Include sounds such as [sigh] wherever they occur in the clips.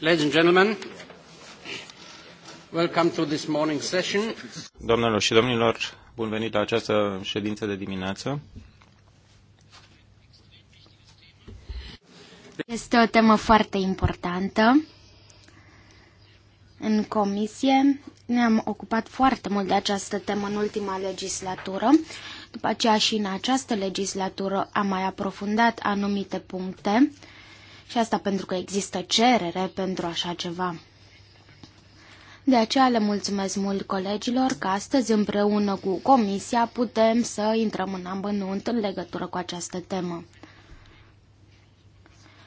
Ladies and gentlemen, welcome to this morning session. Doamnelor și domnilor, bun venit la această ședință de dimineață. Este o temă foarte importantă. În comisie ne-am ocupat foarte mult de această temă în ultima legislatură. După aceea și în această legislatură am mai aprofundat anumite puncte. Și asta pentru că există cerere pentru așa ceva. De aceea le mulțumesc mult colegilor că astăzi împreună cu Comisia putem să intrăm în amănunt în legătură cu această temă.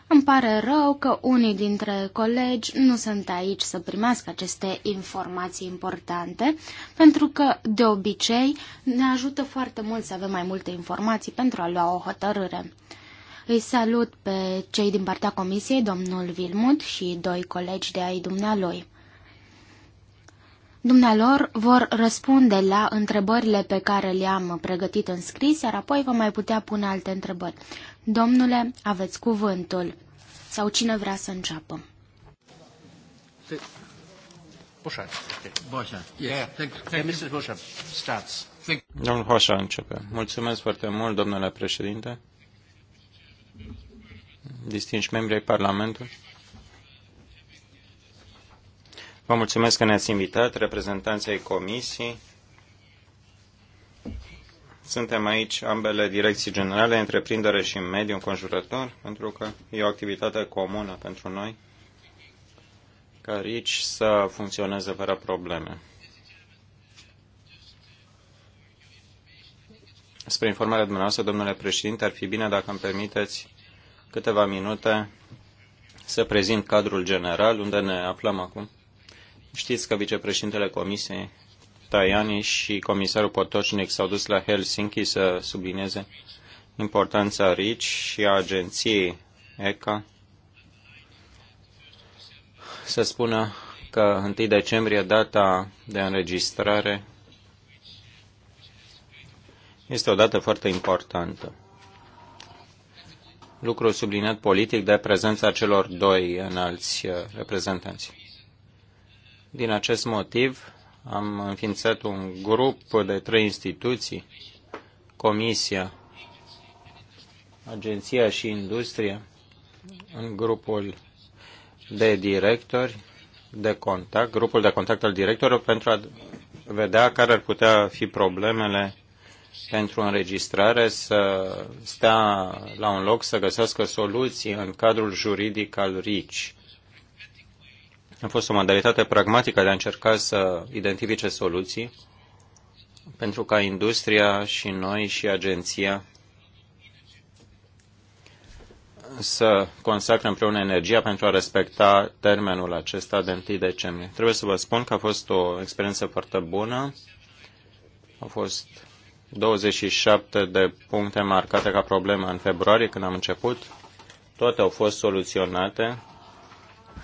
Îmi pare rău că unii dintre colegi nu sunt aici să primească aceste informații importante, pentru că, de obicei, ne ajută foarte mult să avem mai multe informații pentru a lua o hotărâre. Îi salut pe cei din partea comisiei, domnul Vilmut și doi colegi de ai dumnealui. Dumnealor vor răspunde la întrebările pe care le-am pregătit în scris, iar apoi vă mai putea pune alte întrebări. Domnule, aveți cuvântul. Sau cine vrea să înceapă? Yeah, thank, starts. Domnul Hoșa începe. Mulțumesc foarte mult, domnule președinte distinși membri ai Parlamentului. Vă mulțumesc că ne-ați invitat, reprezentanții Comisiei. Suntem aici ambele direcții generale, întreprindere și mediu înconjurător, pentru că e o activitate comună pentru noi, care aici să funcționeze fără probleme. Spre informarea dumneavoastră, domnule președinte, ar fi bine dacă îmi permiteți câteva minute să prezint cadrul general unde ne aflăm acum. Știți că vicepreședintele Comisiei Tajani și comisarul Potocnic s-au dus la Helsinki să sublinieze importanța RICI și a agenției ECA să spună că 1 decembrie data de înregistrare este o dată foarte importantă. Lucru subliniat politic de prezența celor doi înalți uh, reprezentanți. Din acest motiv, am înființat un grup de trei instituții, Comisia, Agenția și Industria, în grupul de directori de contact, grupul de contact al directorilor pentru a vedea care ar putea fi problemele pentru înregistrare să stea la un loc să găsească soluții în cadrul juridic al RICI. A fost o modalitate pragmatică de a încerca să identifice soluții pentru ca industria și noi și agenția să consacre împreună energia pentru a respecta termenul acesta de 1 decembrie. Trebuie să vă spun că a fost o experiență foarte bună. Au fost 27 de puncte marcate ca probleme în februarie când am început. Toate au fost soluționate,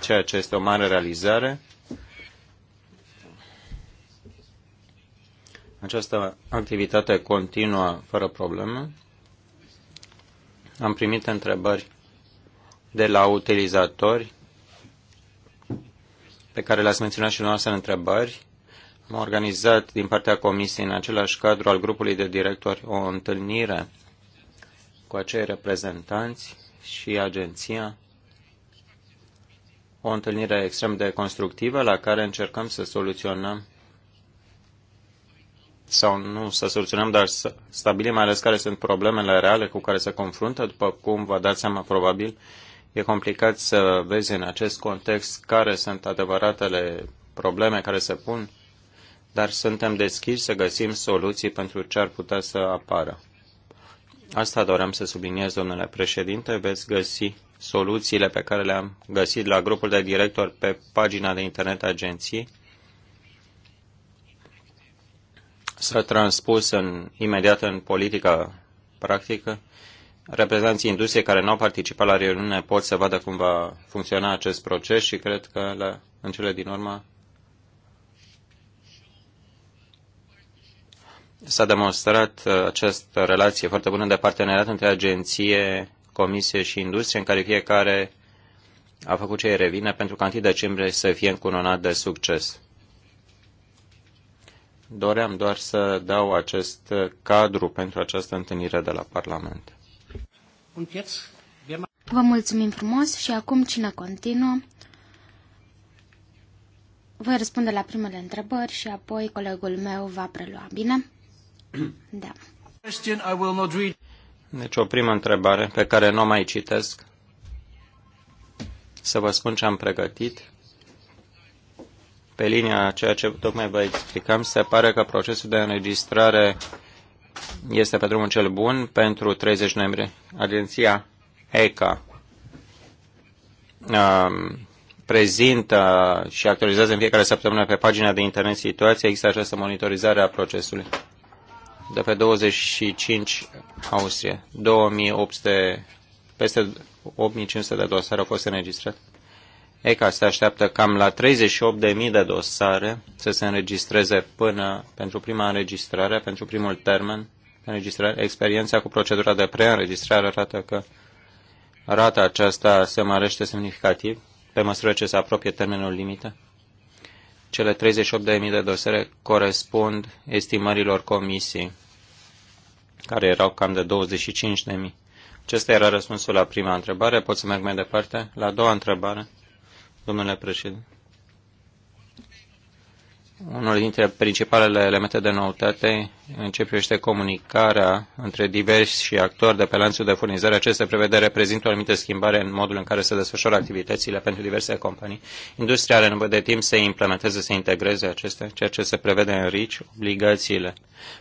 ceea ce este o mare realizare. Această activitate continuă fără probleme. Am primit întrebări de la utilizatori pe care le-ați menționat și noastră în întrebări am organizat din partea Comisiei în același cadru al grupului de directori o întâlnire cu acei reprezentanți și agenția, o întâlnire extrem de constructivă la care încercăm să soluționăm sau nu să soluționăm, dar să stabilim mai ales care sunt problemele reale cu care se confruntă, după cum vă dați seama probabil, e complicat să vezi în acest context care sunt adevăratele probleme care se pun dar suntem deschiși să găsim soluții pentru ce ar putea să apară. Asta doream să subliniez, domnule președinte, veți găsi soluțiile pe care le-am găsit la grupul de director pe pagina de internet a agenției. S-a transpus în, imediat în politică practică. Reprezentanții industriei care nu au participat la reuniune pot să vadă cum va funcționa acest proces și cred că la, în cele din urmă s-a demonstrat uh, această relație foarte bună de parteneriat între agenție, comisie și industrie, în care fiecare a făcut ce revine pentru ca 1 decembrie să fie încununat de succes. Doream doar să dau acest cadru pentru această întâlnire de la Parlament. Vă mulțumim frumos și acum cine continuă? Voi răspunde la primele întrebări și apoi colegul meu va prelua. Bine? Da. da. Deci o primă întrebare pe care nu o mai citesc. Să vă spun ce am pregătit. Pe linia ceea ce tocmai vă explicam, se pare că procesul de înregistrare este pe drumul cel bun pentru 30 noiembrie. Agenția ECA um, prezintă și actualizează în fiecare săptămână pe pagina de internet situația, există această monitorizare a procesului de pe 25 Austria. 2800, peste 8500 de dosare au fost înregistrate. ECA se așteaptă cam la 38.000 de dosare să se înregistreze până pentru prima înregistrare, pentru primul termen înregistrare. Experiența cu procedura de preînregistrare arată că rata aceasta se mărește semnificativ pe măsură ce se apropie termenul limită. Cele 38.000 de dosare corespund estimărilor comisiei, care erau cam de 25.000. Acesta era răspunsul la prima întrebare. Pot să merg mai departe? La a doua întrebare, domnule președinte unul dintre principalele elemente de noutate în ce privește comunicarea între diversi și actori de pe lanțul de furnizare. Aceste prevedere reprezintă o anumită schimbare în modul în care se desfășoară activitățile pentru diverse companii. Industria are nevoie de timp să implementeze, să integreze acestea, ceea ce se prevede în RICI, obligațiile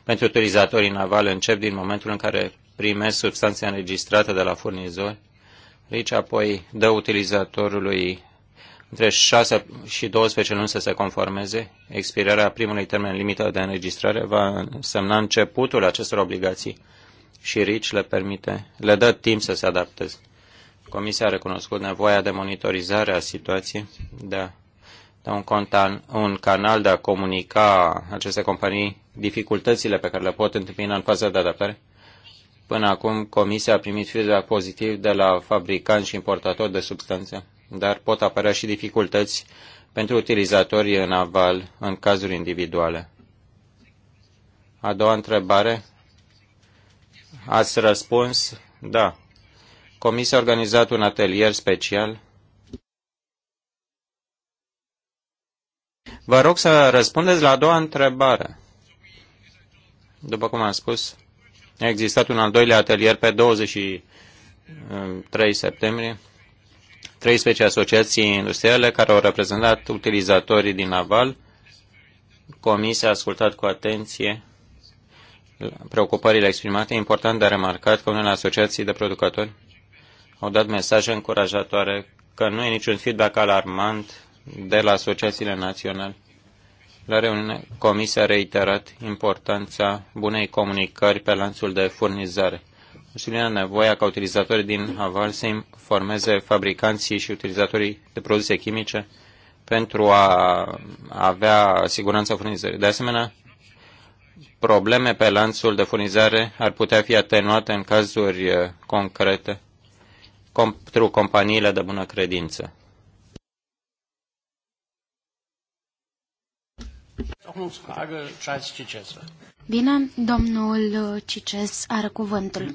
pentru utilizatorii navale încep din momentul în care primesc substanțe înregistrate de la furnizori. RICI apoi dă utilizatorului între 6 și 12 luni să se conformeze, expirarea primului termen limită de înregistrare va însemna începutul acestor obligații și RICI le permite, le dă timp să se adapteze. Comisia a recunoscut nevoia de monitorizare a situației, de a da un, contan, un canal de a comunica aceste companii dificultățile pe care le pot întâmpina în faza de adaptare. Până acum, Comisia a primit feedback pozitiv de la fabricanți și importatori de substanțe dar pot apărea și dificultăți pentru utilizatorii în aval în cazuri individuale. A doua întrebare. Ați răspuns? Da. Comisia a organizat un atelier special. Vă rog să răspundeți la a doua întrebare. După cum am spus, a existat un al doilea atelier pe 23 uh, septembrie 13 asociații industriale care au reprezentat utilizatorii din naval. Comisia a ascultat cu atenție preocupările exprimate. E important de a remarcat că unele asociații de producători au dat mesaje încurajatoare că nu e niciun feedback alarmant de la asociațiile naționale. La reuniune, Comisia a reiterat importanța bunei comunicări pe lanțul de furnizare sublinia nevoia ca utilizatorii din aval să informeze fabricanții și utilizatorii de produse chimice pentru a avea siguranța furnizării. De asemenea, probleme pe lanțul de furnizare ar putea fi atenuate în cazuri uh, concrete pentru companiile de bună credință. Bine, domnul Cices are cuvântul.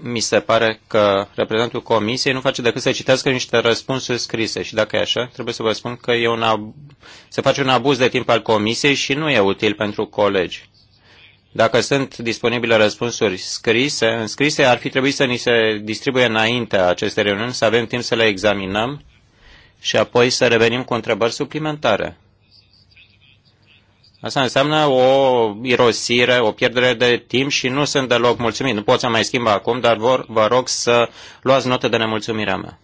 Mi se pare că reprezentantul Comisiei nu face decât să citească niște răspunsuri scrise și dacă e așa, trebuie să vă spun că e un ab... se face un abuz de timp al Comisiei și nu e util pentru colegi. Dacă sunt disponibile răspunsuri scrise, în scrise ar fi trebuit să ni se distribuie înainte aceste reuniuni, să avem timp să le examinăm și apoi să revenim cu întrebări suplimentare. Asta înseamnă o irosire, o pierdere de timp și nu sunt deloc mulțumit. Nu pot să mai schimb acum, dar vor, vă rog să luați notă de nemulțumirea mea.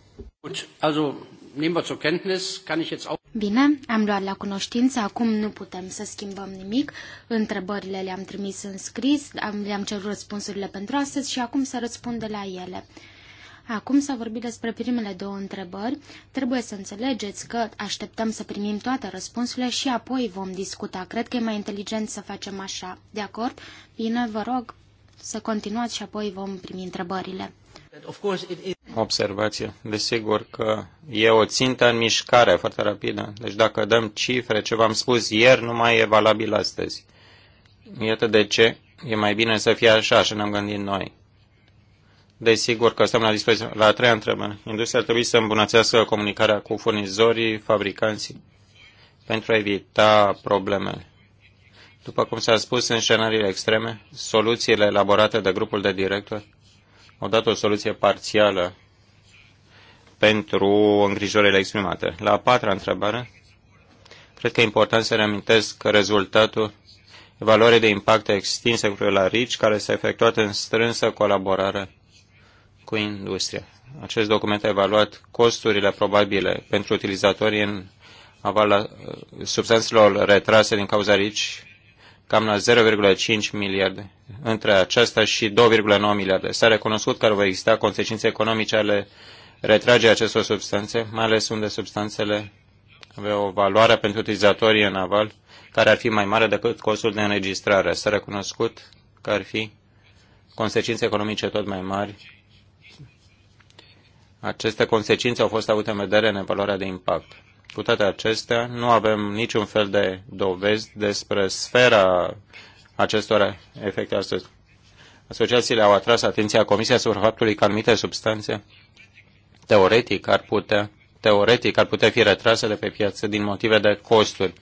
Bine, am luat la cunoștință, acum nu putem să schimbăm nimic. Întrebările le-am trimis în scris, le-am cerut răspunsurile pentru astăzi și acum să răspund la ele. Acum s-a vorbit despre primele două întrebări. Trebuie să înțelegeți că așteptăm să primim toate răspunsurile și apoi vom discuta. Cred că e mai inteligent să facem așa. De acord? Bine, vă rog să continuați și apoi vom primi întrebările. Observație. Desigur că e o țintă în mișcare foarte rapidă. Deci dacă dăm cifre, ce v-am spus ieri, nu mai e valabil astăzi. Iată de ce e mai bine să fie așa, și ne-am gândit noi. Desigur că suntem la dispoziție. La trei treia întrebare. Industria ar trebui să îmbunătățească comunicarea cu furnizorii, fabricanții, pentru a evita problemele. După cum s-a spus în scenariile extreme, soluțiile elaborate de grupul de directori au dat o soluție parțială pentru îngrijorările exprimate. La a patra întrebare, cred că e important să reamintesc rezultatul evaluării de impact extinse cu la RICI, care s-a efectuat în strânsă colaborare cu industria. Acest document a evaluat costurile probabile pentru utilizatorii în avala uh, substanțelor retrase din cauza RICI cam la 0,5 miliarde între aceasta și 2,9 miliarde. S-a recunoscut că vor exista consecințe economice ale retragerii acestor substanțe, mai ales unde substanțele avea o valoare pentru utilizatorii în aval care ar fi mai mare decât costul de înregistrare. S-a recunoscut că ar fi consecințe economice tot mai mari aceste consecințe au fost avute în vedere în evaluarea de impact. Cu toate acestea, nu avem niciun fel de dovezi despre sfera acestor efecte astăzi. Asociațiile au atras atenția Comisiei asupra faptului că anumite substanțe teoretic ar putea, teoretic ar putea fi retrase de pe piață din motive de costuri.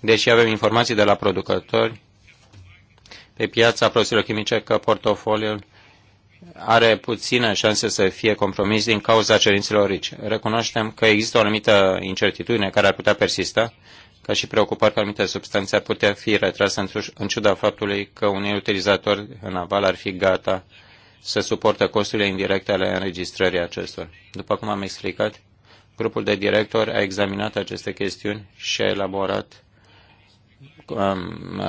Deși avem informații de la producători pe piața produselor chimice că portofoliul are puține șanse să fie compromis din cauza cerințelor RICI. Recunoaștem că există o anumită incertitudine care ar putea persista, ca și preocupări că anumite substanțe ar putea fi retrase în ciuda faptului că unii utilizatori în aval ar fi gata să suportă costurile indirecte ale înregistrării acestor. După cum am explicat, grupul de directori a examinat aceste chestiuni și a elaborat Uh,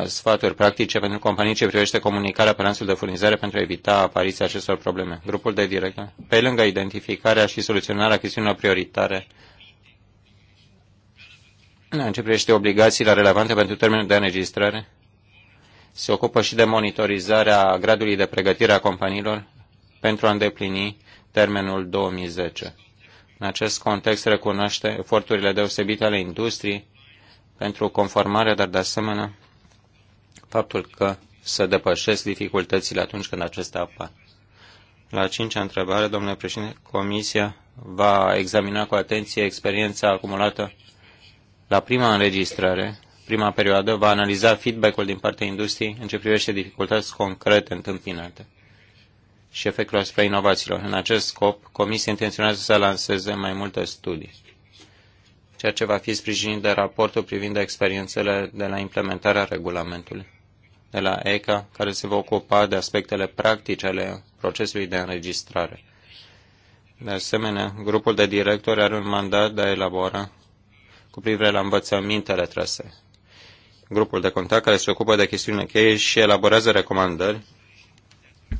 sfaturi practice pentru companii ce privește comunicarea pe lanțul de furnizare pentru a evita apariția acestor probleme. Grupul de directă, pe lângă identificarea și soluționarea chestiunilor prioritare în ce privește obligațiile relevante pentru termenul de înregistrare, se ocupă și de monitorizarea gradului de pregătire a companiilor pentru a îndeplini termenul 2010. În acest context recunoaște eforturile deosebite ale industriei pentru conformare, dar de asemenea faptul că să depășesc dificultățile atunci când acestea apar. La cincea întrebare, domnule președinte, Comisia va examina cu atenție experiența acumulată la prima înregistrare, prima perioadă, va analiza feedback-ul din partea industriei în ce privește dificultăți concrete întâmpinate și efectul asupra inovațiilor. În acest scop, Comisia intenționează să lanseze mai multe studii ceea ce va fi sprijinit de raportul privind experiențele de la implementarea regulamentului de la ECA, care se va ocupa de aspectele practice ale procesului de înregistrare. De asemenea, grupul de directori are un mandat de a elabora cu privire la învățămintele trase. Grupul de contact care se ocupă de chestiunile cheie și elaborează recomandări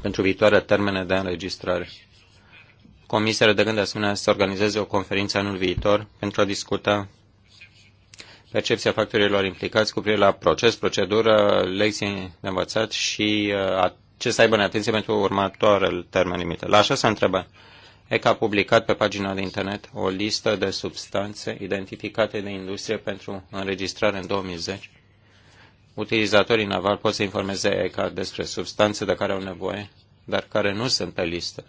pentru viitoare termene de înregistrare. Comisia are de gând de asemenea să organizeze o conferință anul viitor pentru a discuta percepția factorilor implicați cu privire la proces, procedură, lecții de învățat și uh, a, ce să aibă în atenție pentru următoarea termen limită. La așa se întrebă. ECA a publicat pe pagina de internet o listă de substanțe identificate de industrie pentru înregistrare în 2010. Utilizatorii naval pot să informeze ECA despre substanțe de care au nevoie, dar care nu sunt pe listă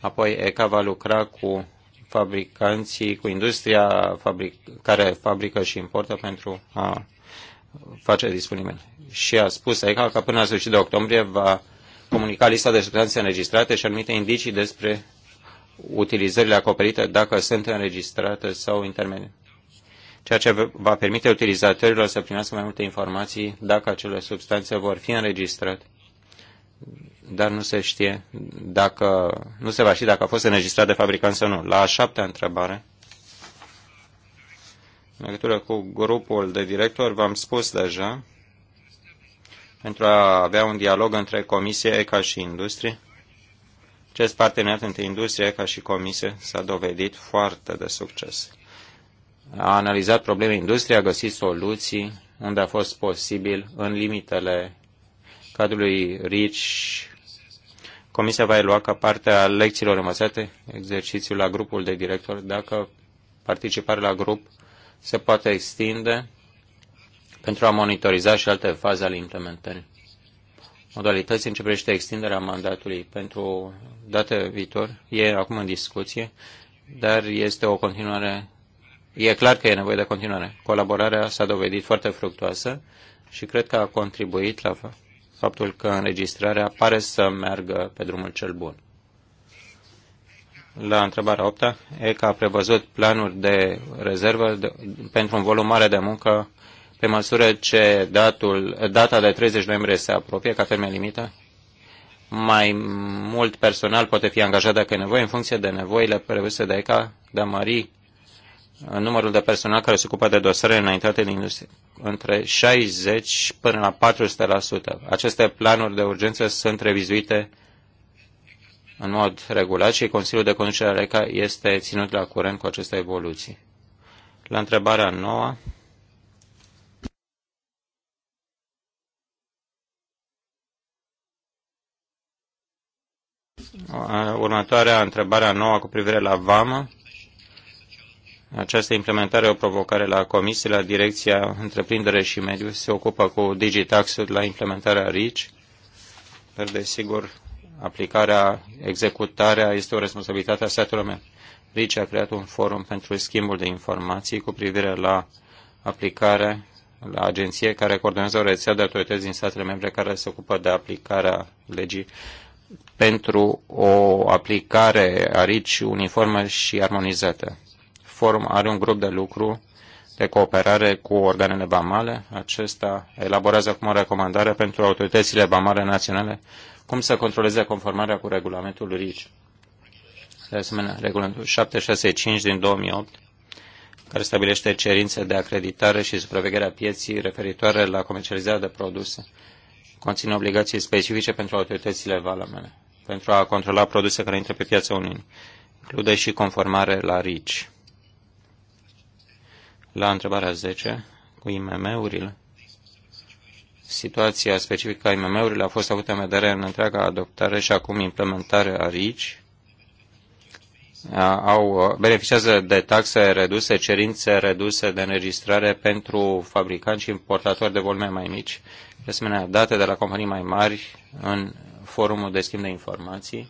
Apoi ECA va lucra cu fabricanții, cu industria fabric- care fabrică și importă pentru a face disponibil. Și a spus ECA că până la sfârșitul de octombrie va comunica lista de substanțe înregistrate și anumite indicii despre utilizările acoperite dacă sunt înregistrate sau intermedii. Ceea ce va permite utilizatorilor să primească mai multe informații dacă acele substanțe vor fi înregistrate dar nu se știe dacă, nu se va ști dacă a fost înregistrat de fabricant sau nu. La a șaptea întrebare, în legătură cu grupul de directori, v-am spus deja, pentru a avea un dialog între Comisie ECA și Industrie. Acest parteneriat între Industrie ECA și Comisie s-a dovedit foarte de succes. A analizat probleme industriei, a găsit soluții unde a fost posibil în limitele cadrului RICI Comisia va elua ca parte a lecțiilor învățate exercițiul la grupul de directori dacă participarea la grup se poate extinde pentru a monitoriza și alte faze ale implementării. Modalități în ce privește extinderea mandatului pentru date viitor e acum în discuție, dar este o continuare. E clar că e nevoie de continuare. Colaborarea s-a dovedit foarte fructoasă și cred că a contribuit la faptul că înregistrarea pare să meargă pe drumul cel bun. La întrebarea 8 ECA a prevăzut planuri de rezervă de, pentru un volum mare de muncă pe măsură ce datul, data de 30 noiembrie se apropie ca termen limită. Mai mult personal poate fi angajat dacă e nevoie în funcție de nevoile prevăzute de ECA, a mări numărul de personal care se ocupă de dosarele înaintate din industrie între 60 până la 400%. Aceste planuri de urgență sunt revizuite în mod regulat și Consiliul de Conducere al ECA este ținut la curent cu aceste evoluții. La întrebarea nouă, următoarea întrebare nouă cu privire la vama. Această implementare e o provocare la comisie, la direcția întreprindere și mediu. Se ocupă cu digitaxul la implementarea RICI, dar desigur aplicarea, executarea este o responsabilitate a statelor membre. RICI a creat un forum pentru schimbul de informații cu privire la aplicare la agenție care coordonează o rețea de autorități din statele membre care se ocupă de aplicarea legii pentru o aplicare a RICI uniformă și armonizată. Forum are un grup de lucru de cooperare cu organele vamale. Acesta elaborează acum o recomandare pentru autoritățile vamale naționale cum să controleze conformarea cu regulamentul RIC. De asemenea, regulamentul 765 din 2008, care stabilește cerințe de acreditare și supraveghere a pieții referitoare la comercializarea de produse, conține obligații specifice pentru autoritățile vamale pentru a controla produse care intră pe piața Uniunii. Include și conformare la RIC. La întrebarea 10, cu IMM-urile, situația specifică a IMM-urilor a fost avută în vedere în întreaga adoptare și acum implementare a RICI, au, beneficiază de taxe reduse, cerințe reduse de înregistrare pentru fabricanți și importatori de volume mai mici, de asemenea date de la companii mai mari în forumul de schimb de informații,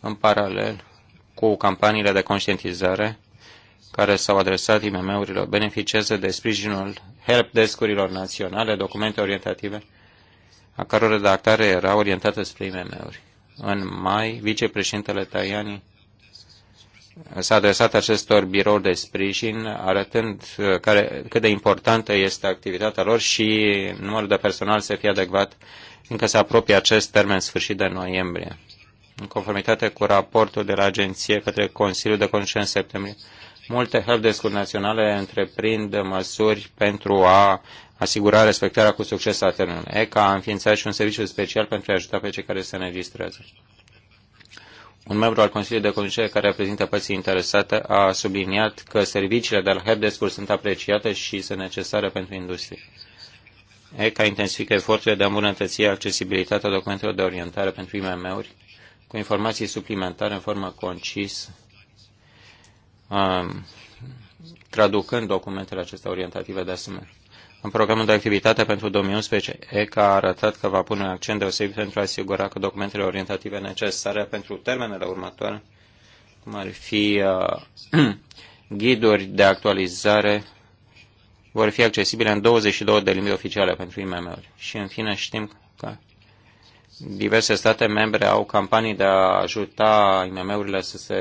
în paralel cu campaniile de conștientizare care s-au adresat IMM-urilor beneficiază de sprijinul helpdesk-urilor naționale, documente orientative, a căror redactare era orientată spre IMM-uri. În mai, vicepreședintele Tajani s-a adresat acestor birouri de sprijin, arătând uh, care, cât de importantă este activitatea lor și numărul de personal să fie adecvat, fiindcă se apropie acest termen sfârșit de noiembrie. În conformitate cu raportul de la agenție către Consiliul de Conducere în septembrie, Multe helpdesk-uri naționale întreprind măsuri pentru a asigura respectarea cu succes a termenului. ECA a înființat și un serviciu special pentru a ajuta pe cei care se înregistrează. Un membru al Consiliului de Conducere care reprezintă părții interesate a subliniat că serviciile de la helpdesk sunt apreciate și sunt necesare pentru industrie. ECA intensifică eforturile de a îmbunătăți accesibilitatea documentelor de orientare pentru IMM-uri cu informații suplimentare în formă concisă Um, traducând documentele acestea orientative de asemenea. În programul de activitate pentru 2011, ECA a arătat că va pune un accent deosebit pentru a asigura că documentele orientative necesare pentru termenele următoare, cum ar fi uh, [clears throat] ghiduri de actualizare, vor fi accesibile în 22 de limbi oficiale pentru IMM-uri. Și în fine știm că diverse state membre au campanii de a ajuta IMM-urile să se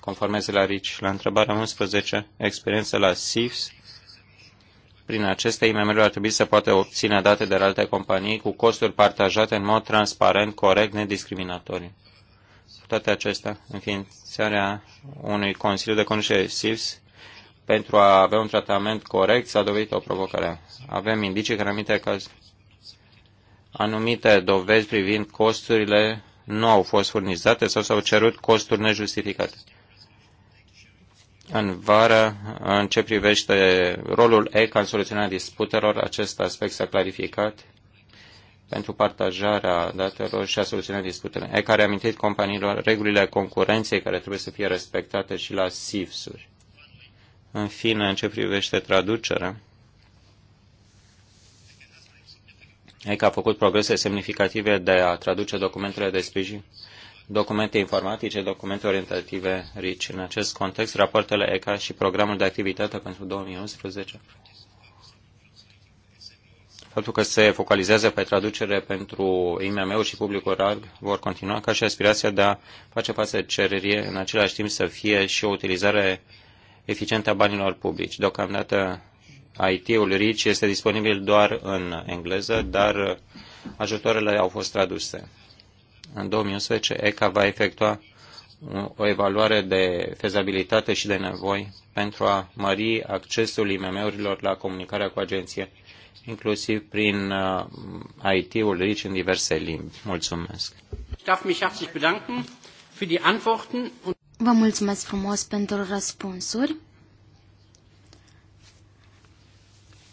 conformeze la RICI. La întrebarea 11, experiență la SIFS, prin aceste imm uri ar trebui să poată obține date de la alte companii cu costuri partajate în mod transparent, corect, nediscriminatoriu. Cu toate acestea, înființarea unui Consiliu de Conducere SIFS pentru a avea un tratament corect s-a dovedit o provocare. Avem indicii care în anumite cazuri anumite dovezi privind costurile nu au fost furnizate sau s-au cerut costuri nejustificate. În vară, în ce privește rolul ECA în soluționarea disputelor, acest aspect s-a clarificat pentru partajarea datelor și a soluționării disputelor. ECA a reamintit companiilor regulile concurenței care trebuie să fie respectate și la SIFS-uri. În fine, în ce privește traducerea, ECA a făcut progrese semnificative de a traduce documentele de sprijin, documente informatice, documente orientative RICI. În acest context, rapoartele ECA și programul de activitate pentru 2011 Faptul că se focalizează pe traducere pentru IMM-uri și publicul larg vor continua ca și aspirația de a face față cererie, în același timp să fie și o utilizare eficientă a banilor publici. Deocamdată IT-ul RICI este disponibil doar în engleză, dar ajutoarele au fost traduse. În 2011, ECA va efectua o evaluare de fezabilitate și de nevoi pentru a mări accesul IMM-urilor la comunicarea cu agenție, inclusiv prin uh, IT-ul RICI în diverse limbi. Mulțumesc! Vă mulțumesc frumos pentru răspunsuri.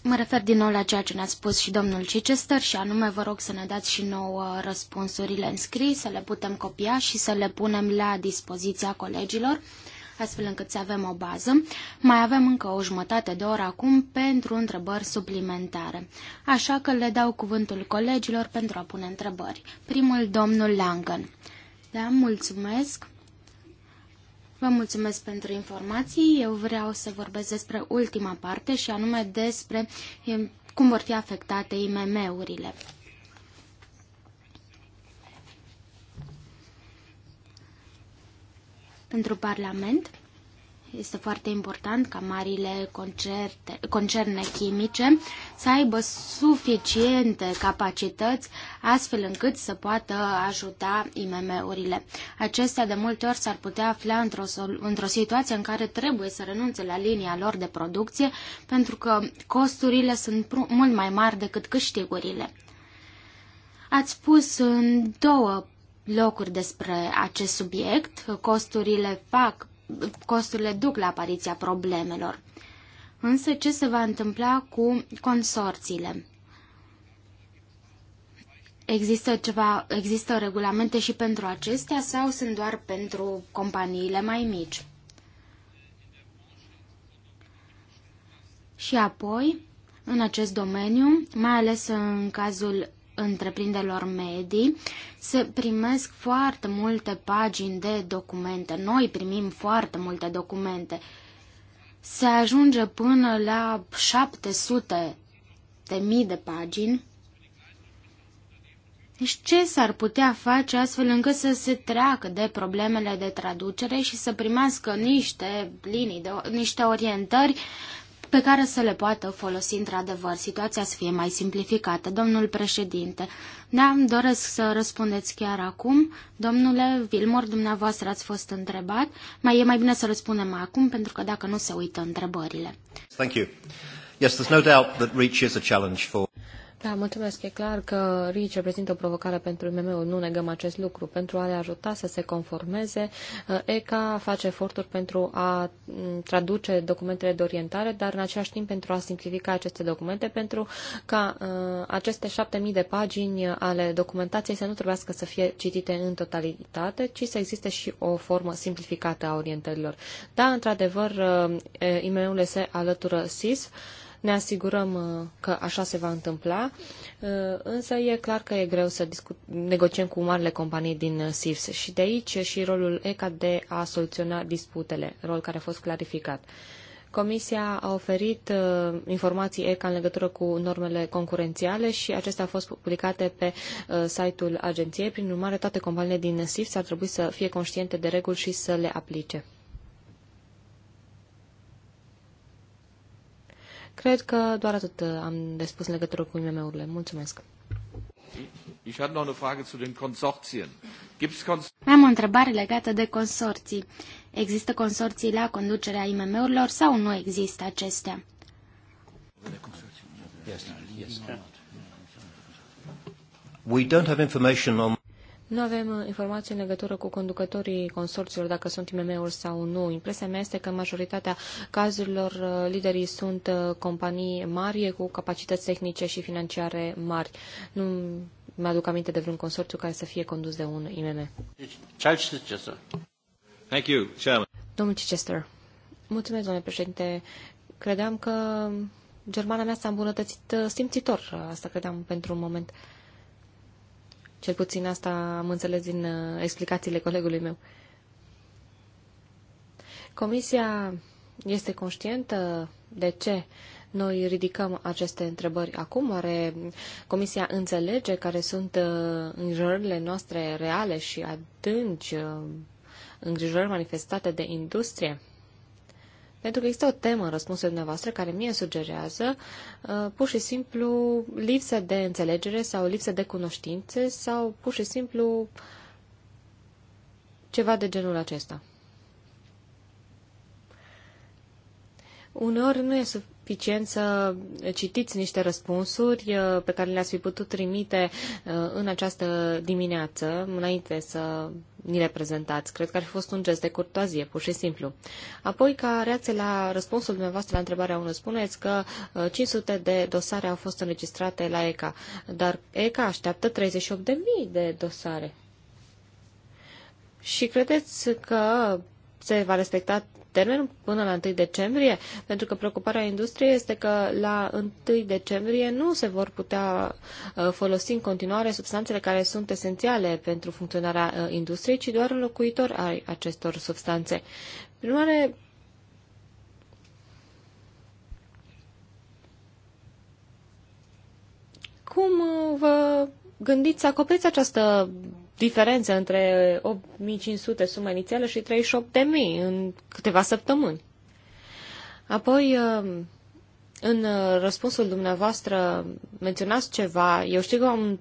Mă refer din nou la ceea ce ne-a spus și domnul Chichester și anume vă rog să ne dați și nouă răspunsurile în scris, să le putem copia și să le punem la dispoziția colegilor astfel încât să avem o bază. Mai avem încă o jumătate de oră acum pentru întrebări suplimentare. Așa că le dau cuvântul colegilor pentru a pune întrebări. Primul, domnul Langen. Da, mulțumesc. Vă mulțumesc pentru informații. Eu vreau să vorbesc despre ultima parte și anume despre cum vor fi afectate IMM-urile. Pentru Parlament, este foarte important ca marile concerte, concerne chimice să aibă suficiente capacități astfel încât să poată ajuta IMM-urile. Acestea de multe ori s-ar putea afla într-o, într situație în care trebuie să renunțe la linia lor de producție pentru că costurile sunt mult mai mari decât câștigurile. Ați spus în două locuri despre acest subiect. Costurile fac costurile duc la apariția problemelor. Însă ce se va întâmpla cu consorțiile? Există, ceva, există regulamente și pentru acestea sau sunt doar pentru companiile mai mici? Și apoi, în acest domeniu, mai ales în cazul întreprinderilor medii, se primesc foarte multe pagini de documente. Noi primim foarte multe documente. Se ajunge până la 700 de mii de pagini. Deci ce s-ar putea face astfel încât să se treacă de problemele de traducere și să primească niște linii, de, niște orientări pe care să le poată folosi într-adevăr, situația să fie mai simplificată. Domnul președinte, da, doresc să răspundeți chiar acum. Domnule Vilmor, dumneavoastră ați fost întrebat. Mai e mai bine să răspundem acum, pentru că dacă nu se uită întrebările. Thank you. Yes, there's no doubt that reach is a challenge for da, mulțumesc. E clar că RIC reprezintă o provocare pentru imm Nu negăm acest lucru. Pentru a le ajuta să se conformeze, uh, ECA face eforturi pentru a mm, traduce documentele de orientare, dar în același timp pentru a simplifica aceste documente, pentru ca uh, aceste șapte mii de pagini ale documentației să nu trebuiască să fie citite în totalitate, ci să existe și o formă simplificată a orientărilor. Da, într-adevăr, IMM-urile uh, se alătură SIS. Uh, ne asigurăm uh, că așa se va întâmpla, uh, însă e clar că e greu să discut, negociem cu marile companii din uh, SIFS și de aici și rolul ECA de a soluționa disputele, rol care a fost clarificat. Comisia a oferit uh, informații ECA în legătură cu normele concurențiale și acestea au fost publicate pe uh, site-ul agenției. Prin urmare, toate companiile din SIFS ar trebui să fie conștiente de reguli și să le aplice. Cred că doar atât uh, am de spus în legătură cu IMM-urile. Mulțumesc. Am o întrebare legată de consorții. Există consorții la conducerea IMM-urilor sau nu există acestea? We don't have information on... Nu avem uh, informații în legătură cu conducătorii consorțiilor, dacă sunt IMM-uri sau nu. Impresia mea este că în majoritatea cazurilor uh, liderii sunt uh, companii mari cu capacități tehnice și financiare mari. Nu mi-aduc aminte de vreun consorțiu care să fie condus de un IMM. Thank you, Chairman. Domnul Chichester. Mulțumesc, domnule președinte. Credeam că germana mea s-a îmbunătățit simțitor. Asta credeam pentru un moment. Cel puțin asta am înțeles din uh, explicațiile colegului meu. Comisia este conștientă de ce noi ridicăm aceste întrebări acum? Oare Comisia înțelege care sunt uh, îngrijorările noastre reale și adânci uh, îngrijorări manifestate de industrie? Pentru că există o temă în răspunsul dumneavoastră care mie sugerează uh, pur și simplu lipsă de înțelegere sau lipsă de cunoștințe sau pur și simplu ceva de genul acesta. Uneori nu e suficient să citiți niște răspunsuri uh, pe care le-ați fi putut trimite uh, în această dimineață, înainte să ni le prezentați. Cred că ar fi fost un gest de curtoazie, pur și simplu. Apoi, ca reacție la răspunsul dumneavoastră la întrebarea 1, spuneți că 500 uh, de dosare au fost înregistrate la ECA, dar ECA așteaptă 38.000 de dosare. Și credeți că se va respecta termen până la 1 decembrie? Pentru că preocuparea industriei este că la 1 decembrie nu se vor putea uh, folosi în continuare substanțele care sunt esențiale pentru funcționarea uh, industriei, ci doar înlocuitor ai acestor substanțe. Prin urmare, cum uh, vă gândiți să acoperiți această diferență între 8500 uh, suma inițială și 38.000 în câteva săptămâni. Apoi, uh, în uh, răspunsul dumneavoastră menționați ceva, eu știu că am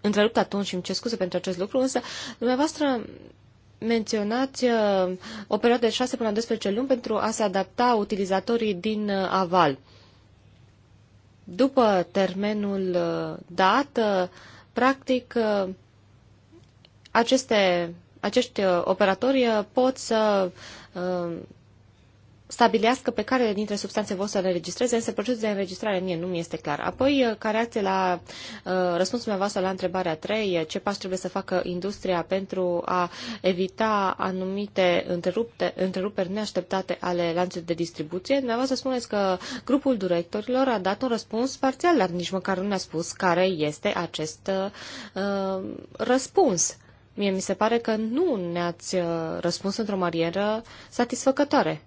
întrerupt atunci și îmi cer scuze pentru acest lucru, însă dumneavoastră menționați o perioadă de 6 până la 12 luni pentru a se adapta utilizatorii din aval. După termenul dat, practic, aceste, acești uh, operatori uh, pot să uh, stabilească pe care dintre substanțe vor să le înregistreze, însă procesul de înregistrare mie nu mi este clar. Apoi, ca reacție la uh, răspunsul meu la întrebarea 3, ce pași trebuie să facă industria pentru a evita anumite întrerupte, întreruperi neașteptate ale lanțului de distribuție, dumneavoastră spuneți că grupul directorilor a dat un răspuns parțial, dar nici măcar nu ne-a spus care este acest uh, răspuns. Mie mi se pare că nu ne-ați uh, răspuns într-o manieră satisfăcătoare.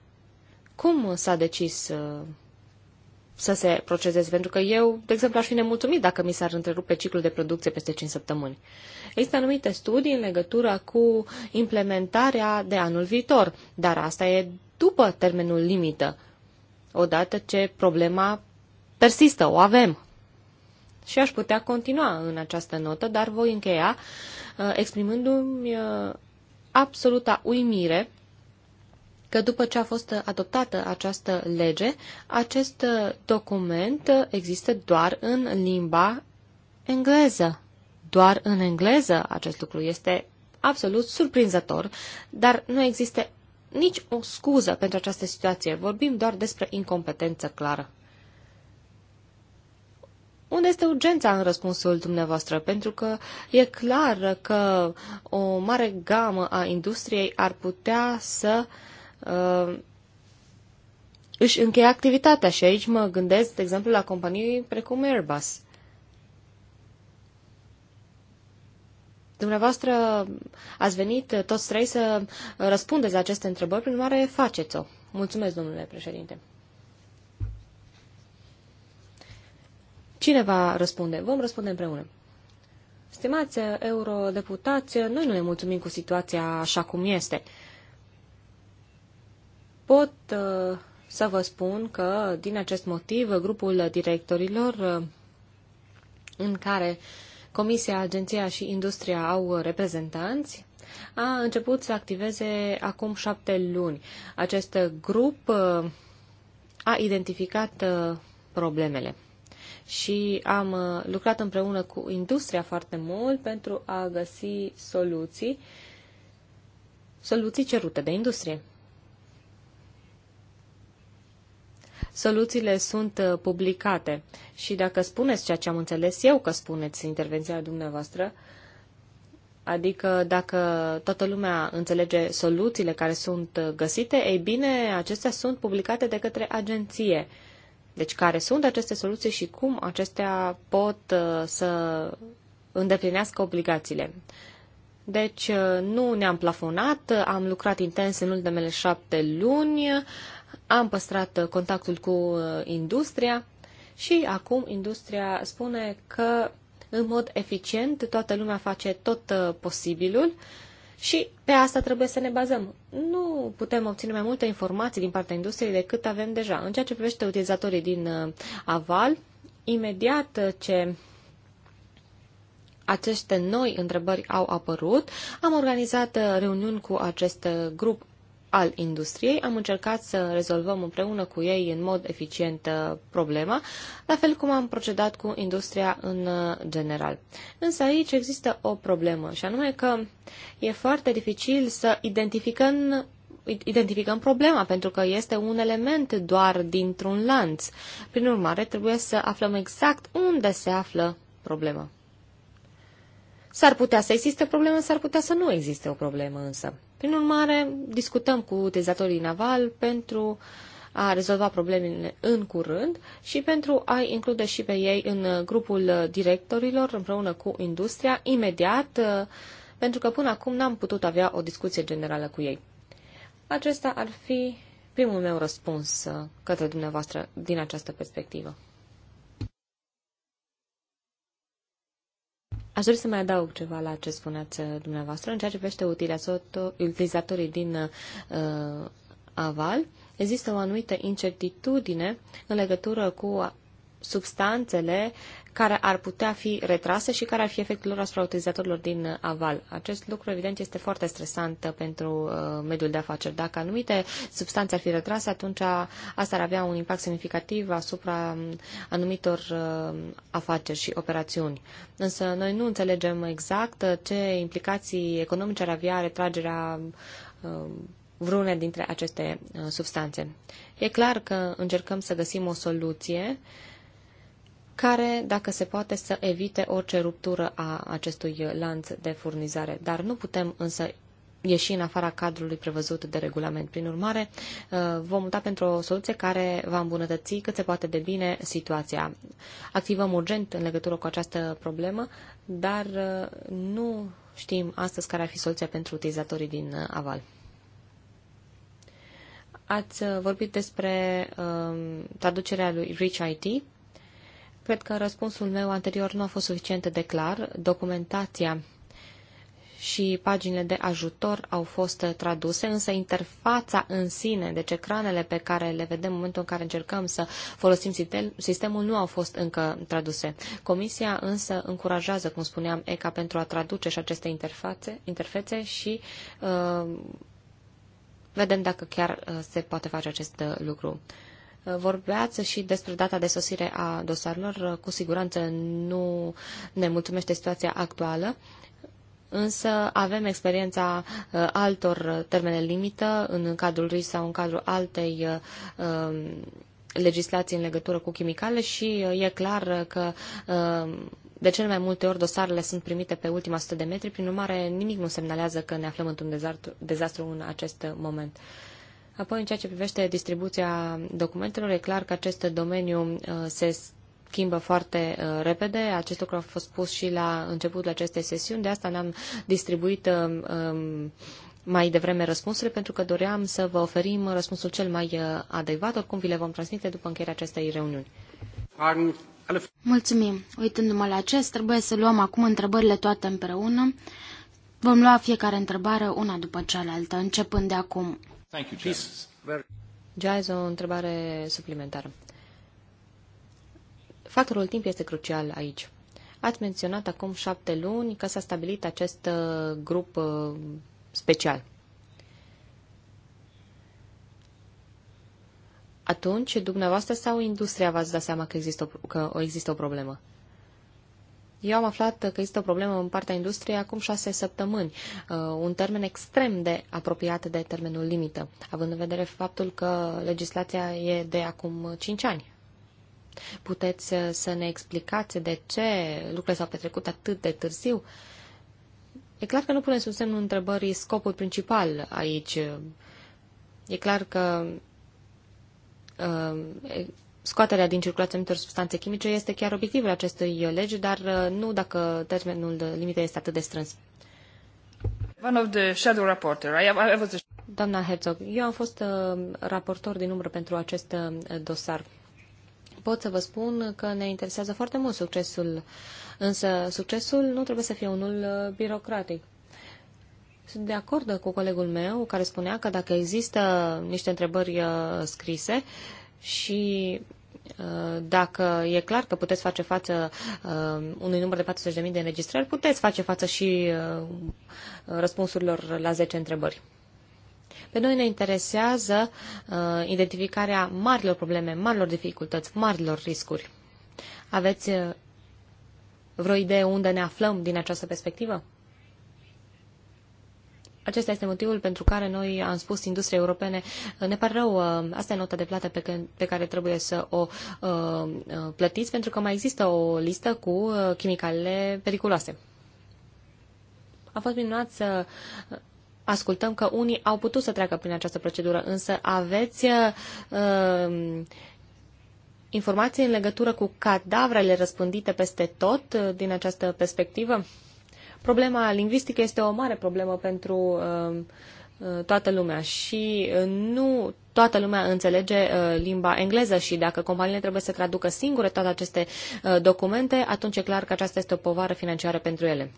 Cum s-a decis uh, să se proceseze? Pentru că eu, de exemplu, aș fi nemulțumit dacă mi s-ar întrerupe ciclul de producție peste 5 săptămâni. Există anumite studii în legătură cu implementarea de anul viitor, dar asta e după termenul limită, odată ce problema persistă, o avem. Și aș putea continua în această notă, dar voi încheia uh, exprimându-mi uh, absoluta uimire că după ce a fost adoptată această lege, acest uh, document există doar în limba engleză. Doar în engleză acest lucru este absolut surprinzător, dar nu există nici o scuză pentru această situație. Vorbim doar despre incompetență clară. Unde este urgența în răspunsul dumneavoastră? Pentru că e clar că o mare gamă a industriei ar putea să uh, își încheie activitatea și aici mă gândesc, de exemplu, la companii precum Airbus. Dumneavoastră ați venit toți trei să răspundeți la aceste întrebări, prin urmare faceți-o. Mulțumesc, domnule președinte. Cine va răspunde? Vom răspunde împreună. Stimați eurodeputați, noi nu ne mulțumim cu situația așa cum este. Pot uh, să vă spun că, din acest motiv, grupul directorilor uh, în care Comisia, Agenția și Industria au reprezentanți, a început să activeze acum șapte luni. Acest grup uh, a identificat problemele și am uh, lucrat împreună cu industria foarte mult pentru a găsi soluții, soluții cerute de industrie. Soluțiile sunt uh, publicate și dacă spuneți ceea ce am înțeles eu că spuneți intervenția dumneavoastră, Adică dacă toată lumea înțelege soluțiile care sunt uh, găsite, ei bine, acestea sunt publicate de către agenție. Deci care sunt aceste soluții și cum acestea pot uh, să îndeplinească obligațiile. Deci uh, nu ne-am plafonat, am lucrat intens în ultimele șapte luni, am păstrat contactul cu uh, industria și acum industria spune că în mod eficient toată lumea face tot posibilul și pe asta trebuie să ne bazăm. Nu putem obține mai multe informații din partea industriei decât avem deja. În ceea ce privește utilizatorii din uh, aval, imediat ce aceste noi întrebări au apărut, am organizat uh, reuniuni cu acest uh, grup al industriei. Am încercat să rezolvăm împreună cu ei în mod eficient uh, problema, la fel cum am procedat cu industria în uh, general. Însă aici există o problemă și anume că e foarte dificil să identificăm identificăm problema, pentru că este un element doar dintr-un lanț. Prin urmare, trebuie să aflăm exact unde se află problema. S-ar putea să existe problemă s-ar putea să nu existe o problemă însă. Prin urmare, discutăm cu utilizatorii naval pentru a rezolva problemele în curând și pentru a include și pe ei în grupul directorilor împreună cu industria imediat, pentru că până acum n-am putut avea o discuție generală cu ei. Acesta ar fi primul meu răspuns către dumneavoastră din această perspectivă. Aș dori să mai adaug ceva la ce spuneați uh, dumneavoastră în ceea ce privește utilizatorii din uh, aval. Există o anumită incertitudine în legătură cu substanțele care ar putea fi retrase și care ar fi efectul lor asupra utilizatorilor din aval. Acest lucru, evident, este foarte stresant pentru uh, mediul de afaceri. Dacă anumite substanțe ar fi retrase, atunci asta ar avea un impact semnificativ asupra um, anumitor uh, afaceri și operațiuni. Însă noi nu înțelegem exact uh, ce implicații economice ar avea retragerea uh, vreuna dintre aceste uh, substanțe. E clar că încercăm să găsim o soluție uh, care, dacă se poate, să evite orice ruptură a acestui lanț de furnizare. Dar nu putem însă ieși în afara cadrului prevăzut de regulament. Prin urmare, uh, vom muta pentru o soluție care va îmbunătăți cât se poate de bine situația. Activăm urgent în legătură cu această problemă, dar uh, nu știm astăzi care ar fi soluția pentru utilizatorii din uh, aval. Ați vorbit despre um, traducerea lui Rich IT Cred că răspunsul meu anterior nu a fost suficient de clar. Documentația și paginile de ajutor au fost traduse, însă interfața în sine, deci ecranele pe care le vedem în momentul în care încercăm să folosim sistemul, nu au fost încă traduse. Comisia însă încurajează, cum spuneam, ECA pentru a traduce și aceste interfațe, interfețe și uh, vedem dacă chiar uh, se poate face acest uh, lucru. Uh, vorbeați și despre data de sosire a dosarelor. Uh, cu siguranță nu ne mulțumește situația actuală, însă avem experiența uh, altor termene limită în cadrul RIS sau în cadrul altei um, legislații în legătură cu chimicale și e clar că de cele mai multe ori dosarele sunt primite pe ultima 100 de metri, prin urmare nimic nu semnalează că ne aflăm într-un dezastru în acest moment. Apoi, în ceea ce privește distribuția documentelor, e clar că acest domeniu uh, se schimbă foarte uh, repede. Acest lucru a fost spus și la începutul acestei sesiuni, de asta ne-am distribuit uh, um, mai devreme răspunsurile, pentru că doream să vă oferim răspunsul cel mai adecvat, oricum vi le vom transmite după încheierea acestei reuniuni. Mulțumim! Uitându-mă la acest, trebuie să luăm acum întrebările toate împreună. Vom lua fiecare întrebare una după cealaltă, începând de acum. Thank you, o întrebare suplimentară. Factorul timp este crucial aici. Ați menționat acum șapte luni că s-a stabilit acest uh, grup uh, special. Atunci, dumneavoastră sau industria v-ați dat seama că există o, că există o problemă? Eu am aflat că există o problemă în partea industriei acum șase săptămâni, uh, un termen extrem de apropiat de termenul limită, având în vedere faptul că legislația e de acum cinci ani. Puteți uh, să ne explicați de ce lucrurile s-au petrecut atât de târziu? E clar că nu punem sub semnul întrebării scopul principal aici. E clar că uh, scoaterea din circulație anumitor substanțe chimice este chiar obiectivul acestui legi, dar uh, nu dacă termenul limită este atât de strâns. One of the shadow reporter. I, have, I was a... Doamna Herzog, eu am fost uh, raportor din umbră pentru acest uh, dosar. Pot să vă spun că ne interesează foarte mult succesul, însă succesul nu trebuie să fie unul birocratic. Sunt de acord cu colegul meu care spunea că dacă există niște întrebări scrise, uh, și uh, dacă e clar că puteți face față uh, unui număr de 40.000 de înregistrări, puteți face față și uh, răspunsurilor la 10 întrebări. Pe noi ne interesează identificarea marilor probleme, marilor dificultăți, marilor riscuri. Aveți vreo idee unde ne aflăm din această perspectivă? Acesta este motivul pentru care noi am spus industriei europene, ne pare rău, ă, asta e nota de plată pe, pe care trebuie să o ă, ă, plătiți, pentru că mai există o listă cu chimicale periculoase. A fost minunat să ascultăm că unii au putut să treacă prin această procedură, însă aveți uh, informații în legătură cu cadavrele răspândite peste tot din această perspectivă? Problema lingvistică este o mare problemă pentru um, uh, toată lumea și uh, nu toată lumea înțelege uh, limba engleză și dacă companiile trebuie să traducă singure toate aceste documente, atunci e clar că aceasta este o povară financiară pentru ele.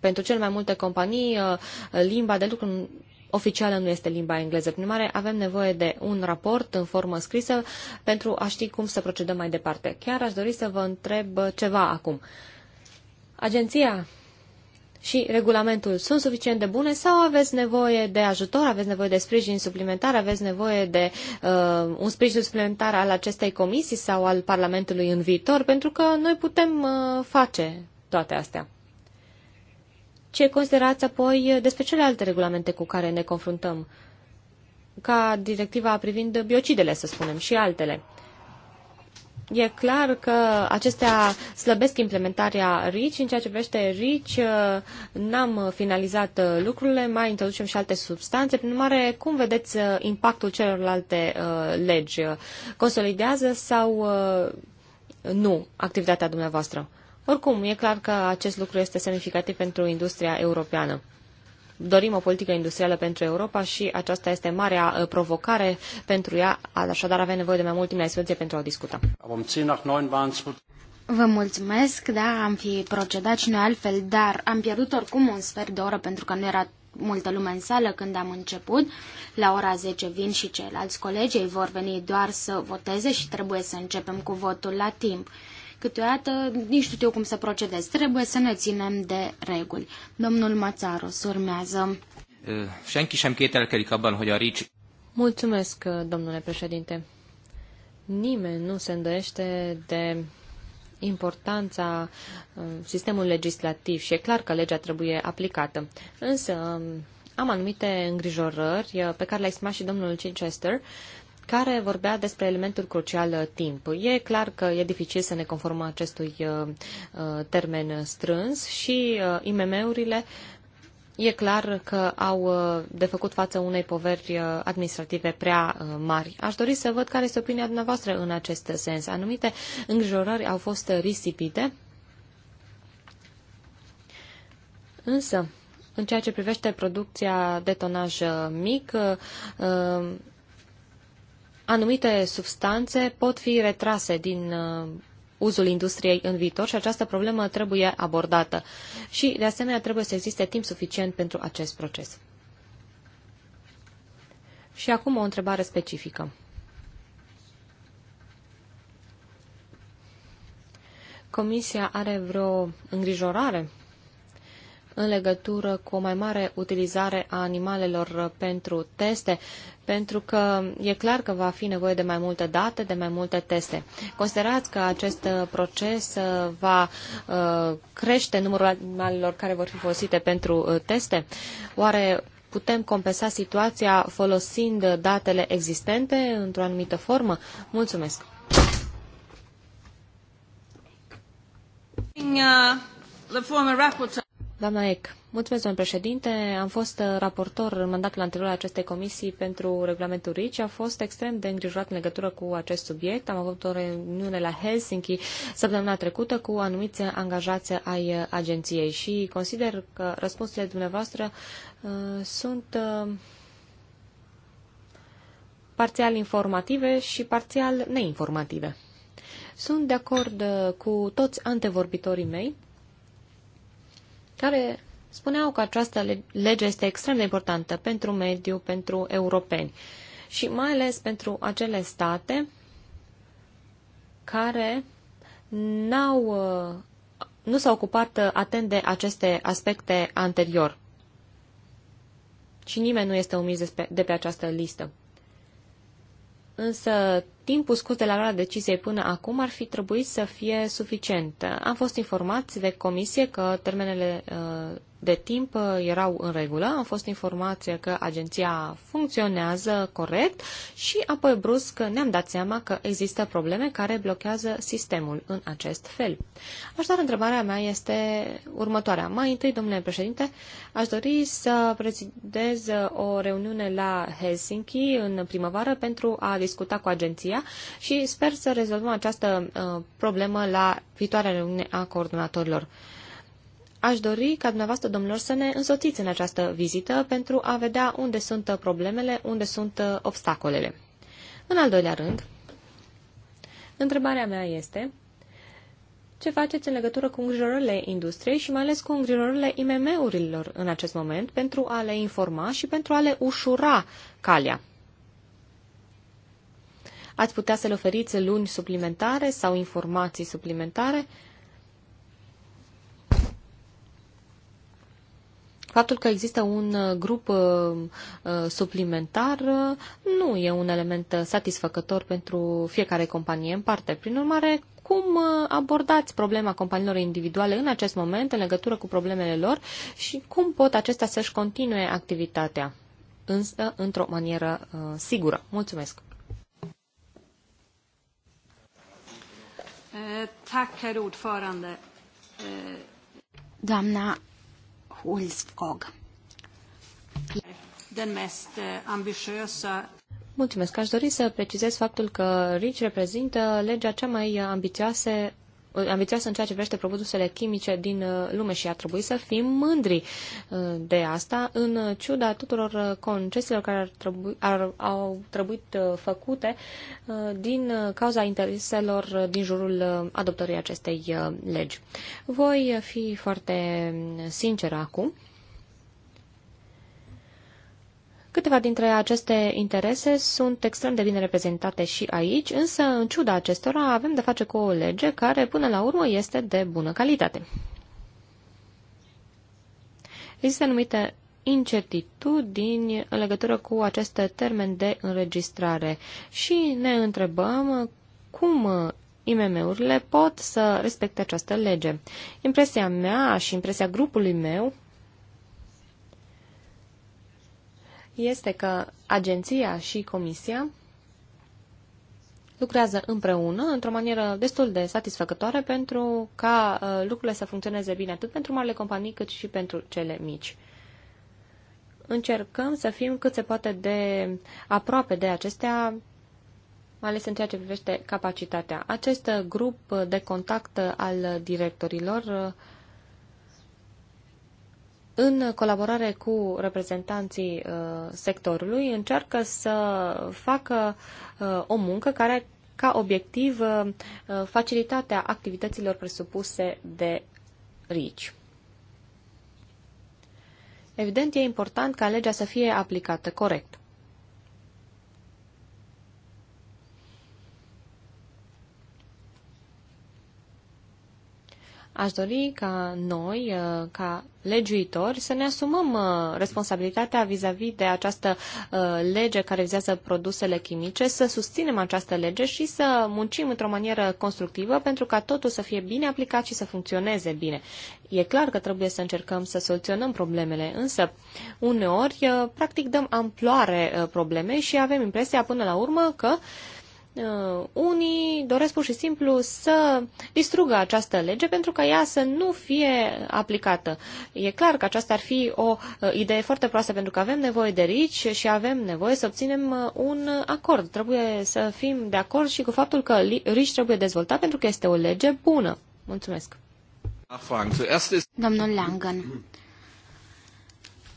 Pentru cel mai multe companii, limba de lucru oficială nu este limba engleză. Prin urmare, avem nevoie de un raport în formă scrisă pentru a ști cum să procedăm mai departe. Chiar aș dori să vă întreb ceva acum. Uh, agenția și regulamentul sunt suficient de bune sau aveți nevoie de ajutor, aveți nevoie de sprijin suplimentar, aveți nevoie de uh, un sprijin suplimentar al acestei comisii sau al Parlamentului în viitor, pentru că noi putem uh, face toate astea. Ce considerați apoi despre celelalte regulamente cu care ne confruntăm, ca directiva privind biocidele, să spunem, și altele? E clar că acestea slăbesc implementarea RICI. În ceea ce privește RICI, uh, n-am finalizat uh, lucrurile, mai introducem și alte substanțe. Prin urmare, cum vedeți uh, impactul celorlalte legi? Consolidează sau nu activitatea dumneavoastră? Oricum, e clar că acest lucru este semnificativ pentru industria europeană. Dorim o politică industrială pentru Europa și aceasta este marea uh, provocare pentru ea, așadar avem nevoie de mai mult timp la dispoziție pentru a o discuta. Vă mulțumesc, da, am fi procedat și noi altfel, dar am pierdut oricum un sfert de oră pentru că nu era multă lume în sală când am început. La ora 10 vin și ceilalți colegi, ei vor veni doar să voteze și trebuie să începem cu votul la timp. Câteodată nici nu știu cum să procedez. Trebuie să ne ținem de reguli. Domnul Mațaros urmează. Senki sem kételkedik abban, hogy a RICS... Mulțumesc, domnule președinte. Nimeni nu se îndoiește de importanța uh, sistemului legislativ și e clar că legea trebuie aplicată. Însă um, am anumite îngrijorări uh, pe care le-a exprimat și domnul Chichester care vorbea despre elementul crucial uh, timp. E clar că e dificil să ne conformăm acestui uh, uh, termen strâns și IMM-urile E clar că au de făcut față unei poveri administrative prea mari. Aș dori să văd care este opinia dumneavoastră în acest sens. Anumite îngrijorări au fost risipite, însă în ceea ce privește producția de tonaj mic, anumite substanțe pot fi retrase din uh, uzul industriei în viitor și această problemă trebuie abordată. Și, de asemenea, trebuie să existe timp suficient pentru acest proces. Și acum o întrebare specifică. Comisia are vreo îngrijorare în legătură cu o mai mare utilizare a animalelor pentru teste, pentru că e clar că va fi nevoie de mai multe date, de mai multe teste. Considerați că acest proces uh, va uh, crește numărul animalelor care vor fi folosite pentru uh, teste? Oare putem compensa situația folosind datele existente într-o anumită formă? Mulțumesc! Uh, the former rapporteur. Doamna Ec, mulțumesc, domnul președinte. Am fost uh, raportor în mandatul anterior al acestei comisii pentru regulamentul RICI. a fost extrem de îngrijorat în legătură cu acest subiect. Am avut o reuniune la Helsinki săptămâna trecută cu anumiți angajați ai uh, agenției și consider că răspunsurile dumneavoastră uh, sunt uh, parțial informative și parțial neinformative. Sunt de acord uh, cu toți antevorbitorii mei care spuneau că această lege este extrem de importantă pentru mediu, pentru europeni și mai ales pentru acele state care au uh, nu s-au ocupat uh, atent de aceste aspecte anterior. Și nimeni nu este omis de pe această listă. Însă timpul scurt de la luarea deciziei până acum ar fi trebuit să fie suficient. Am fost informați de comisie că termenele uh, de timp uh, erau în regulă, am fost informați că agenția funcționează corect și apoi brusc ne-am dat seama că există probleme care blochează sistemul în acest fel. Așadar, întrebarea mea este următoarea. Mai întâi, domnule președinte, aș dori să prezidez o reuniune la Helsinki în primăvară pentru a discuta cu agenția Tunisia și sper să rezolvăm această uh, problemă la viitoarea reuniune a coordonatorilor. Aș dori ca dumneavoastră, domnilor, să ne însoțiți în această vizită pentru a vedea unde sunt problemele, unde sunt uh, obstacolele. În al doilea rând, întrebarea mea este ce faceți în legătură cu îngrijorările industriei și mai ales cu îngrijorările IMM-urilor în acest moment pentru a le informa și pentru a le ușura calea. Ați putea să le oferiți luni suplimentare sau informații suplimentare? Faptul că există un uh, grup uh, uh, suplimentar nu e un element satisfăcător pentru fiecare companie în parte. Prin urmare, cum abordați problema companiilor individuale în acest moment în legătură cu problemele lor și cum pot acestea să-și continue activitatea, însă într-o manieră sigură? Mulțumesc! Eh, eh, Doamna Hulskog. Eh, Mulțumesc. Aș dori să precizez faptul că RICI reprezintă legea cea mai ambițioasă Uh, ambițioasă în ceea ce privește produsele chimice din uh, lume și ar trebui să fim mândri uh, de asta, în ciuda tuturor concesiilor care ar trebui, ar, au trebuit făcute din cauza intereselor din jurul adoptării acestei legi. Voi fi foarte sinceră acum. Câteva dintre aceste interese sunt extrem de bine reprezentate și aici, însă, în ciuda acestora, avem de face cu o lege care, până la urmă, este de bună calitate. Există anumite incertitudini în legătură cu acest termen de înregistrare și ne întrebăm cum IMM-urile pot să respecte această lege. Impresia mea și impresia grupului meu este că agenția și comisia lucrează împreună într-o manieră destul de satisfăcătoare pentru ca uh, lucrurile să funcționeze bine atât pentru marile companii cât și pentru cele mici. Încercăm să fim cât se poate de aproape de acestea, mai ales în ceea ce privește capacitatea. Acest grup de contact al directorilor uh, în colaborare cu reprezentanții uh, sectorului, încearcă să facă uh, o muncă care ca obiectiv uh, facilitatea activităților presupuse de RICI. Evident, e important ca legea să fie aplicată corect. Aș dori ca noi, uh, ca legiuitori, să ne asumăm uh, responsabilitatea vis-a-vis -vis de această uh, lege care vizează produsele chimice, să susținem această lege și să muncim într-o manieră constructivă pentru ca totul să fie bine aplicat și să funcționeze bine. E clar că trebuie să încercăm să soluționăm problemele, însă uneori practic dăm amploare problemei și avem impresia până la urmă că uh, uh, unii doresc pur și simplu să distrugă această lege pentru ca ea să nu fie aplicată. E clar că aceasta ar fi o uh, idee foarte proastă pentru că avem nevoie de RICI și avem nevoie să obținem uh, un acord. Trebuie să fim de acord și cu faptul că RICI trebuie dezvoltat pentru că este o lege bună. Mulțumesc! Domnul Langen,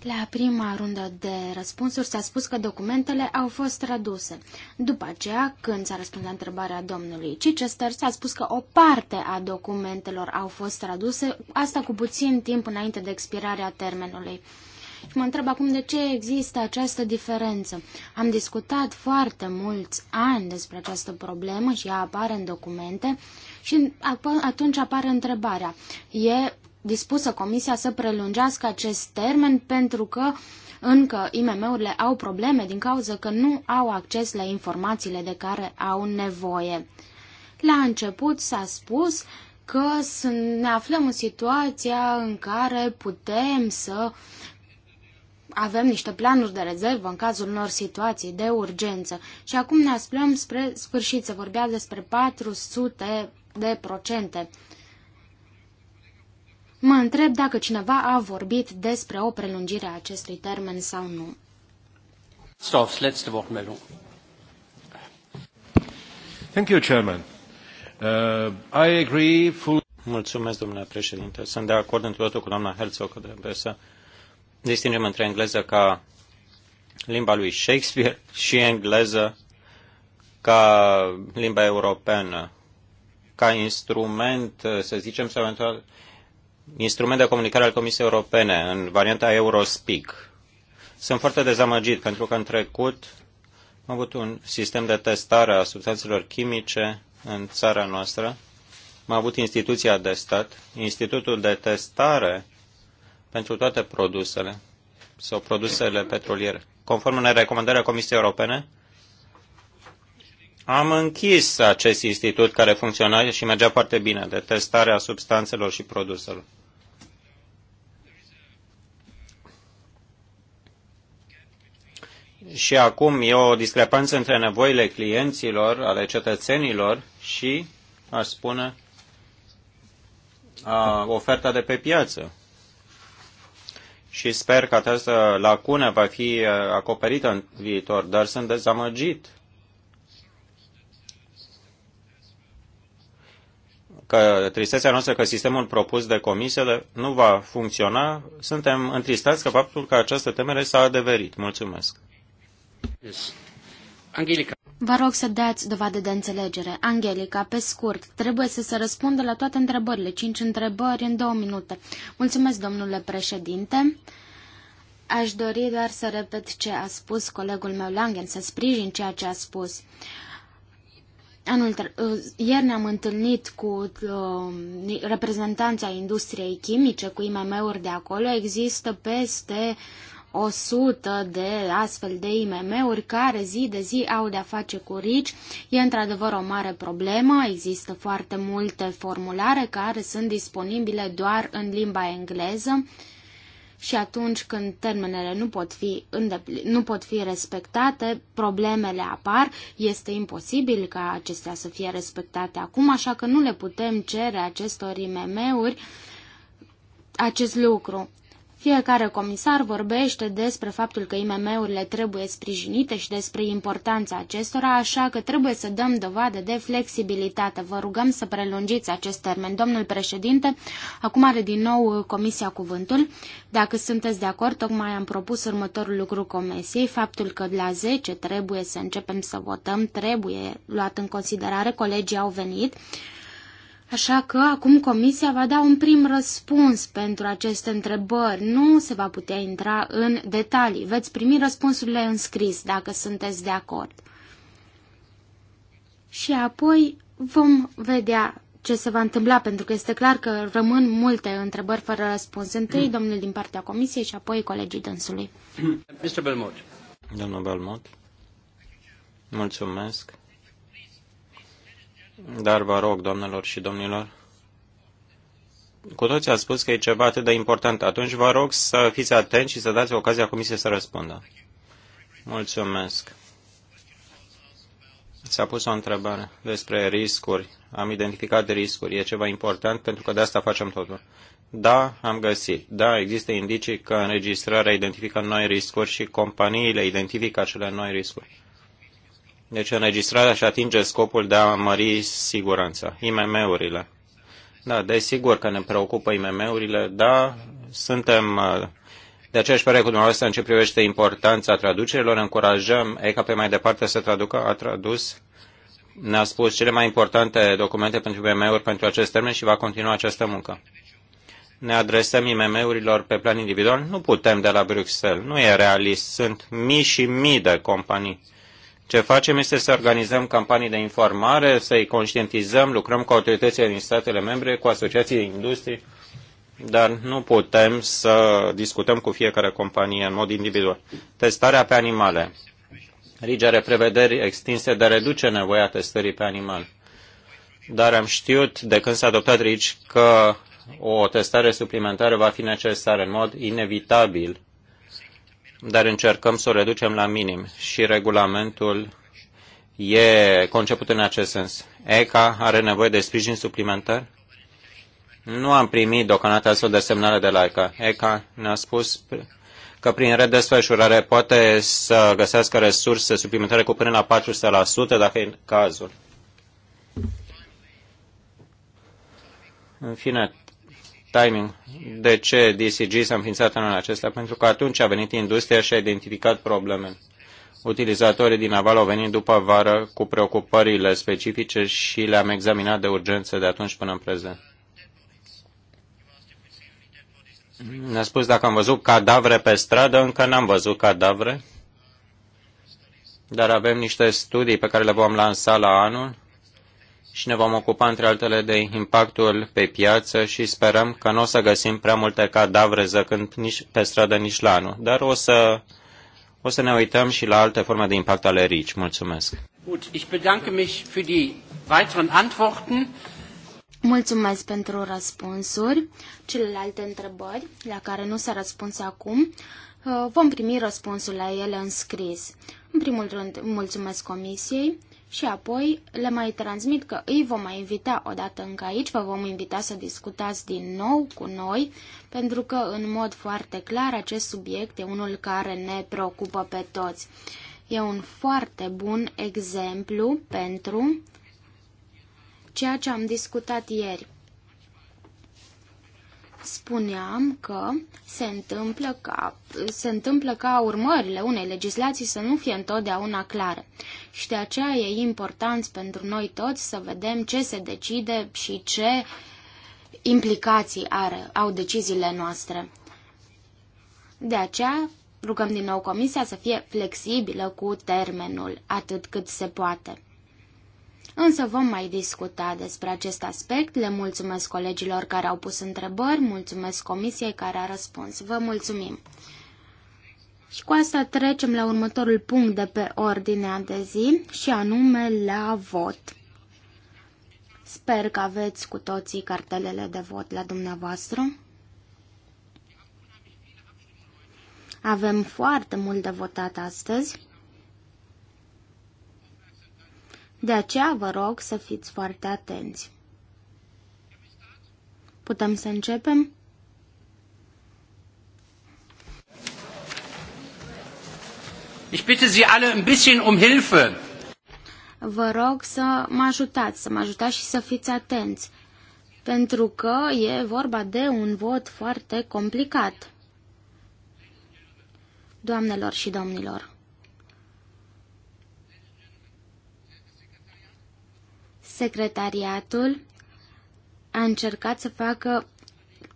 la prima rundă de răspunsuri s-a spus că documentele au fost traduse. După aceea, când s-a răspuns la întrebarea domnului Chichester, s-a spus că o parte a documentelor au fost traduse, asta cu puțin timp înainte de expirarea termenului. Și mă întreb acum de ce există această diferență. Am discutat foarte mulți ani despre această problemă și ea apare în documente și atunci apare întrebarea. E dispusă Comisia să prelungească acest termen pentru că încă IMM-urile au probleme din cauza că nu au acces la informațiile de care au nevoie. La început s-a spus că ne aflăm în situația în care putem să avem niște planuri de rezervă în cazul unor situații de urgență și acum ne aflăm spre sfârșit, se vorbea despre 400 de procente Mă întreb dacă cineva a vorbit despre o prelungire a acestui termen sau nu. Stoffs, letzte Wortmeldung. Thank you, Chairman. Uh, I agree full... Mulțumesc, domnule președinte. Sunt de acord într totul cu doamna Herzog, trebuie să distingem între engleză ca limba lui Shakespeare și engleză ca limba europeană, ca instrument, să zicem, sau eventual instrument de comunicare al Comisiei Europene în varianta Eurospeak. Sunt foarte dezamăgit pentru că în trecut am avut un sistem de testare a substanțelor chimice în țara noastră. Am avut instituția de stat, Institutul de Testare pentru toate produsele sau produsele petroliere. Conform unei recomandări a Comisiei Europene, am închis acest institut care funcționa și mergea foarte bine de testarea substanțelor și produselor. Și acum e o discrepanță între nevoile clienților, ale cetățenilor și, aș spune, a, oferta de pe piață. Și sper că această lacună va fi acoperită în viitor, dar sunt dezamăgit că tristețea noastră că sistemul propus de comisie nu va funcționa, suntem întristați că faptul că această temere s-a adeverit. Mulțumesc. Yes. Angelica. Vă rog să dați dovadă de înțelegere. Angelica, pe scurt, trebuie să se răspundă la toate întrebările. Cinci întrebări în două minute. Mulțumesc, domnule președinte. Aș dori doar să repet ce a spus colegul meu Langen, să sprijin ceea ce a spus. Uh, Anul, uh, ieri ne-am întâlnit cu uh, reprezentanța industriei chimice, cu IMM-uri de acolo. Există peste 100 de astfel de IMM-uri care zi de zi au de-a face cu RICI. E într-adevăr o mare problemă, există foarte multe formulare care sunt disponibile doar în limba engleză. Uh, și atunci când termenele nu pot fi, nu pot fi respectate, problemele apar, este imposibil ca acestea să fie respectate acum, așa că nu le putem cere acestor IMM-uri acest lucru. Fiecare comisar vorbește despre faptul că IMM-urile trebuie sprijinite și despre importanța acestora, așa că trebuie să dăm dovadă de flexibilitate. Vă rugăm să prelungiți acest termen. Domnul președinte, acum are din nou comisia cuvântul. Dacă sunteți de acord, tocmai am propus următorul lucru comisiei, faptul că la 10 trebuie să începem să votăm, trebuie luat în considerare, colegii au venit. Așa că acum Comisia va da un prim răspuns pentru aceste întrebări. Nu se va putea intra în detalii. Veți primi răspunsurile în scris, dacă sunteți de acord. Și apoi vom vedea ce se va întâmpla, pentru că este clar că rămân multe întrebări fără răspuns. Întâi [clears throat] domnul din partea Comisiei și apoi colegii dânsului. Mr. Belmont. Domnul Belmont, mulțumesc. Dar vă rog, domnilor și domnilor, cu toți ați spus că e ceva atât de important. Atunci vă rog să fiți atenți și să dați ocazia comisiei să răspundă. Mulțumesc. S-a pus o întrebare despre riscuri. Am identificat riscuri. E ceva important pentru că de asta facem totul. Da, am găsit. Da, există indicii că înregistrarea identifică noi riscuri și companiile identifică acele noi riscuri. Deci înregistrarea și atinge scopul de a mări siguranța. IMM-urile. Da, desigur că ne preocupă IMM-urile, da, suntem uh, de aceeași părere cu dumneavoastră în ce privește importanța traducerilor, încurajăm ECA pe mai departe să traducă, a tradus, ne-a spus cele mai importante documente pentru IMM-uri pentru acest termen și va continua această muncă. Ne adresăm IMM-urilor pe plan individual? Nu putem de la Bruxelles, nu e realist, sunt mii și mii de companii ce facem este să organizăm campanii de informare, să-i conștientizăm, lucrăm cu autoritățile din statele membre, cu asociații de industrie, dar nu putem să discutăm cu fiecare companie în mod individual. Testarea pe animale. Rige are prevederi extinse de a reduce nevoia testării pe animal, Dar am știut de când s-a adoptat RIGE că o testare suplimentară va fi necesară în mod inevitabil dar încercăm să o reducem la minim și regulamentul e conceput în acest sens. ECA are nevoie de sprijin suplimentar? Nu am primit deocamdată astfel de semnale de la ECA. ECA ne-a spus că prin redesfășurare poate să găsească resurse suplimentare cu până la 400% dacă e cazul. În fine, timing. De ce DCG s-a înființat anul acesta? Pentru că atunci a venit industria și a identificat problemele. Utilizatorii din aval au venit după vară cu preocupările specifice și le-am examinat de urgență de atunci până în prezent. Ne-a spus dacă am văzut cadavre pe stradă, încă n-am văzut cadavre, dar avem niște studii pe care le vom lansa la anul și ne vom ocupa, între altele, de impactul pe piață și sperăm că nu o să găsim prea multe cadavre zăcând nici pe stradă, nici la anul. Dar o să, o să ne uităm și la alte forme de impact ale RICI. Mulțumesc! Mulțumesc pentru răspunsuri. Celelalte întrebări la care nu s-a răspuns acum, uh, vom primi răspunsul la ele în scris. În primul rând, mulțumesc Comisiei, și apoi le mai transmit că îi vom mai invita odată încă aici, vă vom invita să discutați din nou cu noi, pentru că în mod foarte clar acest subiect e unul care ne preocupă pe toți. E un foarte bun exemplu pentru ceea ce am discutat ieri spuneam că se întâmplă ca, se întâmplă ca urmările unei legislații să nu fie întotdeauna clare. Și de aceea e important pentru noi toți să vedem ce se decide și ce implicații are, au deciziile noastre. De aceea rugăm din nou Comisia să fie flexibilă cu termenul atât cât se poate. Însă vom mai discuta despre acest aspect. Le mulțumesc colegilor care au pus întrebări, mulțumesc comisiei care a răspuns. Vă mulțumim! Și cu asta trecem la următorul punct de pe ordinea de zi și anume la vot. Sper că aveți cu toții cartelele de vot la dumneavoastră. Avem foarte mult de votat astăzi. De aceea vă rog să fiți foarte atenți. Putem să începem? Ich bitte Sie alle ein bisschen um Hilfe. Vă rog să mă ajutați, să mă ajutați și să fiți atenți, pentru că e vorba de un vot foarte complicat. Doamnelor și domnilor, Secretariatul a încercat să facă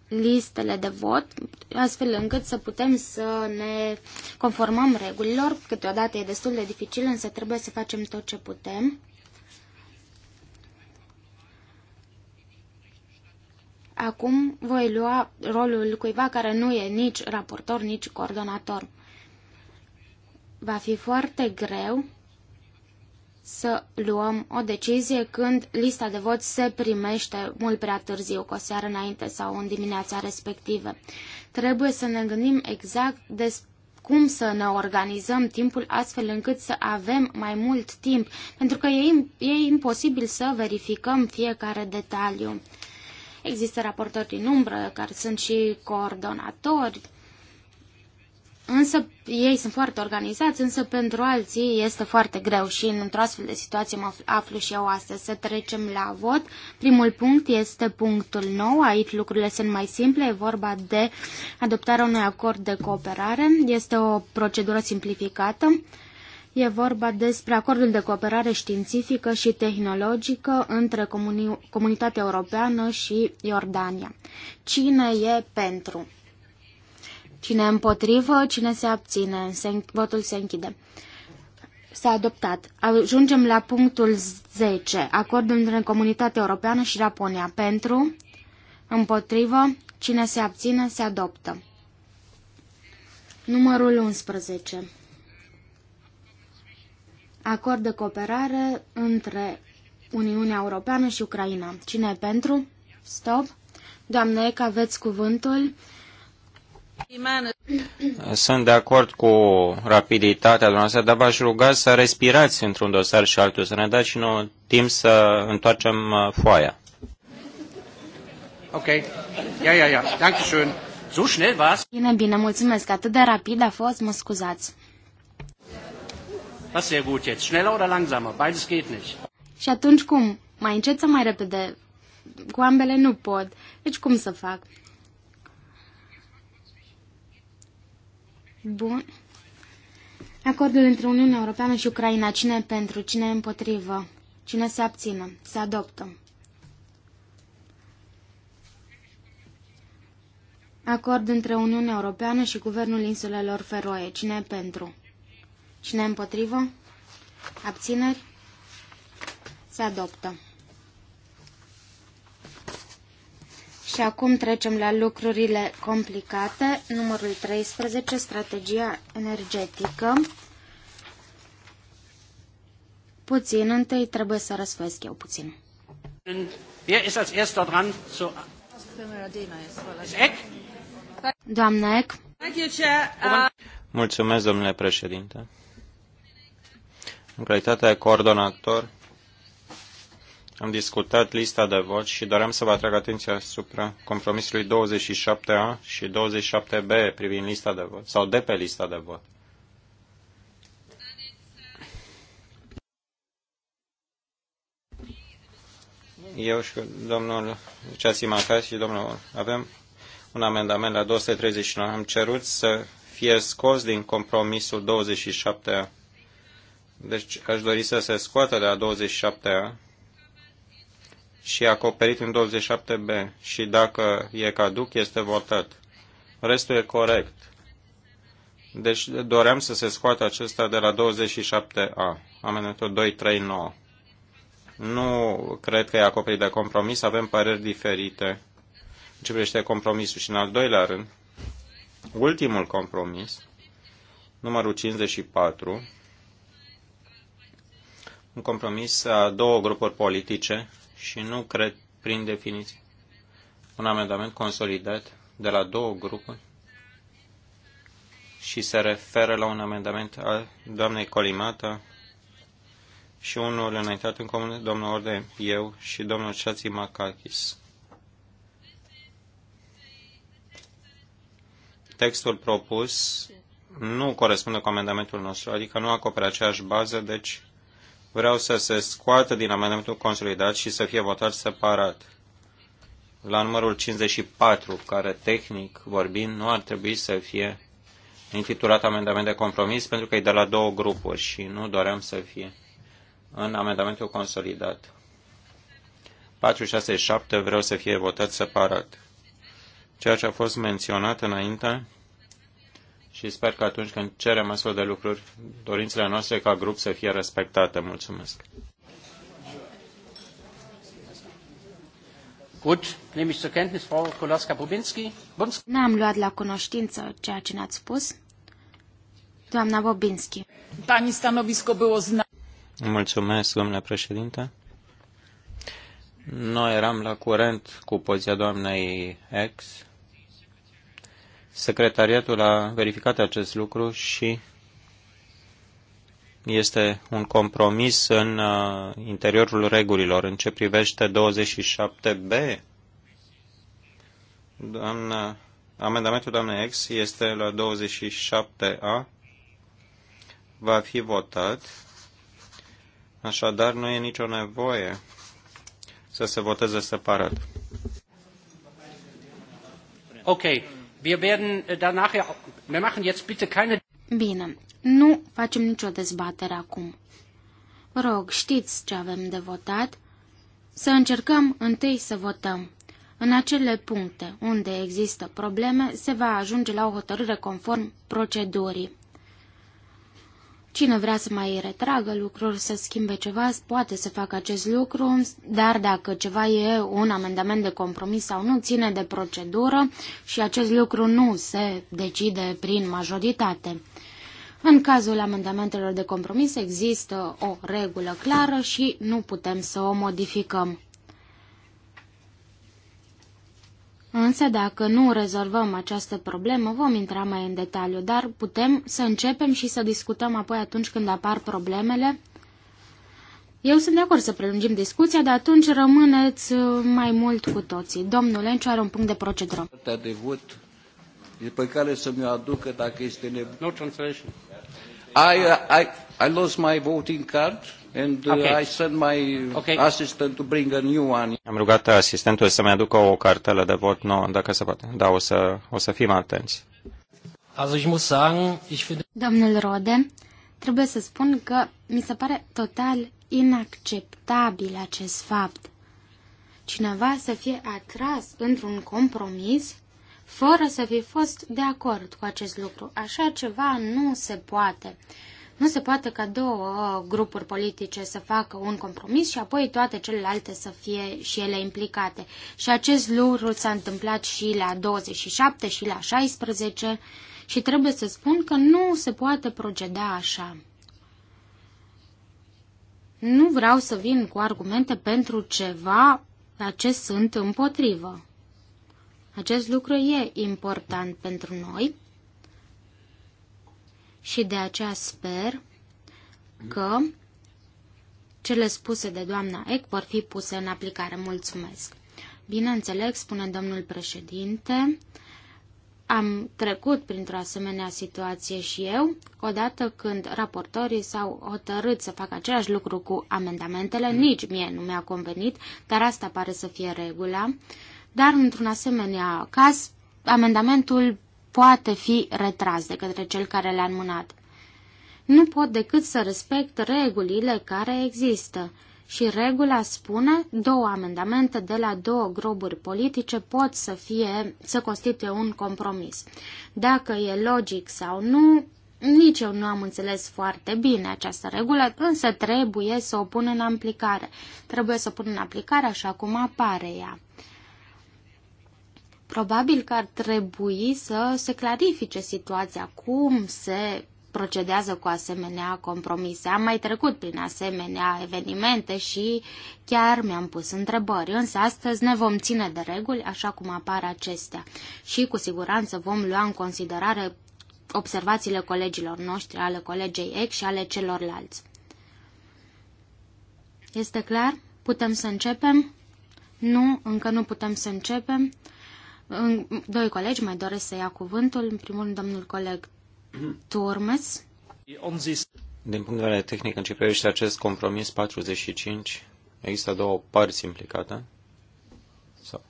listele de vot, astfel încât să putem să ne conformăm regulilor. Câteodată e destul de dificil, însă trebuie să facem tot ce putem. Acum voi lua rolul cuiva care nu e nici raportor, nici coordonator. Va fi foarte greu să luăm o decizie când lista de vot se primește mult prea târziu, cu o seară înainte sau în dimineața respectivă. Trebuie să ne gândim exact despre cum să ne organizăm timpul astfel încât să avem mai mult timp, pentru că e, e imposibil să verificăm fiecare detaliu. Există raportori din umbră, care sunt și coordonatori, Însă ei sunt foarte organizați, însă pentru alții este foarte greu și într-o astfel de situație mă aflu și eu astăzi. Să trecem la vot. Primul punct este punctul nou. Aici lucrurile sunt mai simple. E vorba de adoptarea unui acord de cooperare. Este o procedură simplificată. E vorba despre acordul de cooperare științifică și tehnologică între comuni Comunitatea Europeană și Iordania. Cine e pentru? Cine împotrivă, cine se abține. Se, votul se închide. S-a adoptat. Ajungem la punctul 10. Acordul între Comunitatea Europeană și Japonia. Pentru, împotrivă, cine se abține, se adoptă. Numărul 11. Acord de cooperare între Uniunea Europeană și Ucraina. Cine e pentru? Stop. Doamne, că aveți cuvântul. Sunt de acord cu rapiditatea dumneavoastră, dar v-aș ruga să respirați într-un dosar și altul, să ne dați și nouă timp să întoarcem uh, foaia. Ok. Ia, ia, ia. Dankeschön. So schnell was? Bine, bine, mulțumesc. Atât de rapid a fost, mă scuzați. Das sehr gut jetzt. Schneller oder langsamer? Beides geht nicht. Și atunci cum? Mai încet sau mai repede? Cu ambele nu pot. Deci cum să fac? Bun. Acordul între Uniunea Europeană și Ucraina. Cine pentru? Cine împotrivă? Cine se abține? Se adoptă. Acord între Uniunea Europeană și Guvernul Insulelor Feroe. Cine pentru? Cine împotrivă? Abțineri? Se adoptă. Și acum trecem la lucrurile complicate. Numărul 13, strategia energetică. Puțin, întâi trebuie să răsfăiesc eu puțin. Wer ist Doamna uh, Mulțumesc, domnule președinte. În calitate de coordonator, am discutat lista de voci și doream să vă atrag atenția asupra compromisului 27A și 27B privind lista de vot sau de pe lista de vot. Eu și domnul Ceasimaca și domnul avem un amendament la 239. Am cerut să fie scos din compromisul 27A. Deci aș dori să se scoată de la 27A și acoperit în 27b și dacă e caduc, este votat. Restul e corect. Deci doream să se scoată acesta de la 27a, amendamentul 239. Nu cred că e acoperit de compromis, avem păreri diferite în ce privește compromisul. Și în al doilea rând, ultimul compromis, numărul 54, un compromis a două grupuri politice, și nu cred prin definiție. Un amendament consolidat de la două grupuri și se referă la un amendament al doamnei Colimata și unul înaintat în comun, domnul Orde, eu și domnul Ceații Macachis. Textul propus nu corespunde cu amendamentul nostru, adică nu acoperă aceeași bază, deci vreau să se scoată din amendamentul consolidat și să fie votat separat. La numărul 54, care tehnic vorbind nu ar trebui să fie intitulat amendament de compromis pentru că e de la două grupuri și nu doream să fie în amendamentul consolidat. 467 vreau să fie votat separat. Ceea ce a fost menționat înainte și sper că atunci când cerem astfel de lucruri, dorințele noastre ca grup să fie respectate. Mulțumesc! Gut, Kolaska-Bobinski. N-am luat la cunoștință ceea ce ne-ați spus. Doamna Bobinski. Pani stanovisko Mulțumesc, domnule președinte. Noi eram la curent cu poziția doamnei ex Secretariatul a verificat acest lucru și este un compromis în uh, interiorul regulilor. În ce privește 27b, doamna, amendamentul doamnei Ex este la 27a, va fi votat, așadar nu e nicio nevoie să se voteze separat. Okay. Wir werden äh, danach, wir machen jetzt bitte keine... Bine, nu facem nicio dezbatere acum. Vă rog, știți ce avem de votat? Să încercăm întâi să votăm. În acele puncte unde există probleme, se va ajunge la o hotărâre conform procedurii. Cine vrea să mai retragă lucruri, să schimbe ceva, poate să facă acest lucru, dar dacă ceva e un amendament de compromis sau nu, ține de procedură și acest lucru nu se decide prin majoritate. În cazul amendamentelor de compromis există o regulă clară și nu putem să o modificăm. Însă dacă nu rezolvăm această problemă, vom intra mai în detaliu, dar putem să începem și să discutăm apoi atunci când apar problemele. Eu sunt de acord să prelungim discuția, dar atunci rămâneți uh, mai mult cu toții. Domnul Lenciu are un punct de procedură. de vot pe care să mi-o aducă dacă este nevoie. No translation. I, uh, I, I lost my voting card. And uh, okay. I sent my okay. assistant to bring a new one. Am rugat asistentul să-mi aducă o cartelă de vot nouă, dacă se poate. Da, o să, o să fim atenți. Domnul Rode, trebuie să spun că mi se pare total inacceptabil acest fapt. Cineva să fie atras într-un compromis fără să fi fost de acord cu acest lucru. Așa ceva nu se poate. Nu se poate ca două grupuri politice să facă un compromis și apoi toate celelalte să fie și ele implicate. Și acest lucru s-a întâmplat și la 27 și la 16 și trebuie să spun că nu se poate proceda așa. Nu vreau să vin cu argumente pentru ceva la ce sunt împotrivă. Acest lucru e important pentru noi și de aceea sper că cele spuse de doamna Eck vor fi puse în aplicare. Mulțumesc! Bineînțeles, spune domnul președinte, am trecut printr-o asemenea situație și eu, odată când raportorii s-au hotărât să facă același lucru cu amendamentele, nici mie nu mi-a convenit, dar asta pare să fie regula. Dar într-un asemenea caz, amendamentul poate fi retras de către cel care l-a înmânat. Nu pot decât să respect regulile care există și regula spune două amendamente de la două groburi politice pot să fie, să constituie un compromis. Dacă e logic sau nu, nici eu nu am înțeles foarte bine această regulă, însă trebuie să o pun în aplicare. Trebuie să o pun în aplicare așa cum apare ea. Probabil că ar trebui să se clarifice situația, cum se procedează cu asemenea compromise. Am mai trecut prin asemenea evenimente și chiar mi-am pus întrebări, însă astăzi ne vom ține de reguli așa cum apar acestea și cu siguranță vom lua în considerare observațiile colegilor noștri, ale colegei ex și ale celorlalți. Este clar? Putem să începem? Nu, încă nu putem să începem. Doi colegi mai doresc să ia cuvântul. În primul rând, domnul coleg Turmes. Din punct de vedere tehnic, în ce privește acest compromis 45, există două părți implicate. Sau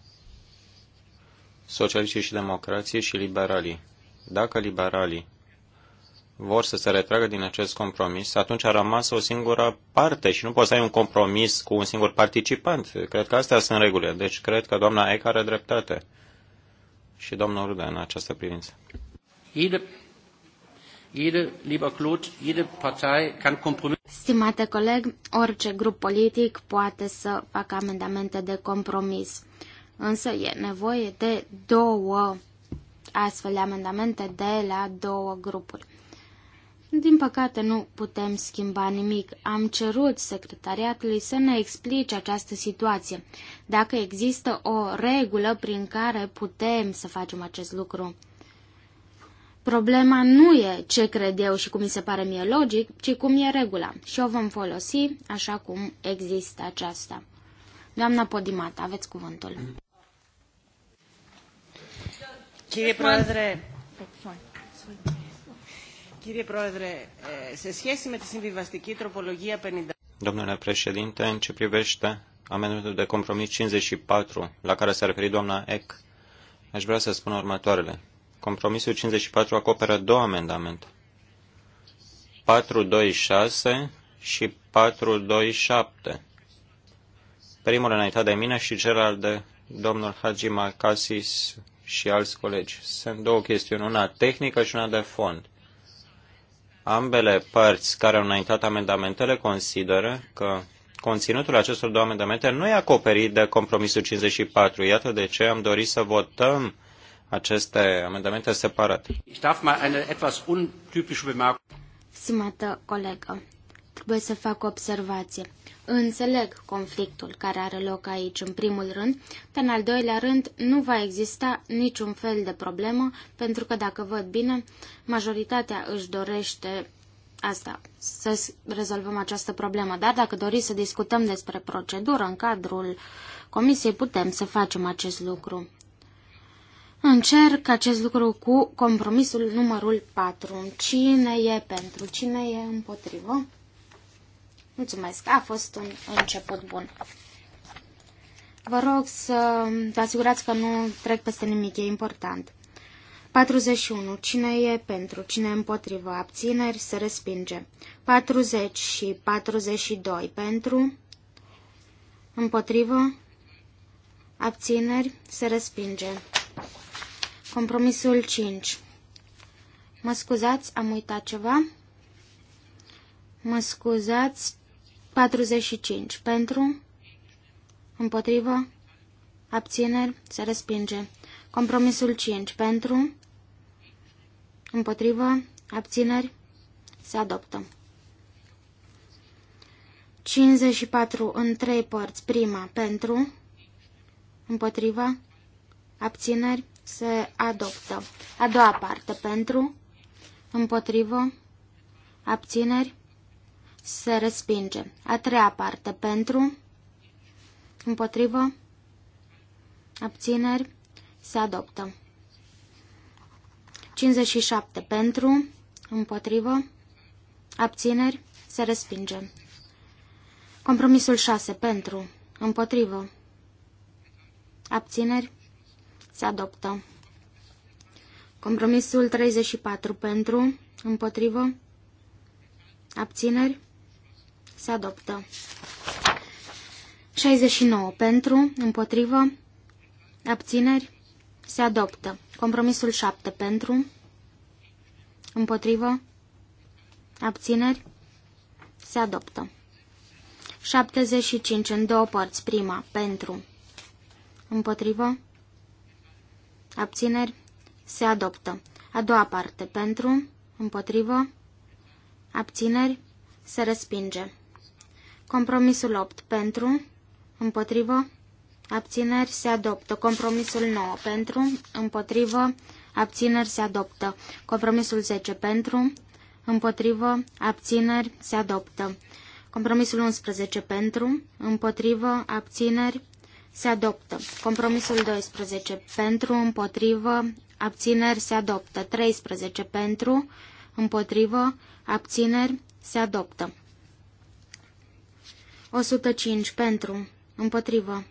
socialiștii și democrație și liberalii. Dacă liberalii vor să se retragă din acest compromis, atunci a rămas o singură parte și nu poți să ai un compromis cu un singur participant. Cred că astea sunt regulile. Deci cred că doamna Eck are dreptate și domnul Ruda în această privință. Ide, jede, lieber Claude, jede Partei kann Kompromiss. Stimate coleg, orice grup politic poate să facă amendamente de compromis, însă e nevoie de două astfel de amendamente de la două grupuri. Din păcate nu putem schimba nimic. Am cerut secretariatului să ne explice această situație, dacă există o regulă prin care putem să facem acest lucru. Problema nu e ce cred eu și cum mi se pare mie logic, ci cum e regula și o vom folosi așa cum există aceasta. Doamna Podimata, aveți cuvântul. Chirie Prodre. Κύριε Πρόεδρε, σε σχέση με τη συμβιβαστική τροπολογία 50... Domnule președinte, în ce privește amendamentul de compromis 54, la care s-a referit doamna Eck, aș vrea să spun următoarele. Compromisul 54 acoperă două amendamente. 426 și 427. Primul înaintat de mine și celălalt de domnul Hagi Marcasis și alți colegi. Sunt două chestiuni, una tehnică și una de fond. Ambele părți care au înaintat amendamentele consideră că conținutul acestor două amendamente nu e acoperit de compromisul 54. Iată de ce am dorit să votăm aceste amendamente separate. Stimată colegă, trebuie să fac o observație. Înțeleg conflictul care are loc aici în primul rând, dar în al doilea rând nu va exista niciun fel de problemă, pentru că dacă văd bine, majoritatea își dorește asta, să rezolvăm această problemă. Dar dacă doriți să discutăm despre procedură în cadrul comisiei, putem să facem acest lucru. Încerc acest lucru cu compromisul numărul 4. Cine e pentru? Cine e împotrivă? Mulțumesc, a fost un început bun. Vă rog să vă asigurați că nu trec peste nimic, e important. 41. Cine e pentru, cine e împotrivă, abțineri, se respinge. 40 și 42. Pentru, împotrivă, abțineri, se respinge. Compromisul 5. Mă scuzați, am uitat ceva? Mă scuzați, 45. Pentru, împotrivă, abțineri, se respinge. Compromisul 5. Pentru, împotrivă, abțineri, se adoptă. 54 în trei părți. Prima, pentru, împotriva, abțineri, se adoptă. A doua parte, pentru, împotrivă, abțineri, se respinge. A treia parte pentru, împotrivă, abțineri, se adoptă. 57 pentru, împotrivă, abțineri, se respinge. Compromisul 6 pentru, împotrivă, abțineri, se adoptă. Compromisul 34 pentru, împotrivă, abțineri, se adoptă. 69 pentru, împotrivă, abțineri, se adoptă. Compromisul 7 pentru, împotrivă, abțineri, se adoptă. 75 în două părți, prima, pentru, împotrivă, abțineri, se adoptă. A doua parte, pentru, împotrivă, abțineri, se respinge. Compromisul 8 pentru, împotrivă, abțineri se adoptă. Compromisul 9 pentru, împotrivă, abțineri se adoptă. Compromisul 10 pentru, împotrivă, abțineri se adoptă. Compromisul 11 pentru, împotrivă, abțineri se adoptă. Compromisul 12 pentru, împotrivă, abțineri se adoptă. 13 pentru, împotrivă, abțineri se adoptă. 105 pentru, împotrivă,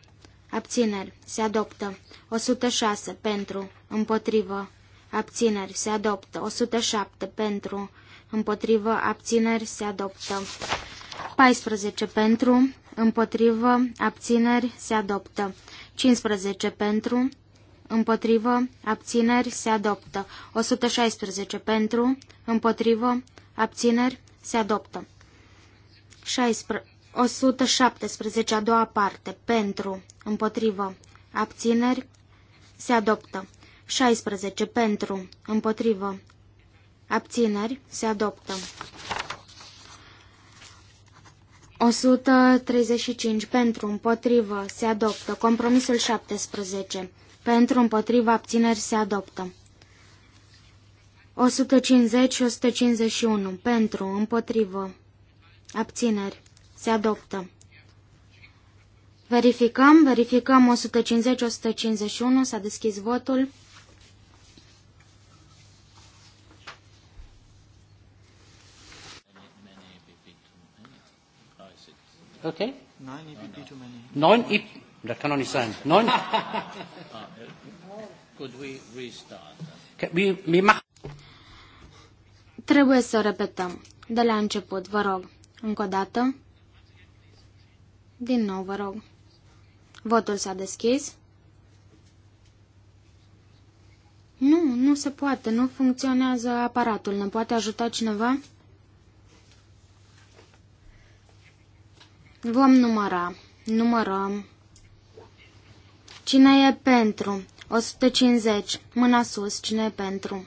abțineri, se adoptă. 106 pentru, împotrivă, abțineri, se adoptă. 107 pentru, împotrivă, abțineri, se adoptă. 14 pentru, împotrivă, abțineri, se adoptă. 15 pentru, împotrivă, abțineri, se adoptă. 116 pentru, împotrivă, abțineri, se adoptă. 16 117, a doua parte, pentru, împotrivă, abțineri, se adoptă. 16, pentru, împotrivă, abțineri, se adoptă. 135, pentru, împotrivă, se adoptă. Compromisul 17, pentru, împotrivă, abțineri, se adoptă. 150 și 151, pentru, împotrivă, abțineri. Se adoptă. Verificăm, verificăm 150-151, s-a deschis votul. Ok. 9 ich bin too many. Neun, ich, das kann doch nicht Could we restart? We, we Trebuie să repetăm. De la început, vă rog. Încă o dată. Din nou, vă rog. Votul s-a deschis. Nu, nu se poate, nu funcționează aparatul. Ne poate ajuta cineva? Vom număra. Numărăm. Cine e pentru? 150. Mâna sus. Cine e pentru?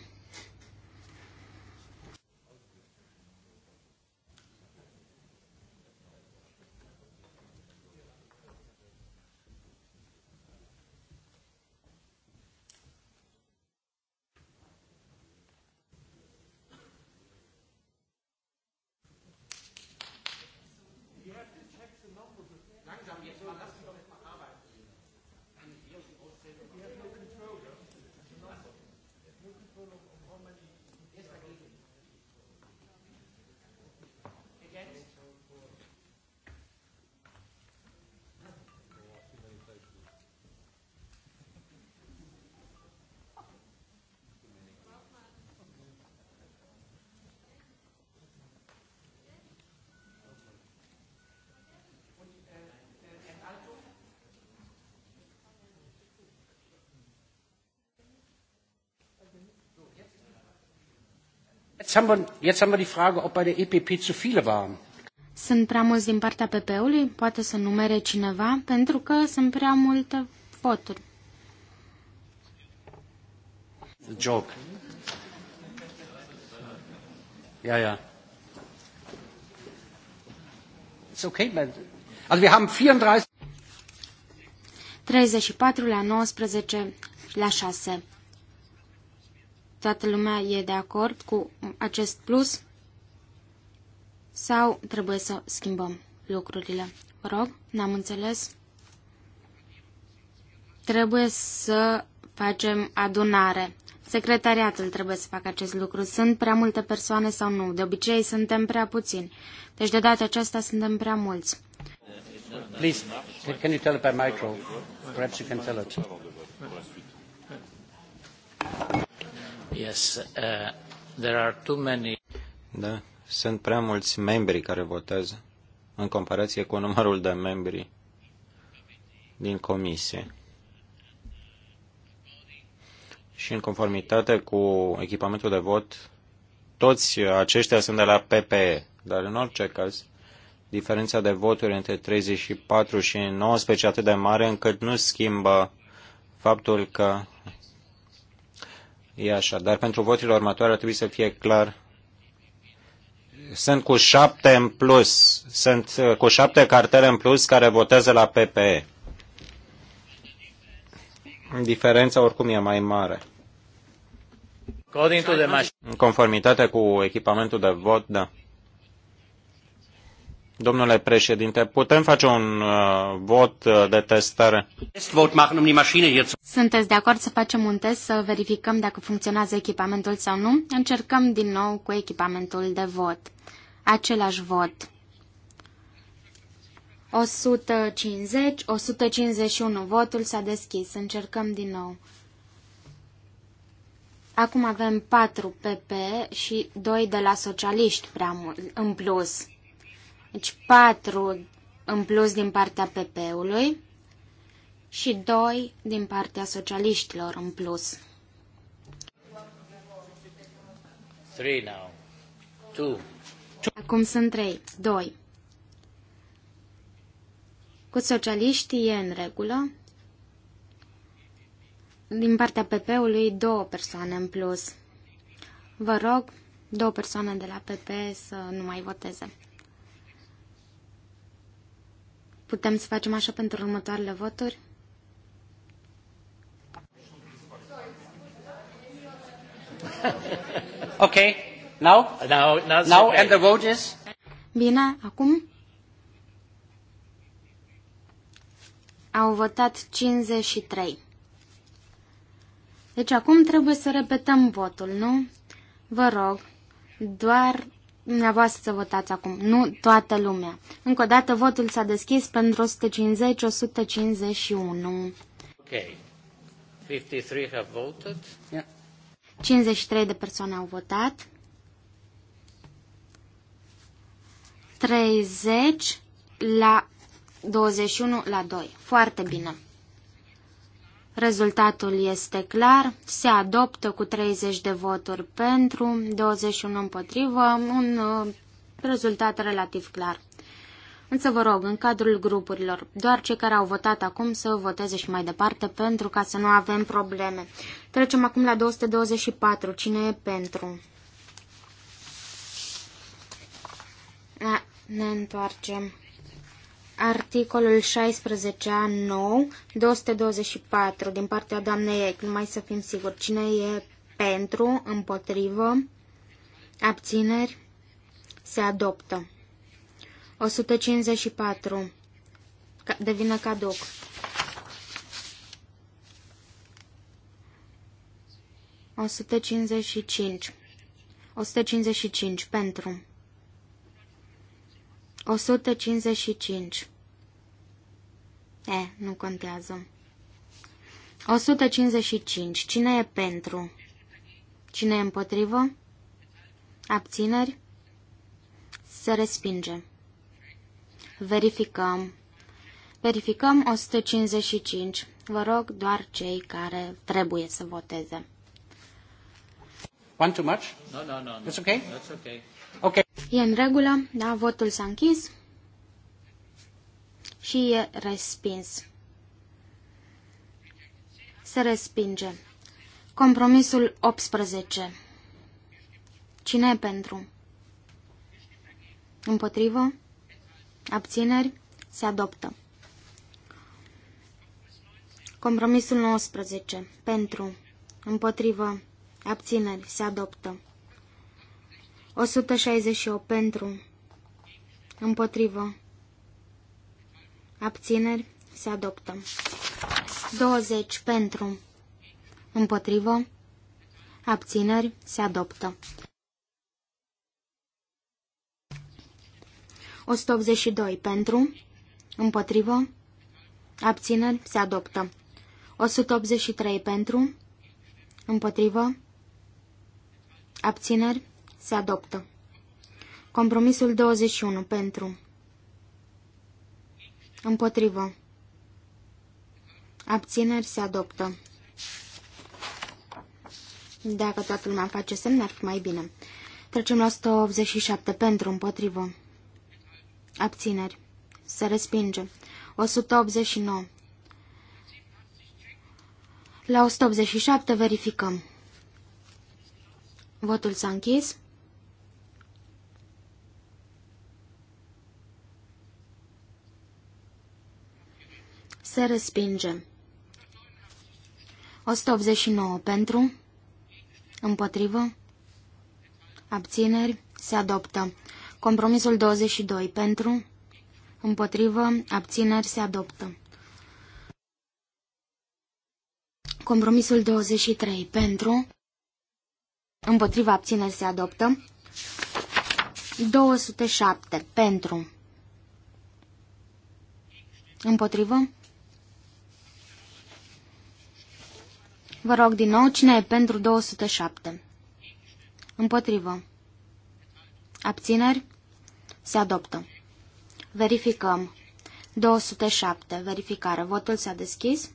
Jetzt haben, wir, jetzt haben wir die Frage, ob bei der EPP zu viele waren. Sunt prea mulți din partea PP-ului? Poate să numere cineva? Pentru că sunt prea multe voturi. Joke. Ja, ja. It's okay, but... Also wir haben 34... 34 la 19 la 6. Toată lumea e de acord cu acest plus? Sau trebuie să schimbăm lucrurile? Vă rog, n-am înțeles. Trebuie să facem adunare. Secretariatul trebuie să facă acest lucru. Sunt prea multe persoane sau nu? De obicei suntem prea puțini. Deci de data aceasta suntem prea mulți. Please, can you tell it by micro? Perhaps you can tell it. Yes, uh, there are too many... Da, sunt prea mulți membri care votează în comparație cu numărul de membri din comisie. Și în conformitate cu echipamentul de vot, toți aceștia sunt de la PPE, dar în orice caz, diferența de voturi între 34 și 19 atât de mare încât nu schimbă faptul că E așa, dar pentru voturile următoare ar trebui să fie clar. Sunt cu șapte în plus, sunt uh, cu șapte cartele în plus care votează la PPE. Diferența oricum e mai mare. În conformitate cu echipamentul de vot, da. Domnule președinte, putem face un uh, vot uh, de testare? Sunteți de acord să facem un test, să verificăm dacă funcționează echipamentul sau nu? Încercăm din nou cu echipamentul de vot. Același vot. 150, 151. Votul s-a deschis. Încercăm din nou. Acum avem 4 PP și 2 de la socialiști prea mult, în plus. Deci 4 în plus din partea PP-ului și 2 din partea socialiștilor în plus. 3 now. 2. Acum sunt 3. 2. Cu socialiștii e în regulă. Din partea PP-ului, două persoane în plus. Vă rog, două persoane de la PP să nu mai voteze. Putem să facem așa pentru următoarele voturi? [laughs] ok. Now? Now, now, now and the vote is? Bine, acum? Au votat 53. Deci acum trebuie să repetăm votul, nu? Vă rog, doar Dumneavoastră să votați acum, nu toată lumea. Încă o dată, votul s-a deschis pentru 150, 151. Ok. 53 have voted. Yeah. 53 de persoane au votat. 30 la 21 la 2. Foarte bine. Rezultatul este clar, se adoptă cu 30 de voturi pentru, 21 împotrivă, un uh, rezultat relativ clar. Însă vă rog, în cadrul grupurilor, doar cei care au votat acum să voteze și mai departe pentru ca să nu avem probleme. Trecem acum la 224. Cine e pentru? ne întoarcem articolul 16a 9, 224 din partea doamnei Eck, numai să fim siguri cine e pentru, împotrivă, abțineri, se adoptă. 154 devină caduc. O 155 155 pentru 155. E, nu contează. 155. Cine e pentru? Cine e împotrivă? Abțineri? Se respinge. Verificăm. Verificăm 155. Vă rog doar cei care trebuie să voteze. One too much? No, no, no. no. It's okay? That's okay. Ok. E în regulă, da, votul s-a închis și e respins. Se respinge. Compromisul 18. Cine e pentru? Împotrivă? Abțineri? Se adoptă. Compromisul 19. Pentru. Împotrivă. Abțineri. Se adoptă. 168 pentru. Împotrivă. Abțineri. Se adoptă. 20 pentru. Împotrivă. Abțineri. Se adoptă. 182 pentru. Împotrivă. Abțineri. Se adoptă. 183 pentru. Împotrivă. Abțineri. Se adoptă. Compromisul 21. Pentru. Împotrivă. Abțineri se adoptă. Dacă toată lumea face semn, ar fi mai bine. Trecem la 187. Pentru. Împotrivă. Abțineri. Se respinge. 189. La 187 verificăm. Votul s-a închis. Se respinge. 189 pentru. Împotrivă. Abțineri. Se adoptă. Compromisul 22 pentru. Împotrivă. Abțineri. Se adoptă. Compromisul 23 pentru. împotrivă, abțineri se adoptă. 207 pentru. Împotrivă. Vă rog din nou, cine e pentru 207? Împotrivă. Abțineri? Se adoptă. Verificăm. 207. Verificare. Votul s-a deschis.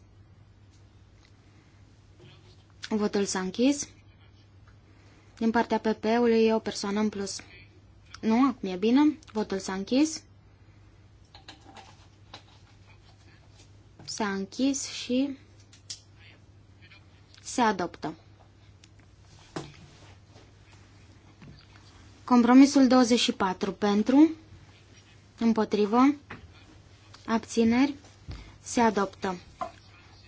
Votul s-a închis. Din partea PP-ului e o persoană în plus. Nu, acum e bine. Votul s-a închis. S-a închis și se adoptă. Compromisul 24 pentru, împotrivă, abțineri, se adoptă.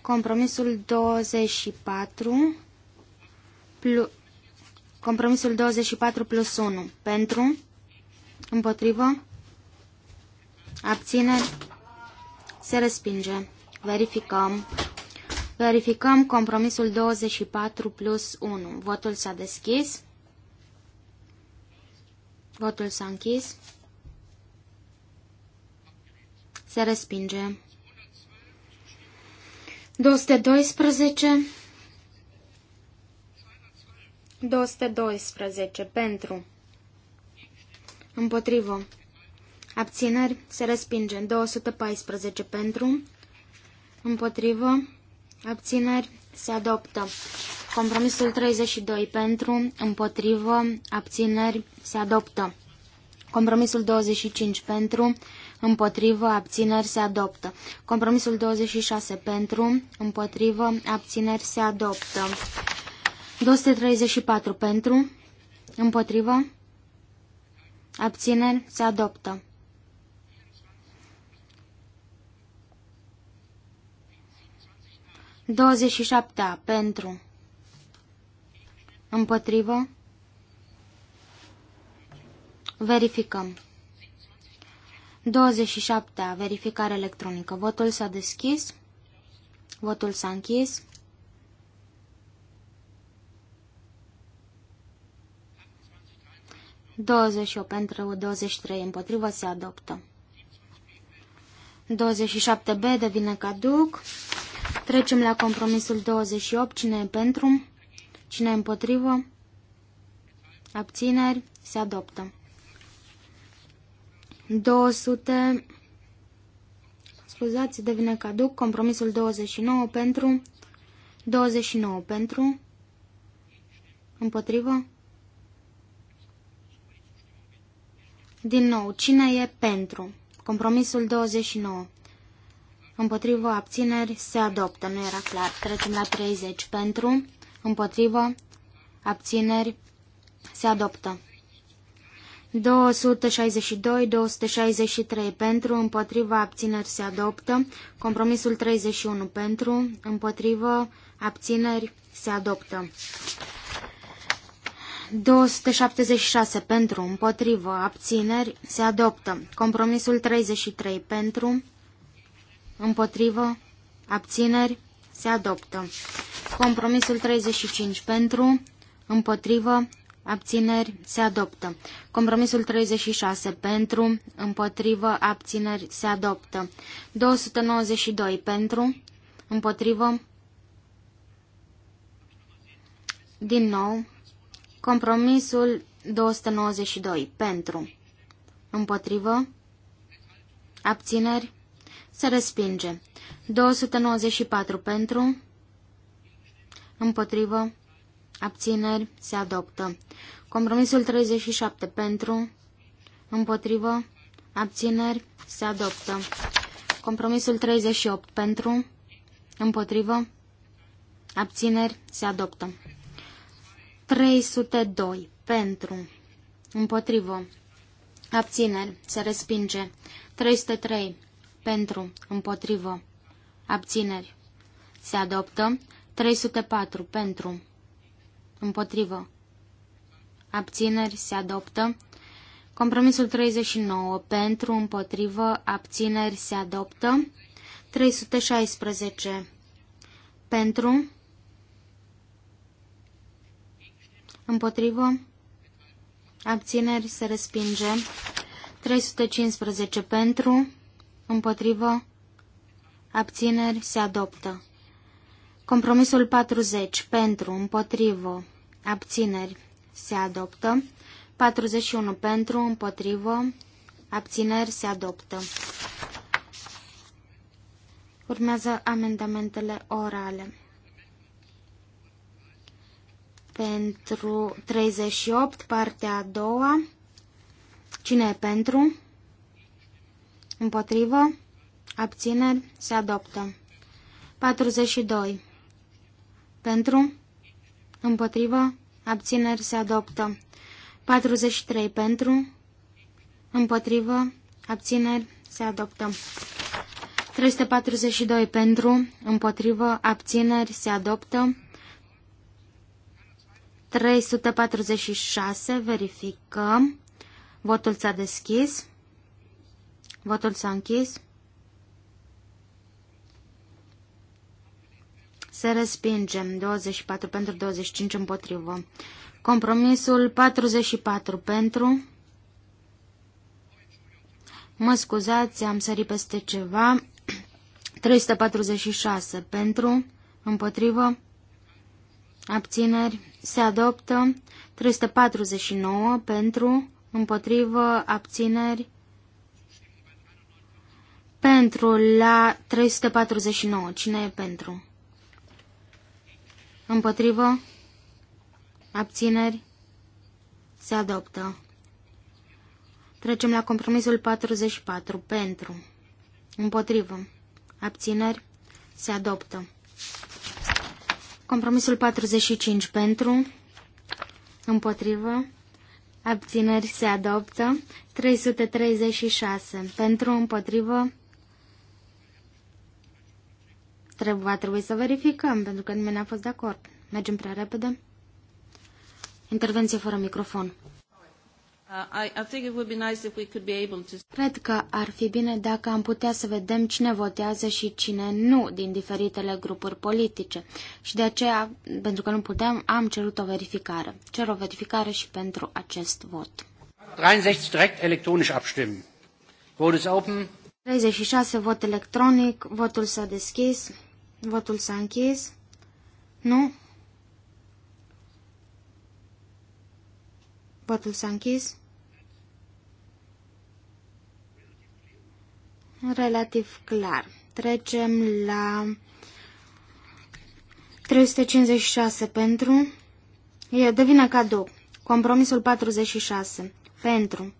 Compromisul 24 plus, compromisul 24 plus 1 pentru, împotrivă, abțineri, se respinge. Verificăm. Verificăm compromisul 24 plus 1. Votul s-a deschis. Votul s-a închis. Se respinge. 212 212 pentru împotrivă abțineri se respinge 214 pentru împotrivă Abțineri se adoptă. Compromisul 32 pentru, împotrivă, abțineri se adoptă. Compromisul 25 pentru, împotrivă, abțineri se adoptă. Compromisul 26 pentru, împotrivă, abțineri se adoptă. 234 pentru, împotrivă, abțineri se adoptă. 27 pentru împotrivă verificăm 27 verificare electronică votul s-a deschis votul s-a închis Douăzeci pentru 23 împotrivă se adoptă. 27B devine caduc. Trecem la compromisul 28. Cine e pentru? Cine e împotrivă? Abțineri? Se adoptă. 200... Scuzați, devine caduc. Compromisul 29 pentru... 29 pentru... Împotrivă? Din nou, cine e pentru? Compromisul 29. Împotrivă abțineri se adoptă, nu era clar. Trecem la 30 pentru, împotrivă abțineri se adoptă. 262, 263 pentru, împotriva abțineri se adoptă. Compromisul 31 pentru, împotrivă abțineri se adoptă. 276 pentru, împotrivă abțineri se adoptă. Compromisul 33 pentru, împotrivă, abțineri, se adoptă. Compromisul 35 pentru, împotrivă, abțineri, se adoptă. Compromisul 36 pentru, împotrivă, abțineri, se adoptă. 292 pentru, împotrivă, din nou, compromisul 292 pentru, împotrivă, abțineri, se respinge. 294 pentru, împotrivă, abțineri, se adoptă. Compromisul 37 pentru, împotrivă, abțineri, se adoptă. Compromisul 38 pentru, împotrivă, abțineri, se adoptă. 302 pentru, împotrivă, abțineri, se respinge. 303 pentru, împotrivă, abțineri. Se adoptă 304 pentru, împotrivă, abțineri. Se adoptă compromisul 39 pentru, împotrivă, abțineri. Se adoptă 316 pentru, împotrivă, abțineri. Se respinge 315 pentru, Împotrivă. Abțineri se adoptă. Compromisul 40. Pentru. Împotrivă. Abțineri se adoptă. 41. Pentru. Împotrivă. Abțineri se adoptă. Urmează amendamentele orale. Pentru 38, partea a doua. Cine e pentru? Împotrivă. Abțineri. Se adoptă. 42. Pentru. Împotrivă. Abțineri. Se adoptă. 43. Pentru. Împotrivă. Abțineri. Se adoptă. 342 pentru, împotrivă, abțineri, se adoptă. 346, verificăm. Votul s-a deschis. Votul s-a închis. Se respingem. 24 pentru, 25 împotrivă. Compromisul 44 pentru. Mă scuzați, am sărit peste ceva. 346 [clears throat] pentru, împotrivă, abțineri, se adoptă. 349 pentru, împotrivă, abțineri, pentru la 349. Cine e pentru? Împotrivă? Abțineri? Se adoptă. Trecem la compromisul 44. Pentru. Împotrivă. Abțineri? Se adoptă. Compromisul 45. Pentru. Împotrivă. Abțineri se adoptă. 336. Pentru împotrivă. Trebuie, va trebui să verificăm, pentru că nimeni n-a fost de acord. Mergem prea repede? Intervenție fără microfon. Uh, Cred că ar fi bine dacă am putea să vedem cine votează și cine nu din diferitele grupuri politice. Și de aceea, pentru că nu putem, am cerut o verificare. Cer o verificare și pentru acest vot. 63 direct electronic abstimmen. Votul open. 36 vot electronic, votul s-a deschis. Votul s-a închis. Nu. Votul s-a închis. Relativ clar. Trecem la 356 pentru. E, devine cadou. Compromisul 46. Pentru.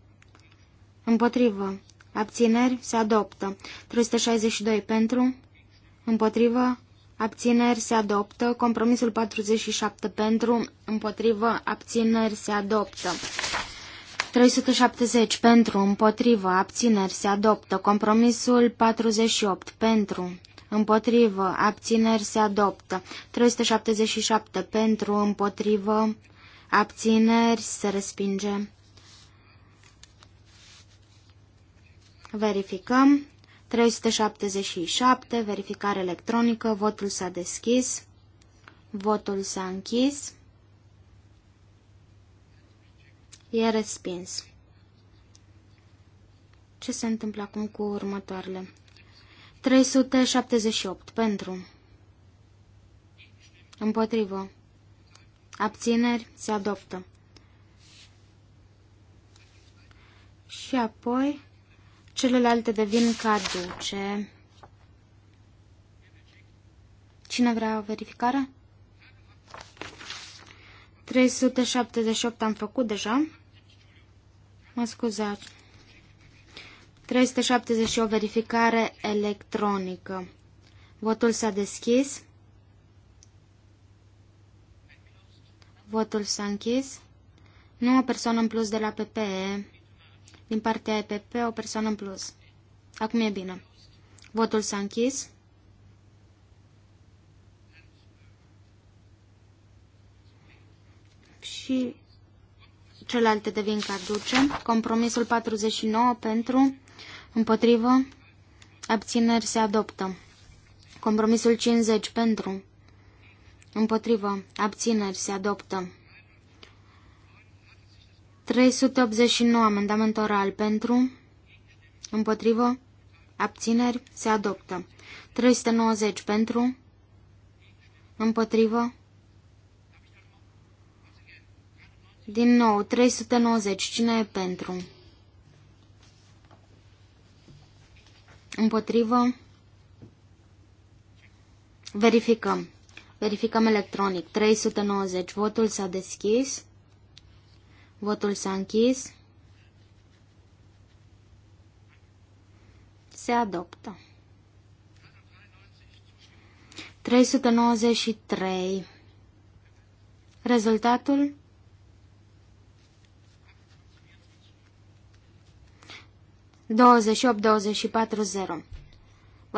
Împotrivă. Abțineri. Se adoptă. 362 pentru împotrivă, abțineri se adoptă. Compromisul 47 pentru, împotrivă, abțineri se adoptă. 370 pentru, împotrivă, abțineri se adoptă. Compromisul 48 pentru, împotrivă, abțineri se adoptă. 377 pentru, împotrivă, abțineri se respinge. Verificăm. 377, verificare electronică, votul s-a deschis, votul s-a închis, e respins. Ce se întâmplă acum cu următoarele? 378, pentru, împotrivă, abțineri, se adoptă. Și apoi Celelalte devin caduce. Cine vrea o verificare? 378 am făcut deja. Mă scuzați. 378 verificare electronică. Votul s-a deschis. Votul s-a închis. Nu o persoană în plus de la PPE. Din partea EPP, o persoană în plus. Acum e bine. Votul s-a închis. Și celelalte devin caduce. Compromisul 49 pentru, împotrivă, abțineri se adoptă. Compromisul 50 pentru, împotrivă, abțineri se adoptă. 389 amendament oral pentru, împotrivă, abțineri, se adoptă. 390 pentru, împotrivă, din nou, 390, cine e pentru? Împotrivă, verificăm. Verificăm electronic. 390. Votul s-a deschis. Votul s-a închis. Se adoptă. 393. Rezultatul? 28, și 0. patru, zero.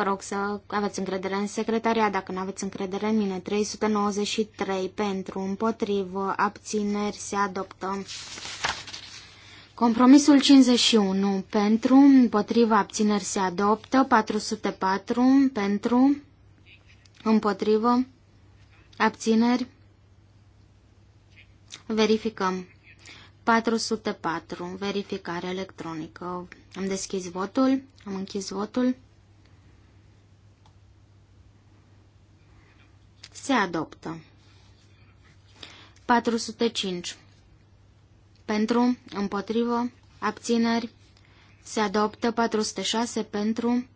Vă rog să aveți încredere în secretaria, dacă nu aveți încredere în mine. 393 pentru, împotrivă, abțineri, se adoptă. Compromisul 51 pentru, împotriva, abțineri, se adoptă. 404 pentru, împotrivă, abțineri. Verificăm. 404. Verificare electronică. Am deschis votul. Am închis votul. Se adoptă. 405. Pentru, împotrivă, abțineri. Se adoptă 406 pentru,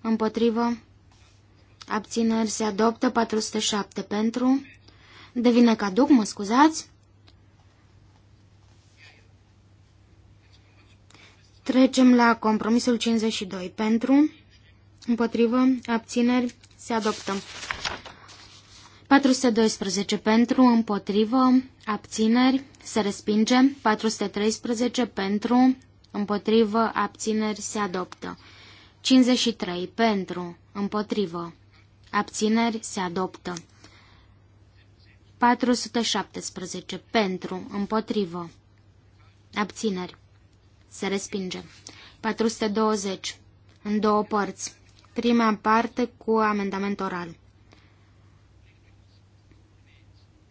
împotrivă, abțineri. Se adoptă 407 pentru, devine caduc, mă scuzați. Trecem la compromisul 52 pentru, împotrivă, abțineri, se adoptă. 412 pentru, împotrivă, abțineri, se respinge. 413 pentru, împotrivă, abțineri, se adoptă. 53 pentru, împotrivă, abțineri, se adoptă. 417 pentru, împotrivă, abțineri, se respinge. 420 în două părți, prima parte cu amendament oral.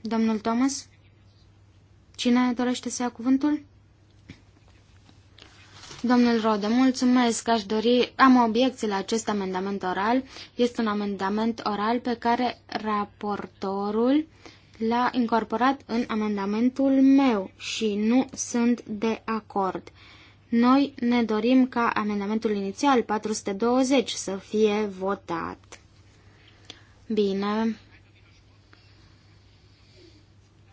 Domnul Thomas? Cine dorește să ia cuvântul? Domnul Rodă, mulțumesc, aș dori, am o obiecție la acest amendament oral. Este un amendament oral pe care raportorul l-a incorporat în amendamentul meu și nu sunt de acord. Noi ne dorim ca amendamentul inițial 420 să fie votat. Bine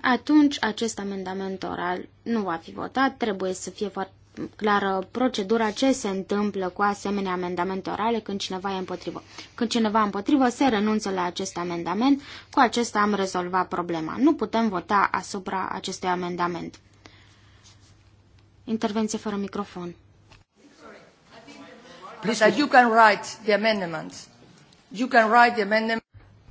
atunci acest amendament oral nu va fi votat, trebuie să fie foarte clară procedura ce se întâmplă cu asemenea amendamente orale când cineva e împotrivă. Când cineva e împotrivă, se renunță la acest amendament, cu acesta am rezolvat problema. Nu putem vota asupra acestui amendament. Intervenție fără microfon. Please, you can write the amendments. You can write the amendment.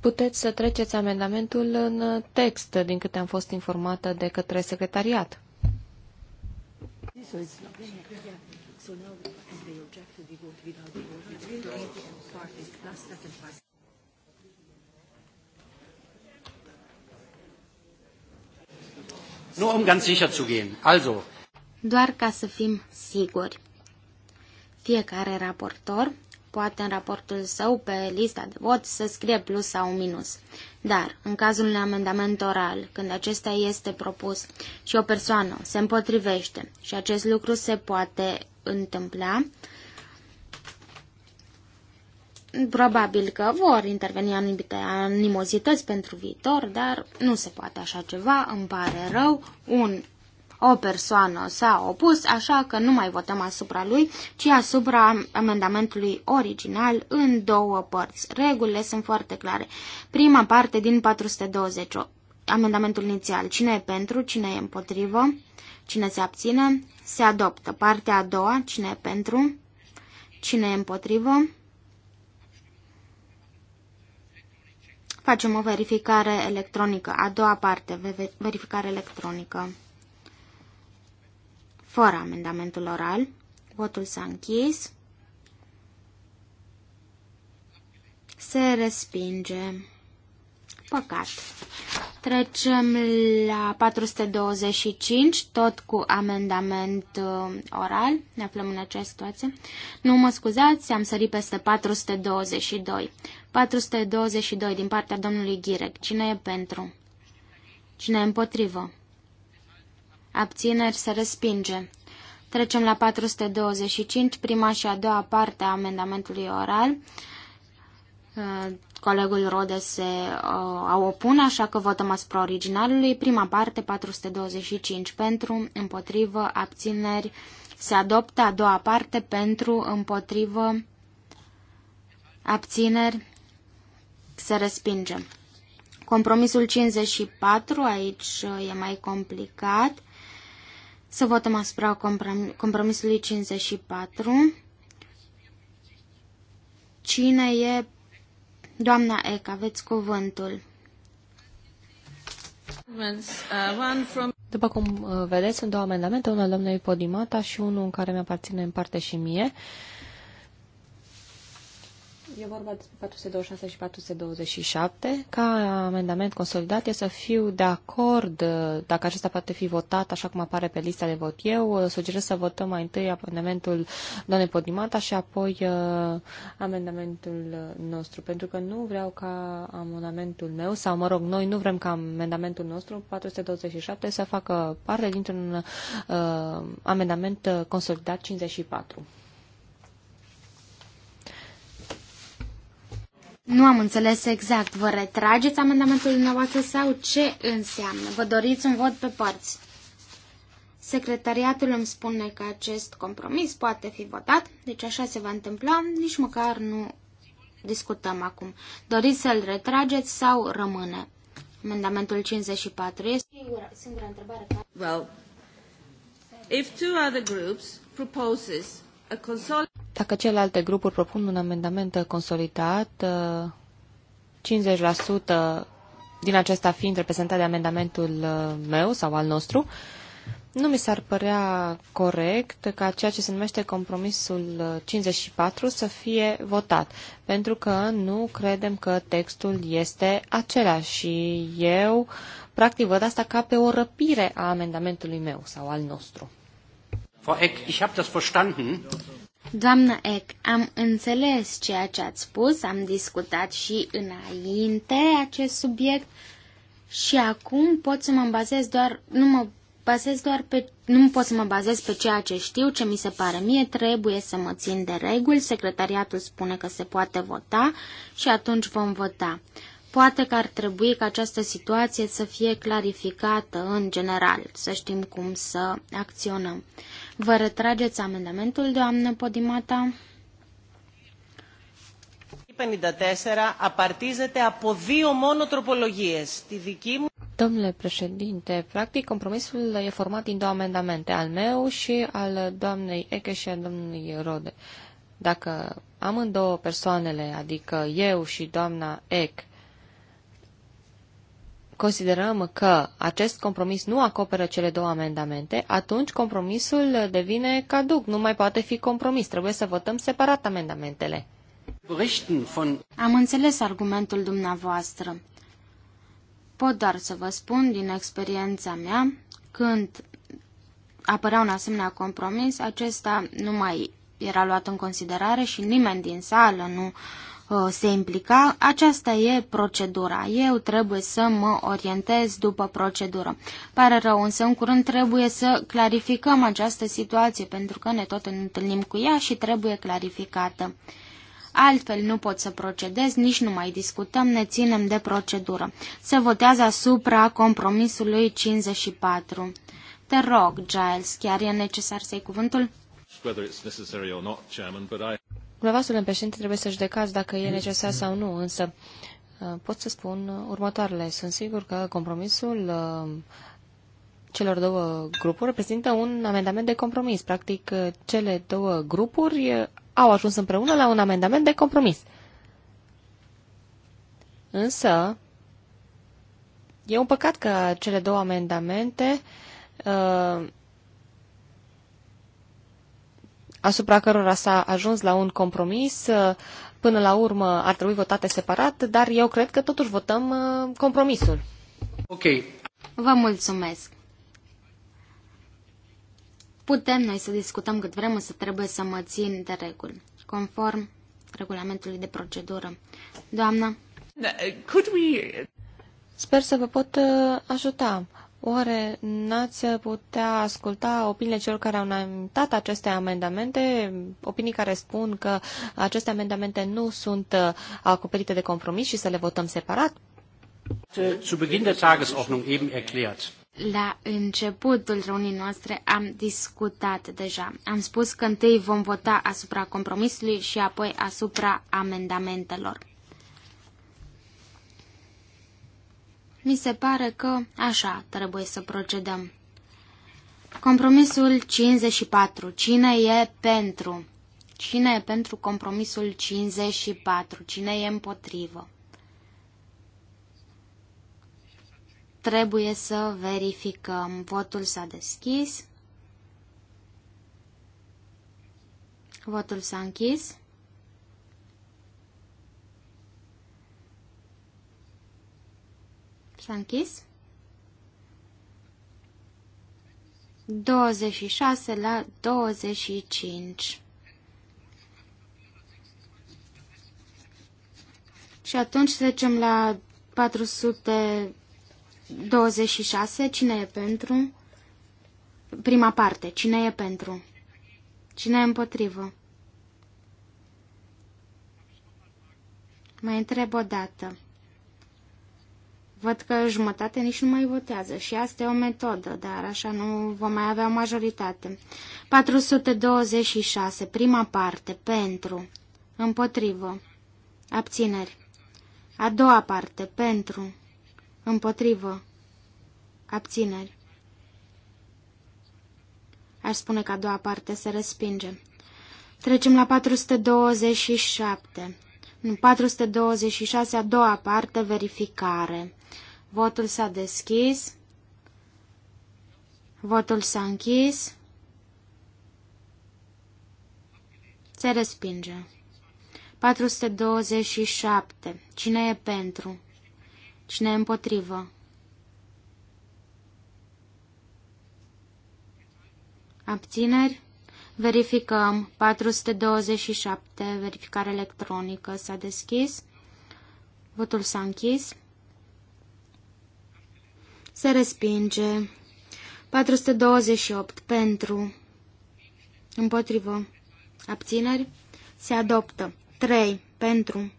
Puteți să treceți amendamentul în text, din câte am fost informată de către secretariat. Nu um ganz sicher zu gehen. Also. Doar ca să fim siguri. Fiecare raportor poate în raportul său pe lista de vot să scrie plus sau minus. Dar, în cazul unui amendament oral, când acesta este propus și o persoană se împotrivește și acest lucru se poate întâmpla, probabil că vor interveni anumite animozități pentru viitor, dar nu se poate așa ceva, îmi pare rău, un o persoană s-a opus, așa că nu mai votăm asupra lui, ci asupra amendamentului original în două părți. Regulile sunt foarte clare. Prima parte din 420, amendamentul inițial. Cine e pentru, cine e împotrivă, cine se abține, se adoptă. Partea a doua, cine e pentru, cine e împotrivă. Facem o verificare electronică. A doua parte, verificare electronică fără amendamentul oral. Votul s-a închis. Se respinge. Păcat. Trecem la 425, tot cu amendament uh, oral. Ne aflăm în această situație. Nu mă scuzați, am sărit peste 422. 422 din partea domnului Ghirec. Cine e pentru? Cine e împotrivă? abțineri se respinge. Trecem la 425, prima și a doua parte a amendamentului oral. Uh, colegul Rode se uh, opune, așa că votăm asupra originalului. Prima parte, 425 pentru, împotrivă, abțineri. Se adoptă a doua parte pentru, împotrivă, abțineri. Se respinge. Compromisul 54, aici uh, e mai complicat. Să votăm asupra compromisului 54. Cine e doamna Eca? Aveți cuvântul. După cum uh, vedeți, sunt două amendamente, unul al domnului Podimata și unul în care mi-aparține în parte și mie. Uh, E vorba despre 426 și 427. Ca amendament consolidat, e să fiu de acord, uh, dacă acesta poate fi votat, așa cum apare pe lista de vot eu, uh, sugerez să votăm mai întâi amendamentul doamnei Podimata și apoi uh, amendamentul nostru, pentru că nu vreau ca amendamentul meu, sau mă rog, noi nu vrem ca amendamentul nostru, 427, să facă parte dintr-un uh, amendament consolidat 54. Nu am înțeles exact. Vă retrageți amendamentul dumneavoastră sau ce înseamnă? Vă doriți un vot pe părți? Secretariatul îmi spune că acest compromis poate fi votat, deci așa se va întâmpla, nici măcar nu discutăm acum. Doriți să-l retrageți sau rămâne? Amendamentul 54 este singura, singura întrebare. Well, if two other groups proposes dacă celelalte grupuri propun un amendament consolidat, 50% uh, din acesta fiind reprezentat de amendamentul uh, meu sau al nostru, nu mi s-ar părea corect ca ceea ce se numește compromisul 54 uh, să fie votat, pentru că nu credem că textul este același și eu, practic, văd asta ca pe o răpire a amendamentului meu sau al nostru. Frau Eck, ich habe das verstanden. Doamnă Eck, am înțeles ceea ce ați spus, am discutat și înainte acest subiect și acum pot să mă bazez doar, nu mă bazez doar pe, nu pot să mă bazez pe ceea ce știu, ce mi se pare mie, trebuie să mă țin de reguli, secretariatul spune că se poate vota și atunci vom vota. Poate că ar trebui ca această situație să fie clarificată în general, să știm cum să acționăm. Vă retrageți amendamentul, doamnă Podimata? 54 Domnule președinte, practic compromisul e format din două amendamente, al meu și al doamnei Eche și al domnului Rode. Dacă amândouă persoanele, adică eu și doamna Eche, considerăm că acest compromis nu acoperă cele două amendamente, atunci compromisul devine caduc, nu mai poate fi compromis, trebuie să votăm separat amendamentele. Am înțeles argumentul dumneavoastră. Pot doar să vă spun din experiența mea, când apărea un asemenea compromis, acesta nu mai era luat în considerare și nimeni din sală nu uh, Uh, se implica. Aceasta e procedura. Eu trebuie să mă orientez după procedură. Pare rău, însă în curând trebuie să clarificăm această situație, pentru că ne tot întâlnim cu ea și trebuie clarificată. Altfel nu pot să procedez, nici nu mai discutăm, ne ținem de procedură. Se votează asupra compromisului 54. Te rog, Giles, chiar e necesar să-i cuvântul? Dumneavoastră, în președinte, trebuie să judecați dacă e necesar mm. sau nu, însă uh, pot să spun următoarele. Sunt sigur că compromisul uh, celor două grupuri reprezintă un amendament de compromis. Practic, uh, cele două grupuri au ajuns împreună la un amendament de compromis. Însă, e un păcat că cele două amendamente uh, asupra cărora s-a ajuns la un compromis, uh, până la urmă ar trebui votate separat, dar eu cred că totuși votăm uh, compromisul. Ok. Vă mulțumesc. Putem noi să discutăm cât vrem, să trebuie să mă țin de reguli, conform regulamentului de procedură. Doamna? Da, could we... Sper să vă pot uh, ajuta. Oare n-ați putea asculta opiniile celor care au înaintat aceste amendamente, opinii care spun că aceste amendamente nu sunt uh, acoperite de compromis și să le votăm separat? Zu Beginn der Tagesordnung eben erklärt. La începutul reunii noastre am discutat deja. Am spus că întâi vom vota asupra compromisului și apoi asupra amendamentelor. Mi se pare că așa trebuie să procedăm. Compromisul 54. Cine e pentru? Cine e pentru compromisul 54? Cine e împotrivă? Trebuie să verificăm. Votul s-a deschis. Votul s-a închis. S-a închis. 26 la 25. Și atunci trecem la 426. Cine e pentru? Prima parte. Cine e pentru? Cine e împotrivă? Mai întreb o dată. Văd că jumătate nici nu mai votează și asta e o metodă, dar așa nu vom mai avea majoritate. 426, prima parte, pentru, împotrivă, abțineri. A doua parte, pentru, împotrivă, abțineri. Aș spune că a doua parte se respinge. Trecem la 427. În 426, a doua parte, verificare. Votul s-a deschis. Votul s-a închis. Se respinge. 427. Cine e pentru? Cine e împotrivă? Abțineri? Verificăm. 427. Verificare electronică. S-a deschis. Votul s-a închis. Se respinge. 428 pentru. Împotrivă. Abțineri. Se adoptă. 3 pentru.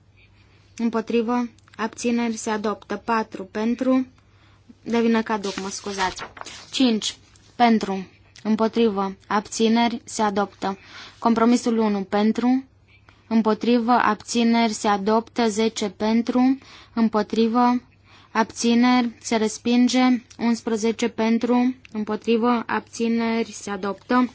Împotrivă. Abțineri. Se adoptă. 4 pentru. Devine caduc, mă scuzați. 5 pentru. Împotrivă. Abțineri. Se adoptă. Compromisul 1 pentru. Împotrivă. Abțineri. Se adoptă. 10 pentru. Împotrivă. Abțineri se respinge, 11 pentru, împotrivă, abțineri se adoptă,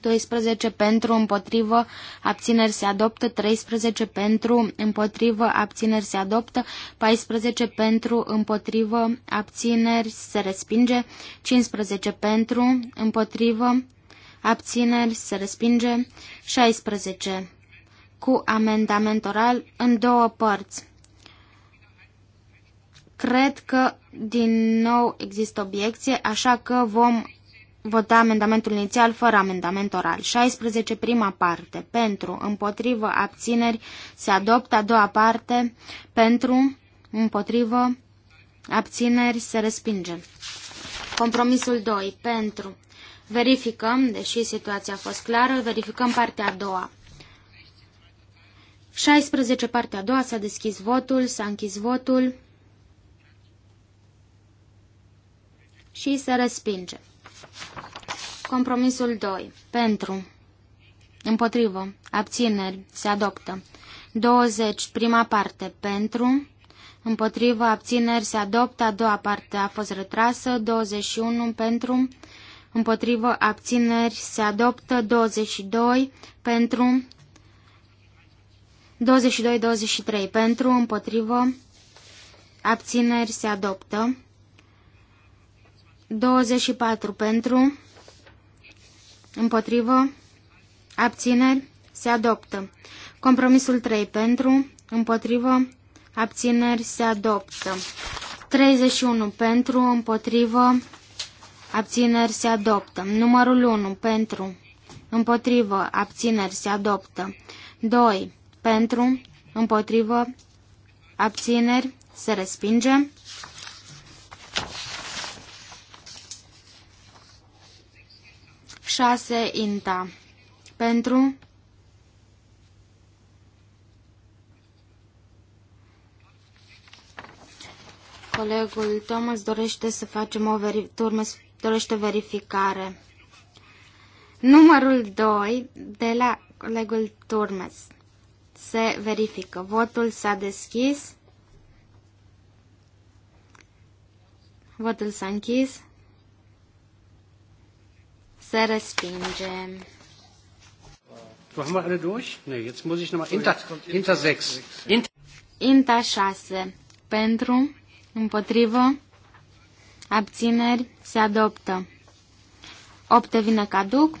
12 pentru, împotrivă, abțineri se adoptă, 13 pentru, împotrivă, abțineri se adoptă, 14 pentru, împotrivă, abțineri se respinge, 15 pentru, împotrivă, abțineri se respinge, 16 cu amendament oral în două părți. Cred că din nou există obiecție, așa că vom vota amendamentul inițial fără amendament oral. 16, prima parte, pentru, împotrivă, abțineri, se adoptă a doua parte, pentru, împotrivă, abțineri, se respinge. Compromisul 2, pentru, verificăm, deși situația a fost clară, verificăm partea a doua. 16, partea a doua, s-a deschis votul, s-a închis votul. și se respinge. Compromisul 2. Pentru. Împotrivă. Abțineri. Se adoptă. 20. Prima parte. Pentru. Împotrivă. Abțineri. Se adoptă. A doua parte a fost retrasă. 21. Pentru. Împotrivă. Abțineri. Se adoptă. 22. Pentru. 22-23. Pentru. Împotrivă. Abțineri. Se adoptă. 24 pentru, împotrivă, abțineri, se adoptă. Compromisul 3 pentru, împotrivă, abțineri, se adoptă. 31 pentru, împotrivă, abțineri, se adoptă. Numărul 1 pentru, împotrivă, abțineri, se adoptă. 2 pentru, împotrivă, abțineri, se respinge. 6 INTA. Pentru Colegul Thomas dorește să facem o veri... dorește verificare. Numărul 2 de la colegul Turmes. Se verifică. Votul s-a deschis. Votul s-a închis. Se respinge. Machen wir alle durch? Ne, jetzt muss ich nochmal. Inter, inter 6. Inter, inter 6. Pentru, împotrivă, abțineri, se adoptă. 8 vine caduc.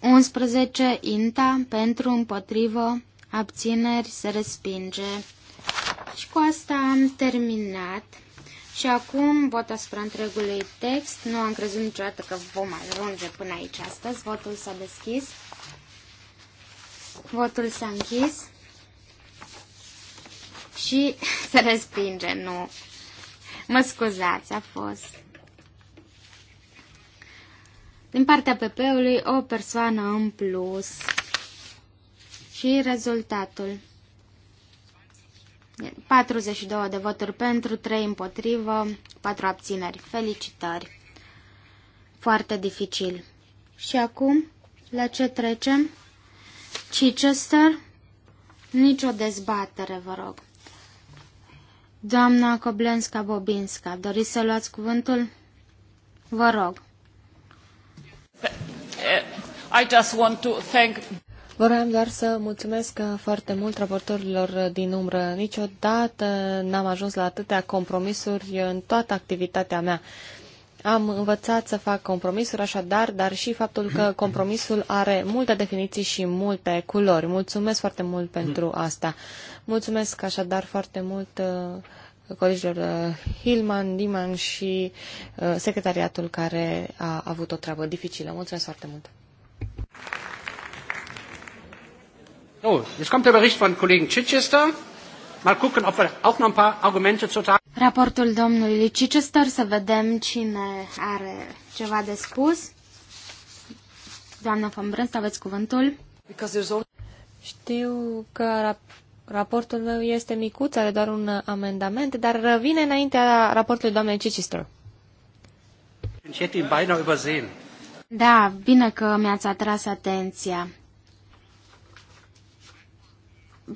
11. Inta, pentru, împotrivă, abțineri, se respinge. Și cu asta am terminat. Și acum vot asupra întregului text. Nu am crezut niciodată că vom ajunge până aici astăzi. Votul s-a deschis. Votul s-a închis. Și [laughs] se respinge, nu. Mă scuzați, a fost. Din partea PP-ului, o persoană în plus. Și rezultatul. 42 de voturi pentru, 3 împotrivă, 4 abțineri. Felicitări! Foarte dificil. Și acum, la ce trecem? Chichester? Nicio dezbatere, vă rog. Doamna Koblenska-Bobinska, doriți să luați cuvântul? Vă rog. I just want to thank... Vreau doar să mulțumesc foarte mult raportorilor din umbră. Niciodată n-am ajuns la atâtea compromisuri în toată activitatea mea. Am învățat să fac compromisuri așadar, dar și faptul că compromisul are multe definiții și multe culori. Mulțumesc foarte mult pentru asta. Mulțumesc așadar foarte mult uh, colegilor uh, Hilman, Diman și uh, secretariatul care a avut o treabă dificilă. Mulțumesc foarte mult! So, oh, jetzt kommt der Bericht von Kollegen Chichester. Mal gucken, ob wir auch noch ein paar Argumente zur Raportul domnului Chichester, să vedem cine are ceva de spus. Doamna von să aveți cuvântul. Știu că raportul meu este micuț, are doar un amendament, dar vine înaintea raportului doamnei Chichester. Da, bine că mi-ați atras atenția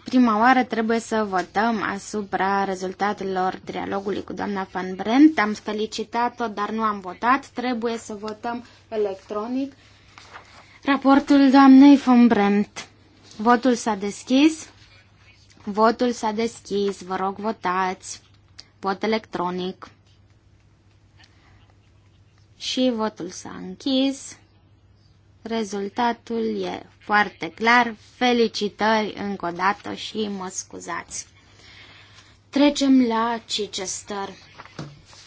prima oară trebuie să votăm asupra rezultatelor dialogului cu doamna Van Brent. Am felicitat-o, dar nu am votat. Trebuie să votăm electronic raportul doamnei Van Brent. Votul s-a deschis. Votul s-a deschis. Vă rog, votați. Vot electronic. Și votul s-a închis. Rezultatul e foarte clar. Felicitări încă o dată și mă scuzați. Trecem la Chichester.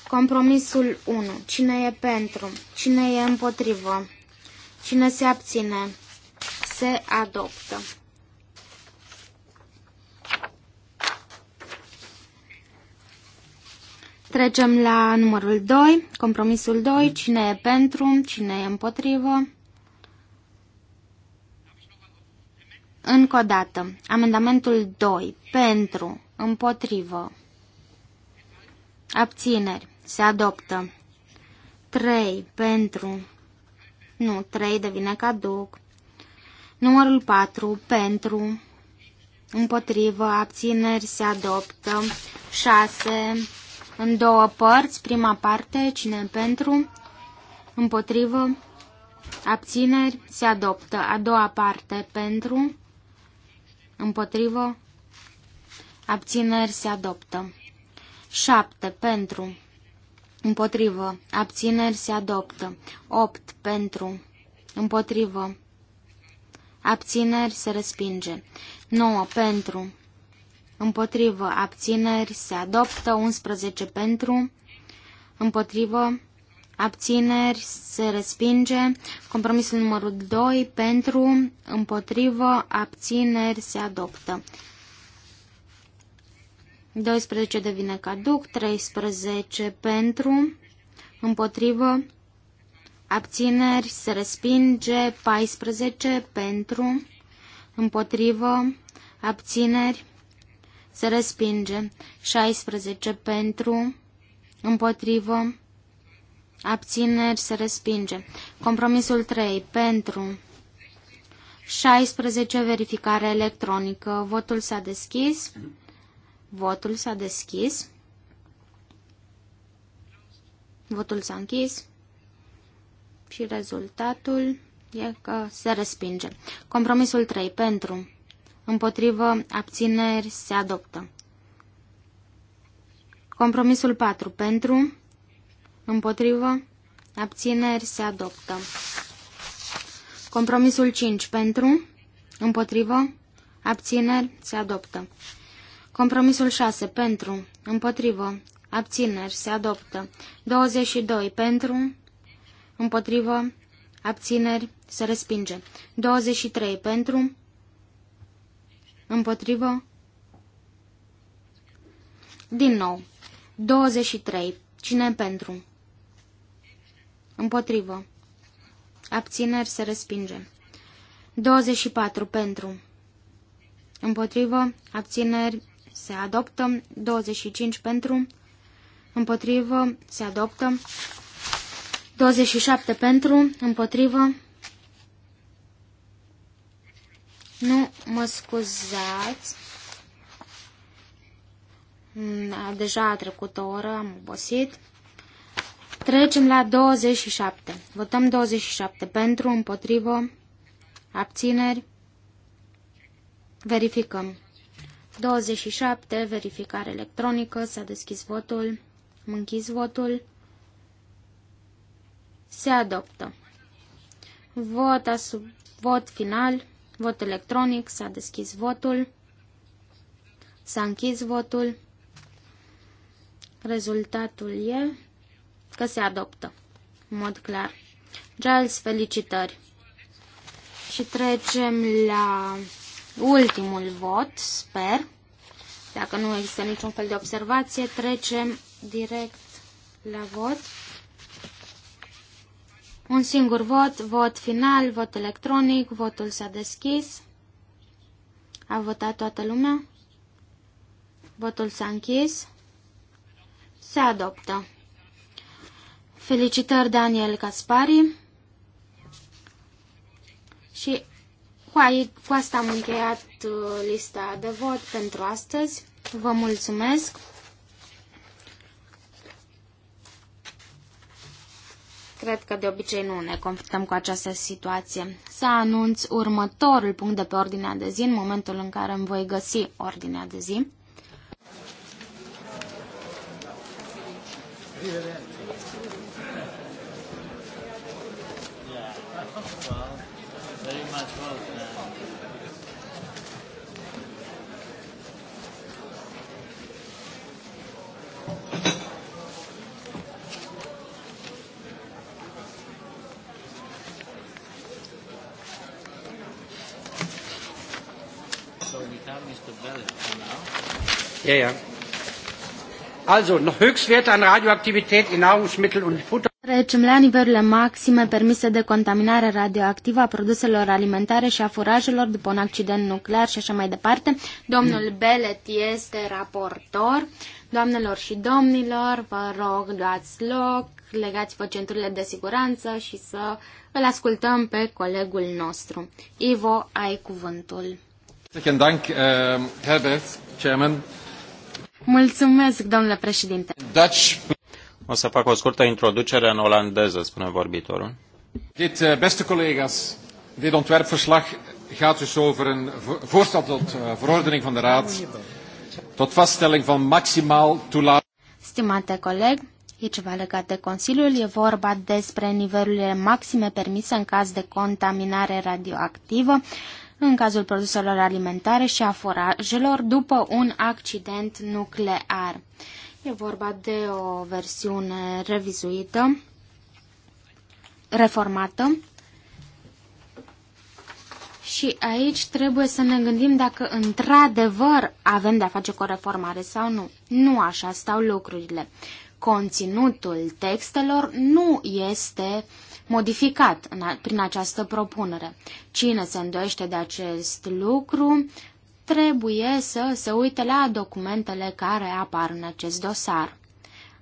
Compromisul 1. Cine e pentru? Cine e împotrivă? Cine se abține? Se adoptă. Trecem la numărul 2, compromisul 2, cine e pentru, cine e împotrivă, Încă o dată, amendamentul 2, pentru, împotrivă, abțineri, se adoptă. 3, pentru, nu, 3 devine caduc. Numărul 4, pentru, împotrivă, abțineri, se adoptă. 6, în două părți, prima parte, cine pentru, împotrivă, abțineri, se adoptă. A doua parte, pentru, Împotrivă. Abțineri se adoptă. 7. Pentru. Împotrivă. Abțineri se adoptă. 8. Pentru. Împotrivă. Abțineri se respinge. 9. Pentru. Împotrivă. Abțineri se adoptă. 11. Pentru. Împotrivă abțineri, se respinge. Compromisul numărul 2, pentru, împotrivă, abțineri, se adoptă. 12 devine caduc, 13 pentru, împotrivă, abțineri, se respinge, 14 pentru, împotrivă, abțineri, se respinge, 16 pentru, împotrivă, Abțineri se respinge. Compromisul 3. Pentru. 16. Verificare electronică. Votul s-a deschis. Votul s-a deschis. Votul s-a închis. Și rezultatul e că se respinge. Compromisul 3. Pentru. Împotrivă. Abțineri se adoptă. Compromisul 4. Pentru. Împotrivă? Abțineri se adoptă. Compromisul 5 pentru? Împotrivă? Abțineri se adoptă. Compromisul 6 pentru? Împotrivă? Abțineri se adoptă. 22 pentru? Împotrivă? Abțineri se respinge. 23 pentru? Împotrivă? Din nou. 23. Cine pentru? Împotrivă. Abțineri se respinge. 24 pentru. Împotrivă. Abțineri se adoptă. 25 pentru. Împotrivă. Se adoptă. 27 pentru. Împotrivă. Nu mă scuzați. Mm, deja a trecut o oră, am obosit. Trecem la 27. Votăm 27. Pentru, împotrivă, abțineri. Verificăm. 27. Verificare electronică. S-a deschis votul. Am închis votul. Se adoptă. Vot, asub, vot final. Vot electronic. S-a deschis votul. S-a închis votul. Rezultatul e că se adoptă, în mod clar. Giles, felicitări! Și trecem la ultimul vot, sper. Dacă nu există niciun fel de observație, trecem direct la vot. Un singur vot, vot final, vot electronic, votul s-a deschis. A votat toată lumea? Votul s-a închis. Se adoptă. Felicitări Daniel Caspari. Și cu, aici, cu asta am încheiat uh, lista de vot pentru astăzi. Vă mulțumesc. Cred că de obicei nu ne confruntăm cu această situație. Să anunț următorul punct de pe ordinea de zi în momentul în care îmi voi găsi ordinea de zi. Ja, ja. Also, noch Höchstwerte an Radioaktivität in Nahrungsmittel und Futter. Trecem la nivelurile maxime permise de contaminare radioactivă a produselor alimentare și a furajelor după un accident nuclear și așa mai departe. Domnul Belet este raportor. Doamnelor și domnilor, vă rog, luați loc, legați-vă centurile de siguranță și să îl ascultăm pe colegul nostru. Ivo, ai cuvântul. Mulțumesc, Dank, äh, Herbert, Chairman. Mulțumesc, domnule președinte. O să fac o scurtă introducere în olandeză, spune vorbitorul. Dit, eh, beste collega's, dit ontwerpverslag gaat dus over een voorstel tot eh, verordening van de Raad tot vaststelling van maximaal toelating. Stimate coleg, e ceva legat de Consiliul, e vorba despre nivelurile maxime permise în caz de contaminare radioactivă în cazul produselor alimentare și a forajelor după un accident nuclear. E vorba de o versiune revizuită, reformată. Și aici trebuie să ne gândim dacă într-adevăr avem de-a face cu o reformare sau nu. Nu așa stau lucrurile. Conținutul textelor nu este uh, modificat prin această propunere. Cine se îndoiește de acest lucru trebuie să se uite la documentele care apar în acest dosar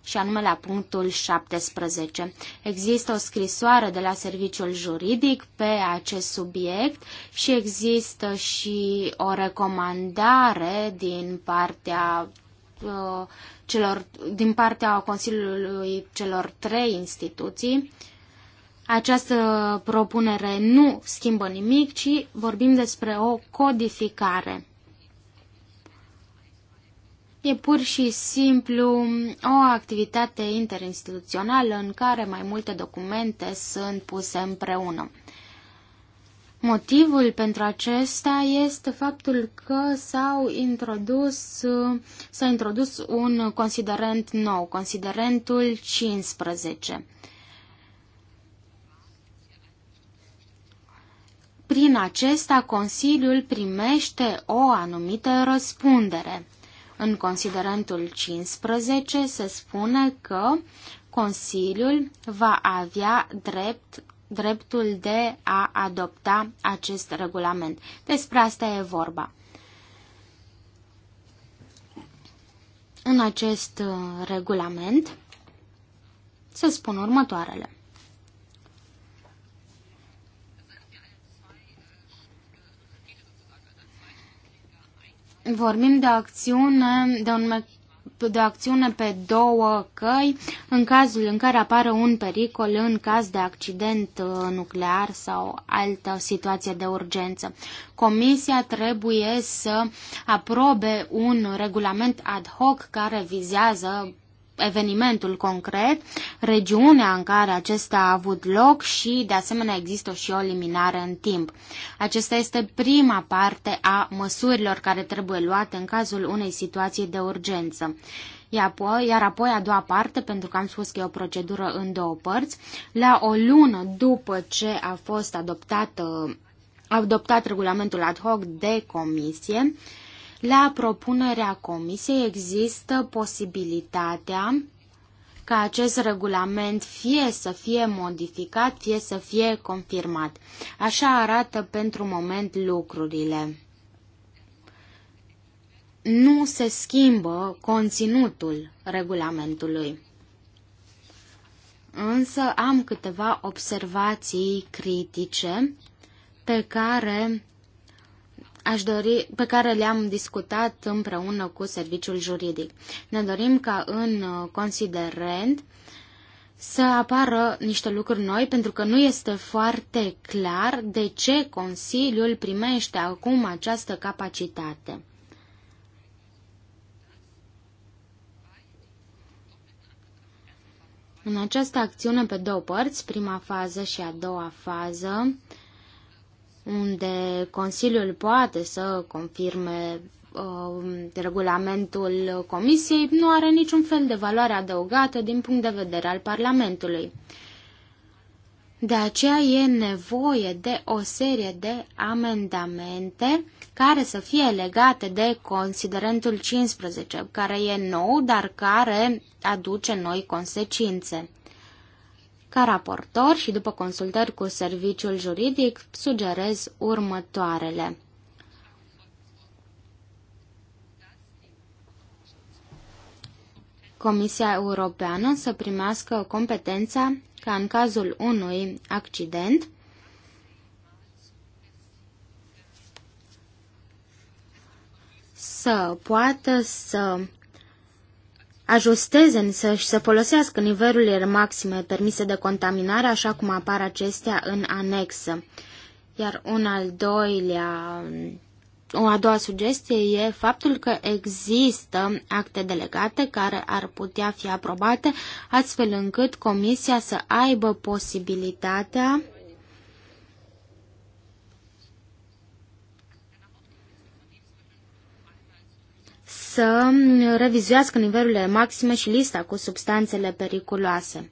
și anume la punctul 17. Există o scrisoare de la serviciul juridic pe acest subiect și există și o recomandare din partea uh, celor, din partea Consiliului celor trei instituții această propunere nu schimbă nimic, ci vorbim despre o codificare. E pur și simplu o activitate interinstituțională în care mai multe documente sunt puse împreună. Motivul pentru acesta este faptul că s-au introdus, s-a introdus un considerent nou, considerentul 15. Prin acesta, Consiliul primește o anumită răspundere. În considerentul 15 se spune că Consiliul va avea drept, dreptul de a adopta acest regulament. Despre asta e vorba. În acest uh, regulament se spun următoarele. vorbim de acțiune, de un de acțiune pe două căi în cazul în care apare un pericol în caz de accident uh, nuclear sau altă situație de urgență. Comisia trebuie să aprobe un regulament ad hoc care vizează evenimentul concret, regiunea în care acesta a avut loc și, de asemenea, există și o eliminare în timp. Acesta este prima parte a măsurilor care trebuie luate în cazul unei situații de urgență. Iar apoi, a doua parte, pentru că am spus că e o procedură în două părți, la o lună după ce a fost adoptat, adoptat regulamentul ad hoc de comisie, uh, la propunerea comisiei există posibilitatea ca acest regulament fie să fie modificat, fie să fie confirmat. Așa arată pentru moment lucrurile. Nu se schimbă conținutul regulamentului. Însă am câteva observații critice pe care aș dori, pe care le-am discutat împreună cu serviciul juridic. Ne dorim ca în uh, considerent să apară niște lucruri noi, pentru că nu este foarte clar de ce Consiliul primește acum această capacitate. În această acțiune pe două părți, prima fază și a doua fază, uh, unde Consiliul poate să confirme uh, regulamentul Comisiei, nu are niciun fel de valoare adăugată din punct de vedere al Parlamentului. De aceea e nevoie de o serie de amendamente care să fie legate de considerentul 15, care e nou, dar care aduce noi consecințe. Ca raportor și după consultări cu serviciul juridic, sugerez următoarele. Comisia Europeană să primească competența ca în cazul unui accident să poată să ajusteze însă și să folosească nivelurile maxime permise de contaminare, așa cum apar acestea în anexă. Iar un al doilea, o a doua sugestie e faptul că există acte delegate care ar putea fi aprobate, astfel încât Comisia să aibă posibilitatea să revizuiască nivelurile maxime și lista cu substanțele periculoase.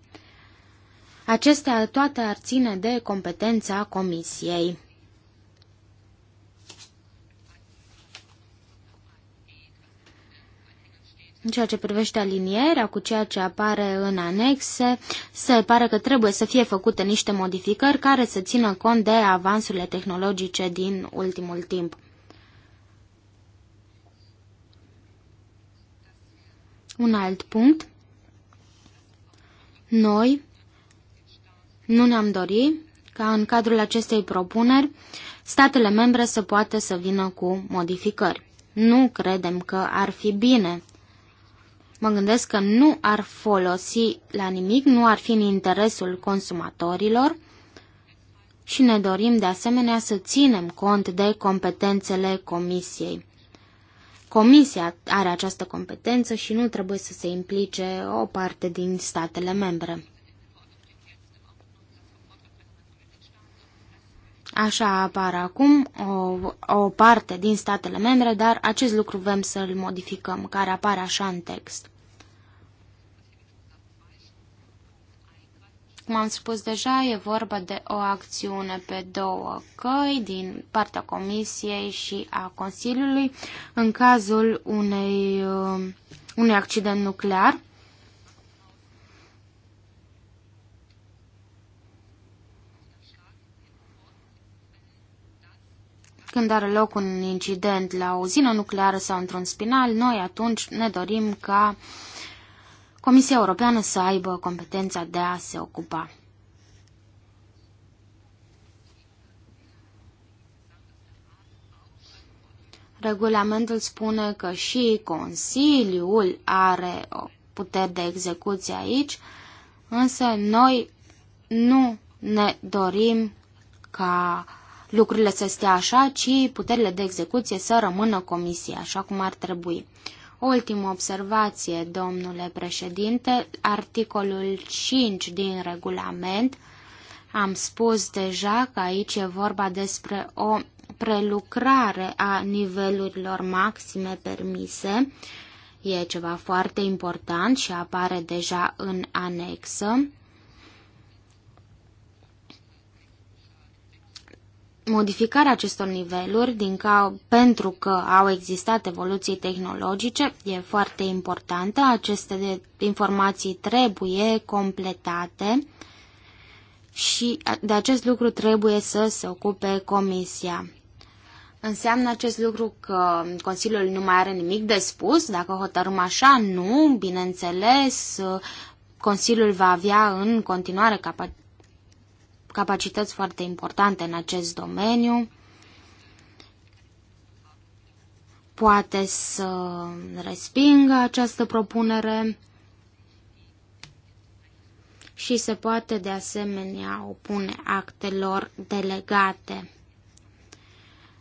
Acestea toate ar ține de competența Comisiei. În ceea ce privește alinierea cu ceea ce apare în anexe, se pare că trebuie să fie făcute niște modificări care să țină cont de avansurile tehnologice din ultimul timp. Un alt punct. Noi nu ne-am dorit ca în cadrul acestei propuneri statele membre să poată să vină cu modificări. Nu credem că ar fi bine. Mă gândesc că nu ar folosi la nimic, nu ar fi în interesul consumatorilor și ne dorim de asemenea să ținem cont de competențele Comisiei. Comisia are această competență și nu trebuie să se implice o parte din statele membre. Așa apar acum o, o parte din statele membre, dar acest lucru vrem să-l modificăm, care apare așa în text. cum am spus deja, e vorba de o acțiune pe două căi din partea Comisiei și a Consiliului în cazul unei, um, unui accident nuclear. Când are loc un incident la o uzină nucleară sau într-un spinal, noi atunci ne dorim ca uh, Comisia Europeană să aibă competența de a se ocupa. Regulamentul spune că și Consiliul are o putere de execuție aici, însă noi nu ne dorim ca lucrurile să stea așa, ci puterile de execuție să rămână comisie, așa cum ar trebui ultimă observație, domnule președinte, articolul 5 din regulament. Am spus deja că aici e vorba despre o prelucrare a nivelurilor maxime permise. E ceva foarte important și apare deja în anexă. modificarea acestor niveluri din ca, pentru că au existat evoluții tehnologice e foarte importantă. Aceste informații trebuie completate și de acest lucru trebuie să se ocupe Comisia. Înseamnă acest lucru că Consiliul nu mai are nimic de spus, dacă hotărâm așa, nu, bineînțeles, Consiliul va avea în continuare capacități foarte importante în acest domeniu. Poate să respingă această propunere și se poate de asemenea opune actelor delegate.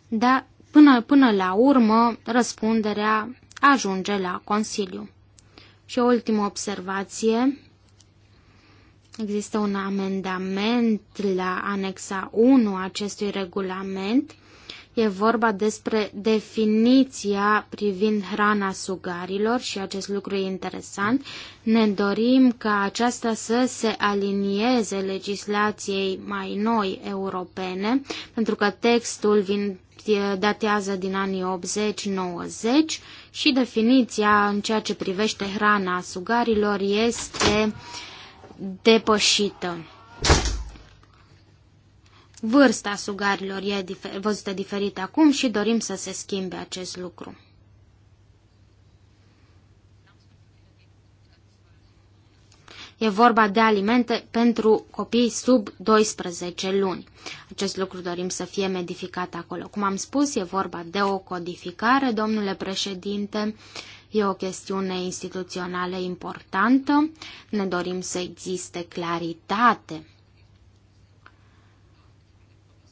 Dar până, până la urmă, răspunderea ajunge la Consiliu. Și o ultimă observație Există un amendament la anexa 1 acestui regulament. E vorba despre definiția privind hrana sugarilor și acest lucru e interesant. Ne dorim ca aceasta să se alinieze legislației mai noi europene, pentru că textul vin, datează din anii 80-90 și definiția în ceea ce privește hrana sugarilor este uh, depășită. Vârsta sugarilor e difer văzută diferit acum și dorim să se schimbe acest lucru. E vorba de alimente pentru copii sub 12 luni. Acest lucru dorim să fie modificat acolo. Cum am spus, e vorba de o codificare, domnule președinte. Uh, E o chestiune instituțională importantă, ne dorim să existe claritate.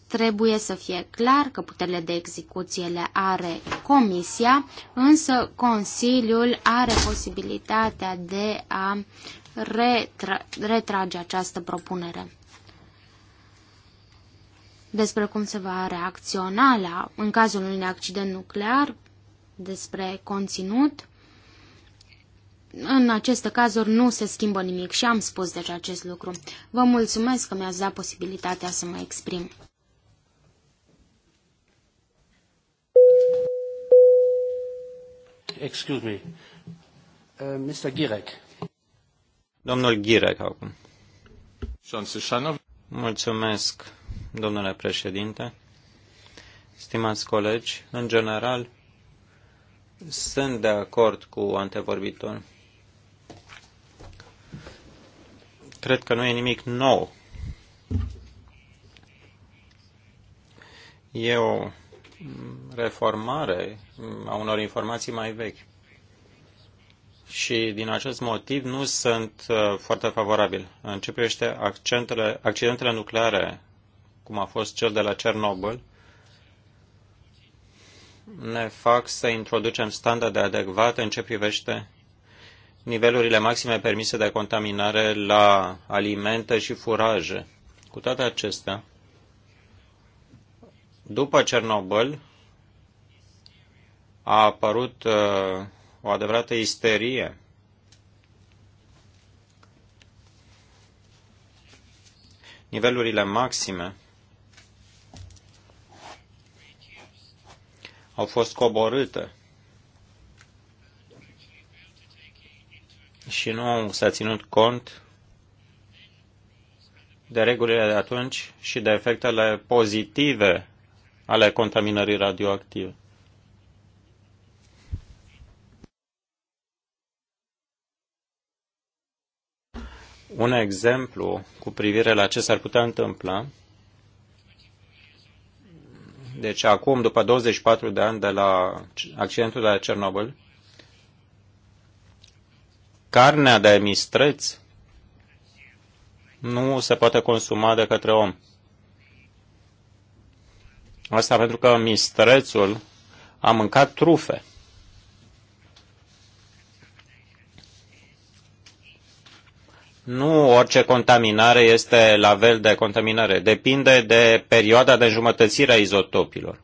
Trebuie să fie clar că puterile de execuție le are Comisia, însă Consiliul are posibilitatea de a retra retrage această propunere despre cum se va reacționa la, în cazul unui accident nuclear, despre conținut, în aceste cazuri nu se schimbă nimic și am spus deja acest lucru. Vă mulțumesc că mi-ați dat posibilitatea să mă exprim. Excuse me. Uh, Mr. Girek. Domnul Girek acum. Mulțumesc, domnule președinte. Stimați colegi, în general, sunt de acord cu antevorbitorul. Cred că nu e nimic nou. E o reformare a unor informații mai vechi. Și din acest motiv nu sunt uh, foarte favorabil. În ce privește accidentele nucleare, cum a fost cel de la Cernobâl, ne fac să introducem standarde adecvate în ce privește nivelurile maxime permise de contaminare la alimente și furaje. Cu toate acestea, după Cernobâl a apărut uh, o adevărată isterie. Nivelurile maxime au fost coborâte și nu s-a ținut cont de regulile de atunci și de efectele pozitive ale contaminării radioactive. Un exemplu cu privire la ce s-ar putea întâmpla deci acum, după 24 de ani de la accidentul de la Cernobâl, carnea de mistreț nu se poate consuma de către om. Asta pentru că mistrețul a mâncat trufe. Nu orice contaminare este la fel de contaminare. Depinde de perioada de înjumătățire a izotopilor.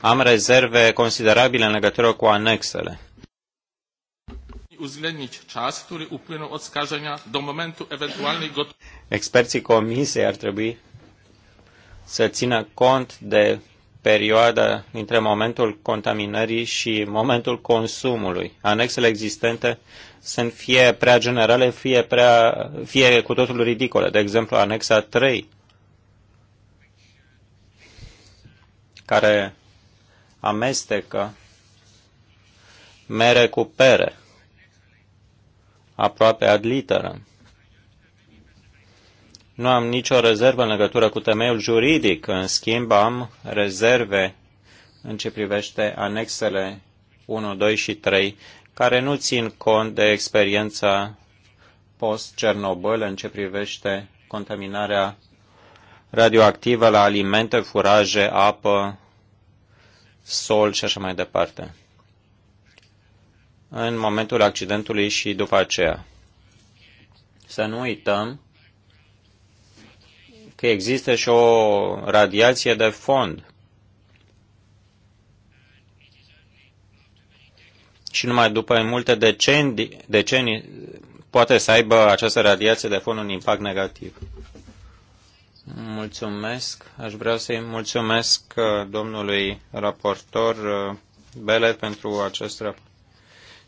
Am rezerve considerabile în legătură cu anexele Experții comisiei ar trebui să țină cont de perioadă dintre momentul contaminării și momentul consumului. Anexele existente sunt fie prea generale, fie, prea, fie cu totul ridicole. De exemplu, anexa 3, care amestecă mere cu pere, aproape ad literem. Nu am nicio rezervă în legătură cu temeiul juridic, în schimb am rezerve în ce privește anexele 1, 2 și 3, care nu țin cont de experiența post-Cernobâl în ce privește contaminarea radioactivă la alimente, furaje, apă, sol și așa mai departe. În momentul accidentului și după aceea. Să nu uităm că există și o radiație de fond. Și numai după multe decenii, decenii poate să aibă această radiație de fond un impact negativ. Mulțumesc. Aș vrea să-i mulțumesc uh, domnului raportor uh, Belet pentru acest raport.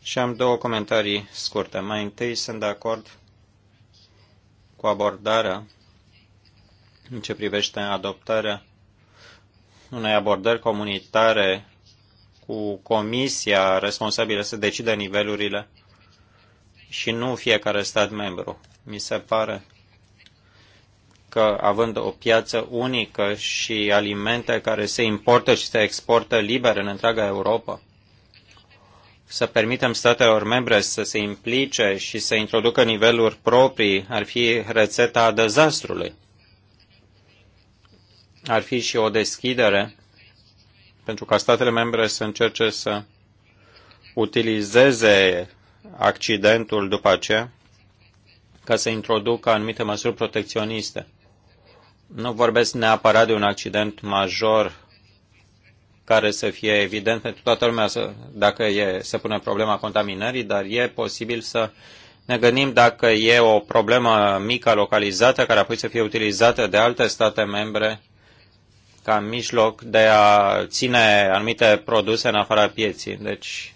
Și am două comentarii scurte. Mai întâi sunt de acord cu abordarea în ce privește adoptarea unei abordări comunitare cu comisia responsabilă să decide nivelurile și nu fiecare stat membru. Mi se pare că având o piață unică și alimente care se importă și se exportă liber în întreaga Europa, să permitem statelor membre să se implice și să introducă niveluri proprii ar fi rețeta dezastrului ar fi și o deschidere pentru ca statele membre să încerce să utilizeze accidentul după aceea ca să introducă anumite măsuri protecționiste. Nu vorbesc neapărat de un accident major care să fie evident pentru toată lumea să, dacă e, se pune problema contaminării, dar e posibil să ne gândim dacă e o problemă mică localizată care apoi să fie utilizată de alte state membre ca mijloc de a ține anumite produse în afara pieții. Deci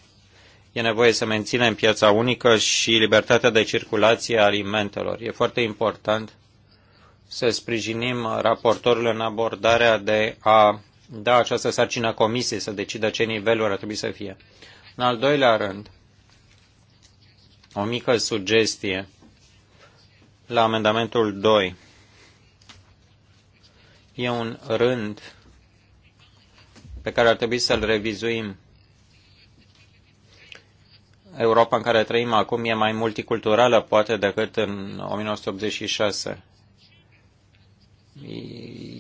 e nevoie să menținem piața unică și libertatea de circulație a alimentelor. E foarte important să sprijinim raportorul în abordarea de a da această sarcină comisiei să decidă ce niveluri ar trebui să fie. În al doilea rând, o mică sugestie la amendamentul 2. E un rând pe care ar trebui să-l revizuim. Europa în care trăim acum e mai multiculturală, poate, decât în 1986.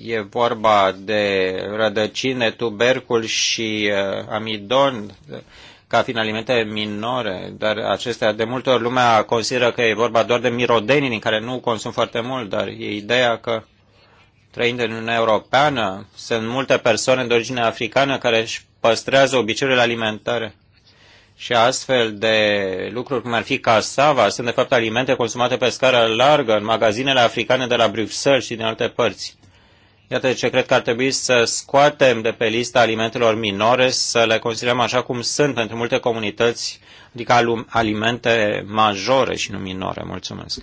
E vorba de rădăcine, tubercul și uh, amidon ca fiind alimente minore, dar acestea de multe ori lumea consideră că e vorba doar de mirodenii din care nu consum foarte mult, dar e ideea că trăind în Uniunea Europeană, sunt multe persoane de origine africană care își păstrează obiceiurile alimentare. Și astfel de lucruri cum ar fi casava sunt de fapt alimente consumate pe scară largă în magazinele africane de la Bruxelles și din alte părți. Iată ce cred că ar trebui să scoatem de pe lista alimentelor minore, să le considerăm așa cum sunt pentru multe comunități, adică alimente majore și nu minore. Mulțumesc.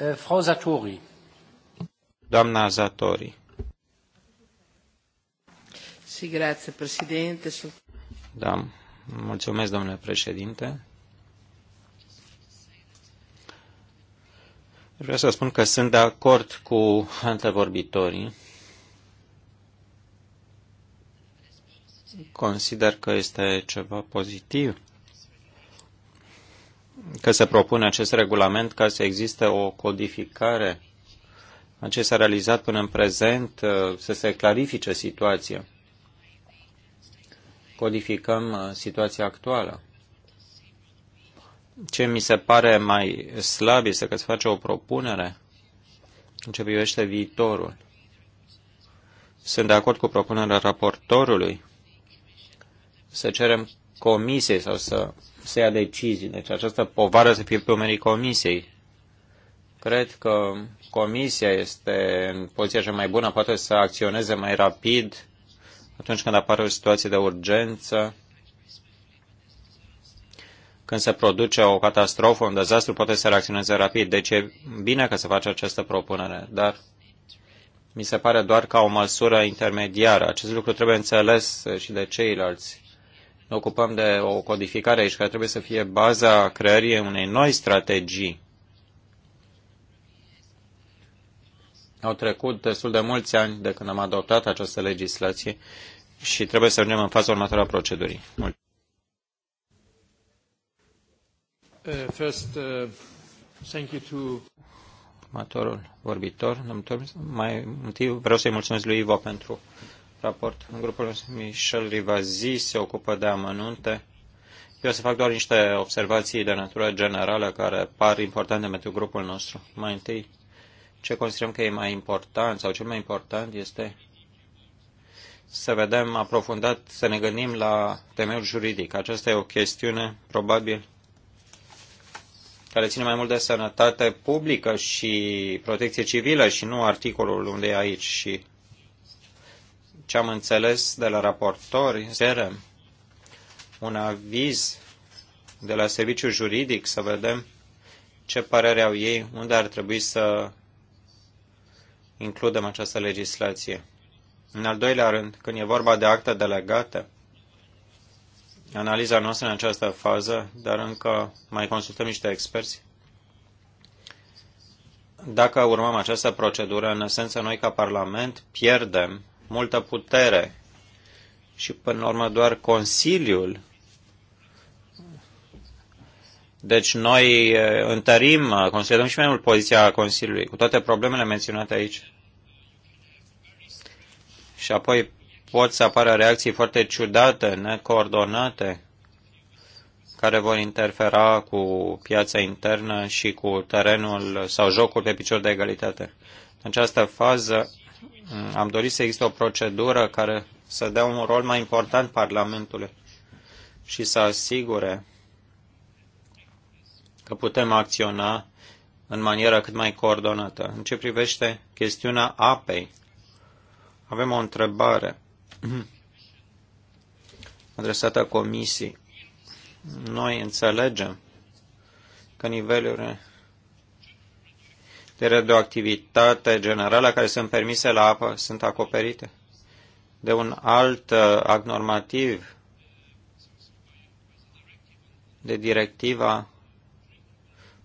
Eh, Frau Satori. Doamna Zatori. Si, grazie, președinte. Da, mulțumesc, domnule președinte. Vreau să spun că sunt de acord cu antevorbitorii. Consider că este ceva pozitiv că se propune acest regulament ca să existe o codificare a ce s-a realizat până în prezent, uh, să se clarifice situația. Codificăm uh, situația actuală. Ce mi se pare mai slab este că se face o propunere în ce privește viitorul. Sunt de acord cu propunerea raportorului să cerem comisiei sau să să ia decizii. Deci această povară să fie pe umerii comisiei. Cred că comisia este în poziția cea mai bună, poate să acționeze mai rapid atunci când apare o situație de urgență, când se produce o catastrofă, un dezastru, poate să reacționeze rapid. Deci e bine că se face această propunere, dar mi se pare doar ca o măsură intermediară. Acest lucru trebuie înțeles și de ceilalți ne ocupăm de o codificare aici, care trebuie să fie baza creării unei noi strategii. Au trecut destul de mulți ani de când am adoptat această legislație și trebuie să ajungem în fața următoarea procedurii. Mulțumesc. Uh, first, uh, thank you to... Următorul vorbitor, mai întâi vreau să-i mulțumesc lui Ivo pentru raport. Grupul Michel Rivazi se ocupă de amănunte. Eu o să fac doar niște observații de natură generală care par importante pentru grupul nostru. Mai întâi, ce considerăm că e mai important sau cel mai important este să vedem aprofundat, să ne gândim la temeiul juridic. Aceasta e o chestiune, probabil, care ține mai mult de sănătate publică și protecție civilă și nu articolul unde e aici. Și ce am înțeles de la raportori, cerem un aviz de la serviciul juridic să vedem ce părere au ei, unde ar trebui să includem această legislație. În al doilea rând, când e vorba de acte delegate, analiza noastră în această fază, dar încă mai consultăm niște experți. Dacă urmăm această procedură, în esență, noi ca Parlament pierdem multă putere și până la urmă doar Consiliul. Deci noi întărim, considerăm și mai mult poziția Consiliului, cu toate problemele menționate aici. Și apoi pot să apară reacții foarte ciudate, necoordonate, care vor interfera cu piața internă și cu terenul sau jocul pe picior de egalitate. În această fază Mm, am dorit să existe o procedură care să dea un rol mai important Parlamentului și să asigure că putem acționa în manieră cât mai coordonată. În ce privește chestiunea apei, avem o întrebare [clears throat] adresată Comisiei. Noi înțelegem că nivelurile de radioactivitate generală care sunt permise la apă sunt acoperite de un alt uh, act normativ, de directiva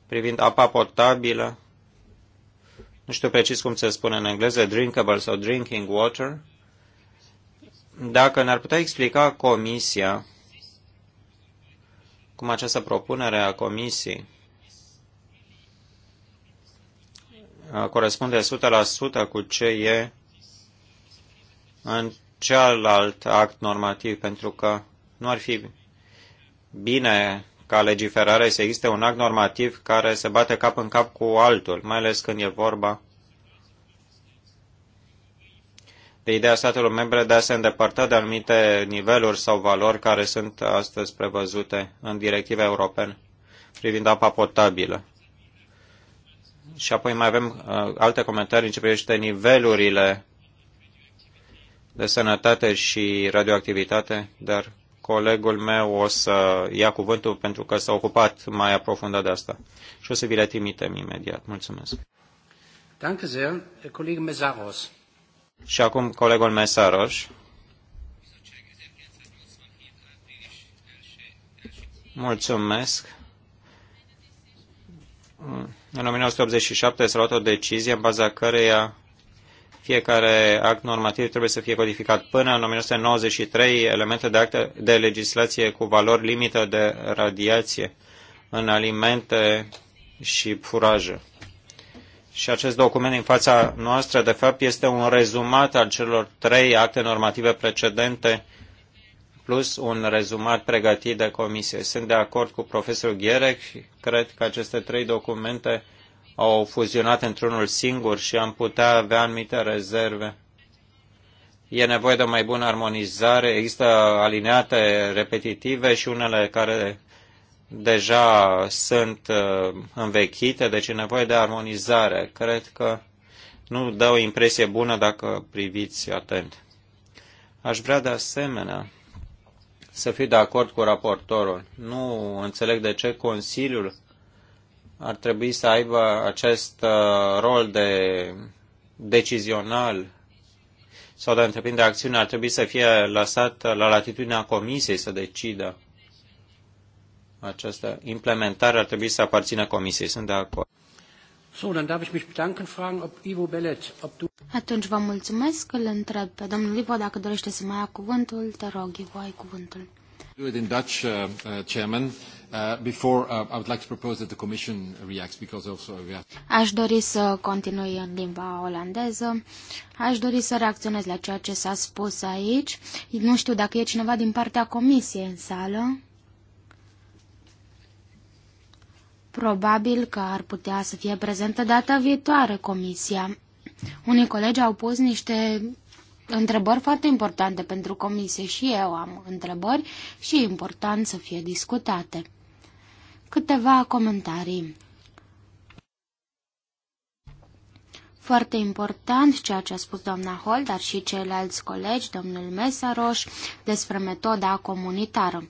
privind apa potabilă, nu știu precis cum se spune în engleză, drinkable sau drinking water, dacă ne-ar putea explica Comisia, cum această propunere a Comisiei Uh, corespunde 100% cu ce e în cealalt act normativ, pentru că nu ar fi bine ca legiferare să existe un act normativ care se bate cap în cap cu altul, mai ales când e vorba de ideea statelor membre de a se îndepărta de anumite niveluri sau valori care sunt astăzi prevăzute în directiva europene privind apa potabilă. Și apoi mai avem uh, alte comentarii în ce privește nivelurile de sănătate și radioactivitate, dar colegul meu o să ia cuvântul pentru că s-a ocupat mai aprofundat de asta. Și o să vi le trimitem imediat. Mulțumesc. Danke sehr, coleg Mesaros. Și acum colegul Mesaros. Mulțumesc în 1987 s-a luat o decizie în baza căreia fiecare act normativ trebuie să fie codificat. Până în 1993, elemente de, acte, de legislație cu valori limită de radiație în alimente și furaje. Și acest document din fața noastră, de fapt, este un rezumat al celor trei acte normative precedente plus un rezumat pregătit de comisie. Sunt de acord cu profesorul Gherec și cred că aceste trei documente au fuzionat într-unul singur și am putea avea anumite rezerve. E nevoie de o mai bună armonizare, există alineate repetitive și unele care deja sunt uh, învechite, deci e nevoie de armonizare. Cred că nu dă o impresie bună dacă priviți atent. Aș vrea de asemenea să fiu de acord cu raportorul. Nu înțeleg de ce Consiliul ar trebui să aibă acest uh, rol de decizional sau de întreprinde acțiune. Ar trebui să fie lăsat la latitudinea Comisiei să decidă această implementare ar trebui să aparțină Comisiei. Sunt de acord. So, dann darf ich mich bedanken, fragen, ob Ivo Bellet, ob du... Atunci vă mulțumesc, îl întreb pe domnul Ivo dacă dorește să mai ia cuvântul, te rog, Ivo, ai cuvântul. Do it in Dutch, uh, uh, Chairman. Uh, before, uh, I would like to propose that the Commission reacts, because also we have... Aș dori să continui în limba olandeză. Aș dori să reacționez la ceea ce s-a spus aici. Nu știu dacă e cineva din partea Comisiei în sală. Probabil că ar putea să fie prezentă data viitoare comisia. Unii colegi au pus niște întrebări foarte importante pentru comisie și eu am întrebări și e important să fie discutate. Câteva comentarii. Foarte important ceea ce a spus doamna Hol, dar și ceilalți colegi, domnul Mesaroș, despre metoda comunitară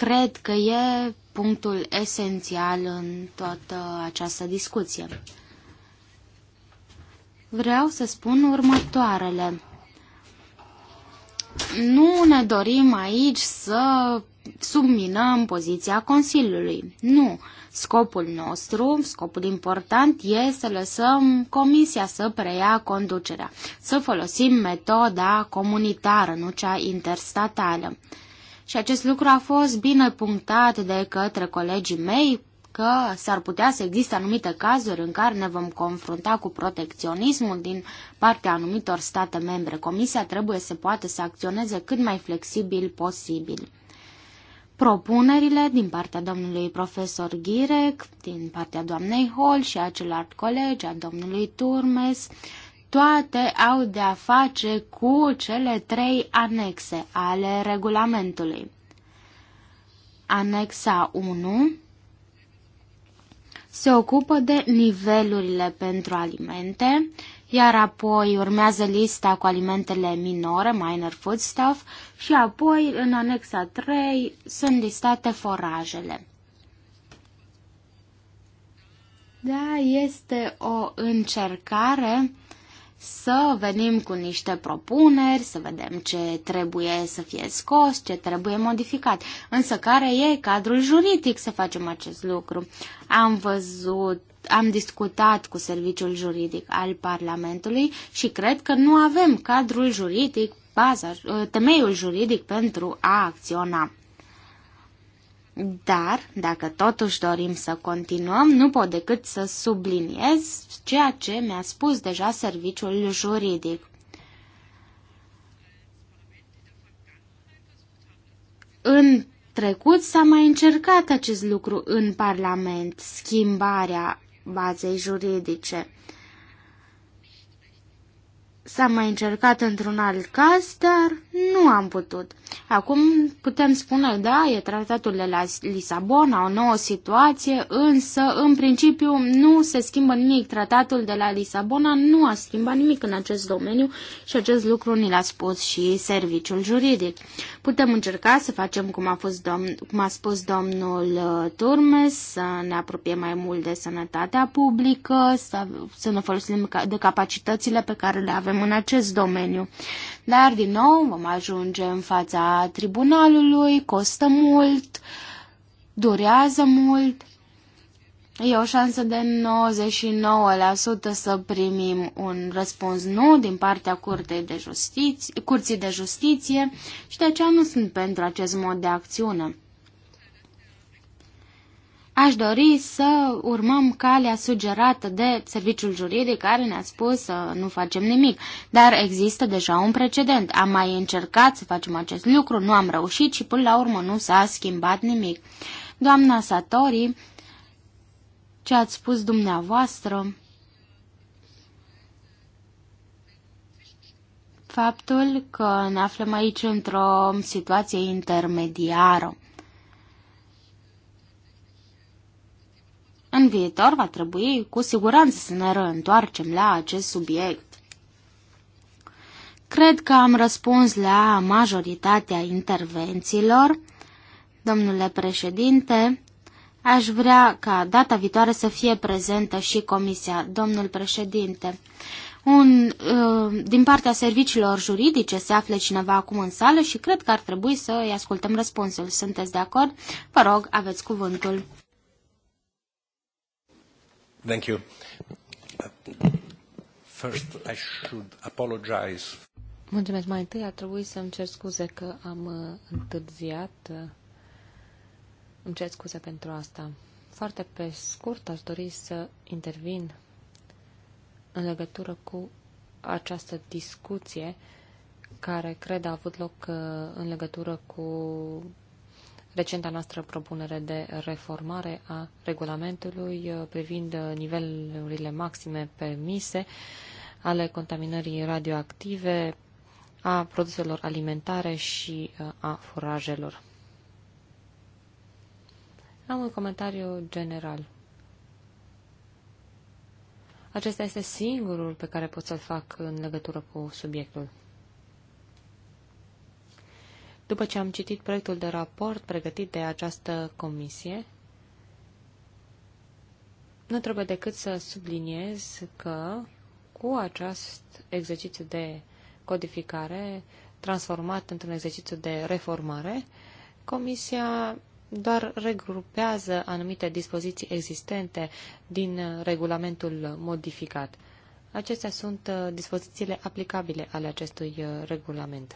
cred că e punctul esențial în toată această discuție. Vreau să spun următoarele. Nu ne dorim aici să subminăm poziția Consiliului. Nu. Scopul nostru, scopul important, e să lăsăm Comisia să preia conducerea, să folosim metoda comunitară, nu cea interstatală. Și acest lucru a fost bine punctat de către colegii mei că s-ar putea să existe anumite cazuri în care ne vom confrunta cu protecționismul din partea anumitor state membre. Comisia trebuie să poată să acționeze cât mai flexibil posibil. Propunerile din partea domnului profesor Ghirec, din partea doamnei Hall și a celorlalți colegi, a domnului Turmes, toate au de-a face cu cele trei anexe ale regulamentului. Anexa 1 se ocupă de nivelurile pentru alimente, iar apoi urmează lista cu alimentele minore, minor foodstuff, și apoi în anexa 3 sunt listate forajele. Da, este o încercare să venim cu niște propuneri, să vedem ce trebuie să fie scos, ce trebuie modificat. Însă care e cadrul juridic să facem acest lucru? Am văzut, am discutat cu serviciul juridic al Parlamentului și cred că nu avem cadrul juridic, baza, temeiul juridic pentru a acționa. Dar, dacă totuși dorim să continuăm, nu pot decât să subliniez ceea ce mi-a spus deja serviciul juridic. În trecut s-a mai încercat acest lucru în Parlament, schimbarea bazei juridice. S-a mai încercat într-un alt caz, dar nu am putut. Acum putem spune, da, e tratatul de la Lisabona, o nouă situație, însă, în principiu, nu se schimbă nimic. Tratatul de la Lisabona nu a schimbat nimic în acest domeniu și acest lucru ni l-a spus și serviciul juridic. Putem încerca să facem cum a, fost domn, cum a spus domnul uh, Turmes, să ne apropiem mai mult de sănătatea publică, să, să ne folosim de capacitățile pe care le avem în acest domeniu. Dar, din nou, vom ajunge în fața tribunalului, costă mult, durează mult. E o șansă de 99% să primim un răspuns nu din partea curtei de Justiție, Curții de Justiție și de aceea nu sunt pentru acest mod de acțiune. Aș dori să urmăm calea sugerată de serviciul juridic care ne-a spus să nu facem nimic, dar există deja un precedent. Am mai încercat să facem acest lucru, nu am reușit și până la urmă nu s-a schimbat nimic. Doamna Satori, ce ați spus dumneavoastră? Faptul că ne aflăm aici într-o situație intermediară. În viitor va trebui cu siguranță să ne reîntoarcem la acest subiect. Cred că am răspuns la majoritatea intervențiilor. Domnule președinte, aș vrea ca data viitoare să fie prezentă și comisia, domnul președinte. Un, uh, din partea serviciilor juridice se află cineva acum în sală și cred că ar trebui să îi ascultăm răspunsul. Sunteți de acord? Vă rog, aveți cuvântul. Thank you. First, I should apologize. Mulțumesc. Mai întâi a trebuit să-mi cer scuze că am uh, întârziat. Îmi cer scuze pentru asta. Foarte pe scurt aș dori să intervin în legătură cu această discuție care cred a avut loc uh, în legătură cu recenta noastră propunere de reformare a regulamentului uh, privind uh, nivelurile maxime permise ale contaminării radioactive a produselor alimentare și uh, a furajelor. Am un comentariu general. Acesta este singurul pe care pot să-l fac în legătură cu subiectul. După ce am citit proiectul de raport pregătit de această comisie, nu trebuie decât să subliniez că cu acest exercițiu de codificare transformat într-un exercițiu de reformare, Comisia doar regrupează anumite dispoziții existente din regulamentul modificat. Acestea sunt uh, dispozițiile aplicabile ale acestui uh, regulament.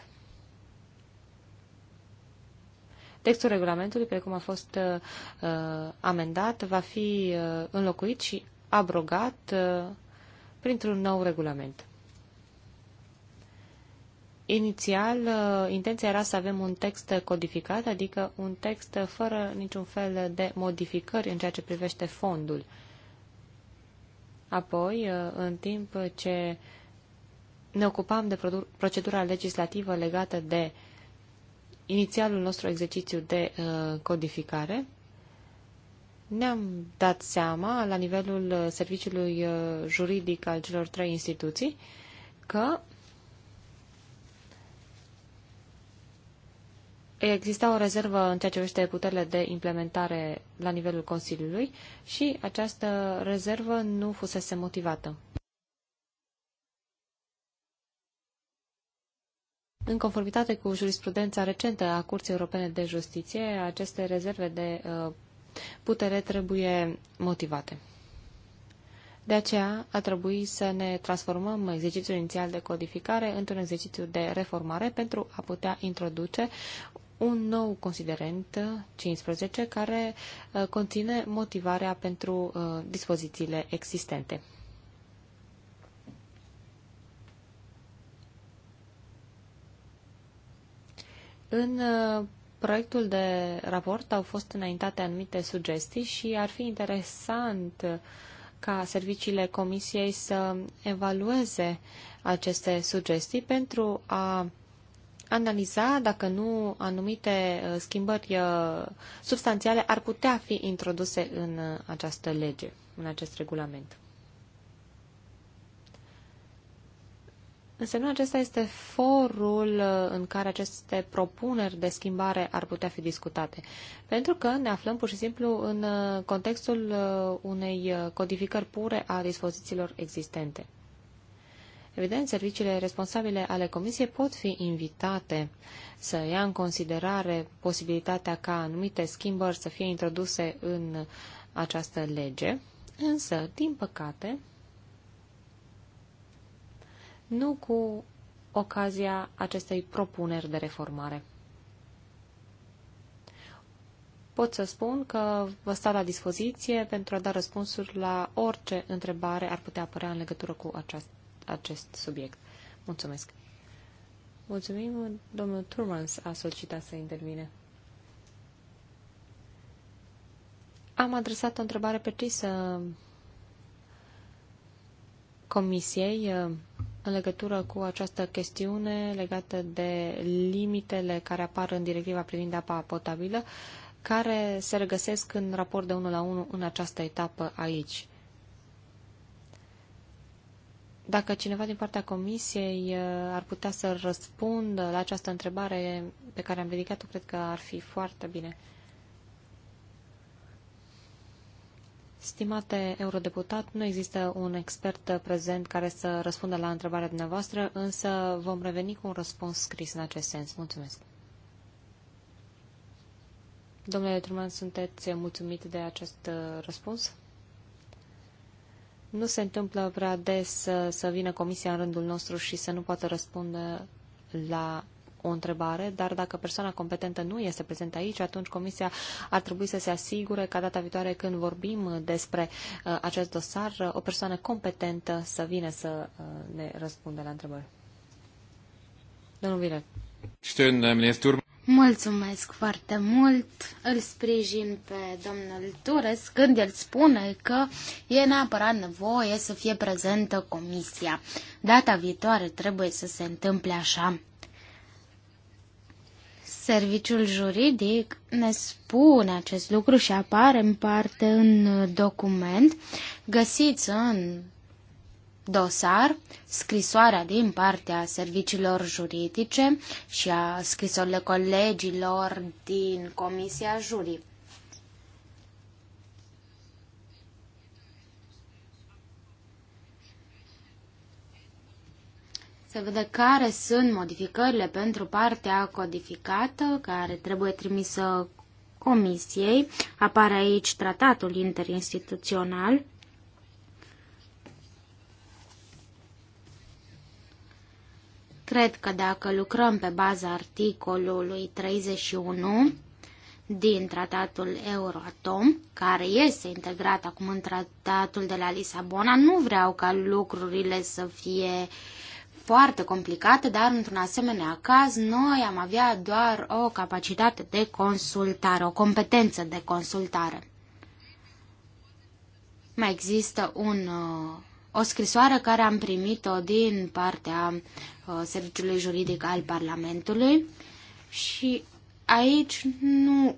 Textul regulamentului, precum a fost uh, uh, amendat, va fi uh, înlocuit și abrogat uh, printr-un nou regulament. Inițial, uh, intenția era să avem un text codificat, adică un text fără niciun fel de modificări în ceea ce privește fondul. Apoi, uh, în timp ce ne ocupam de procedura legislativă legată de uh, inițialul nostru exercițiu de uh, codificare, ne-am dat seama, la nivelul uh, serviciului uh, juridic al celor trei instituții, că exista o rezervă în ceea ce privește puterile de implementare la nivelul Consiliului și această rezervă nu fusese motivată. În conformitate cu jurisprudența recentă a Curții Europene de Justiție, aceste rezerve de uh, putere trebuie motivate. De aceea a trebuit să ne transformăm exercițiul inițial de codificare într-un exercițiu de reformare pentru a putea introduce un nou considerent 15 uh, care uh, conține motivarea pentru dispozițiile existente. În uh, proiectul de raport au fost înaintate anumite sugestii și ar fi interesant ca serviciile comisiei să evalueze aceste sugestii pentru a analiza dacă nu anumite uh, schimbări uh, substanțiale ar putea fi introduse în această lege, în acest regulament. Însemnul acesta este forul uh, în care aceste propuneri de schimbare ar putea fi discutate. Pentru că ne aflăm pur și simplu în uh, contextul uh, unei codificări pure a dispozițiilor existente. Evident, serviciile responsabile ale Comisiei pot fi invitate să ia în considerare posibilitatea ca anumite schimbări să fie introduse în această lege, însă, din păcate, nu cu ocazia acestei propuneri de reformare. Pot să spun că vă stau la dispoziție pentru a da răspunsuri la orice întrebare ar putea apărea în legătură cu aceast, acest subiect. Mulțumesc! Mulțumim, domnul Turmans a solicitat să intervine. Am adresat o întrebare precisă Comisiei în legătură cu această chestiune legată de limitele care apar în directiva privind apa potabilă, care se regăsesc în raport de 1 la 1 în această etapă aici. Dacă cineva din partea comisiei uh, ar putea să răspundă la această întrebare pe care am ridicat-o, cred că ar fi foarte bine. Stimate eurodeputat, nu există un expert prezent care să răspundă la întrebarea dumneavoastră, însă vom reveni cu un răspuns scris în acest sens. Mulțumesc. Domnule Truman, sunteți mulțumit de acest uh, răspuns? Nu se întâmplă prea des să vină comisia în rândul nostru și să nu poată răspunde la o întrebare, dar dacă persoana competentă nu este prezentă aici, atunci Comisia ar trebui să se asigure ca data viitoare când vorbim despre uh, acest dosar, o persoană competentă să vină să uh, ne răspundă la întrebări. Domnul Vile. Mulțumesc foarte mult. Îl sprijin pe domnul Tures când el spune că e neapărat nevoie să fie prezentă comisia. Data viitoare trebuie să se întâmple așa. Serviciul juridic ne spune acest lucru și apare în parte în document. Găsiți în dosar scrisoarea din partea serviciilor juridice și a scrisorile colegilor din Comisia Jurii. se vede care sunt modificările pentru partea codificată care trebuie trimisă comisiei. Apare aici tratatul interinstituțional. Cred că dacă lucrăm pe baza articolului 31 din tratatul Euroatom, care este integrat acum în tratatul de la Lisabona, nu vreau ca lucrurile să fie uh, foarte complicate, dar într-un asemenea caz noi am avea doar o capacitate de consultare, o competență de consultare. Mai există un, uh, o scrisoare care am primit-o din partea uh, Serviciului Juridic al Parlamentului și aici nu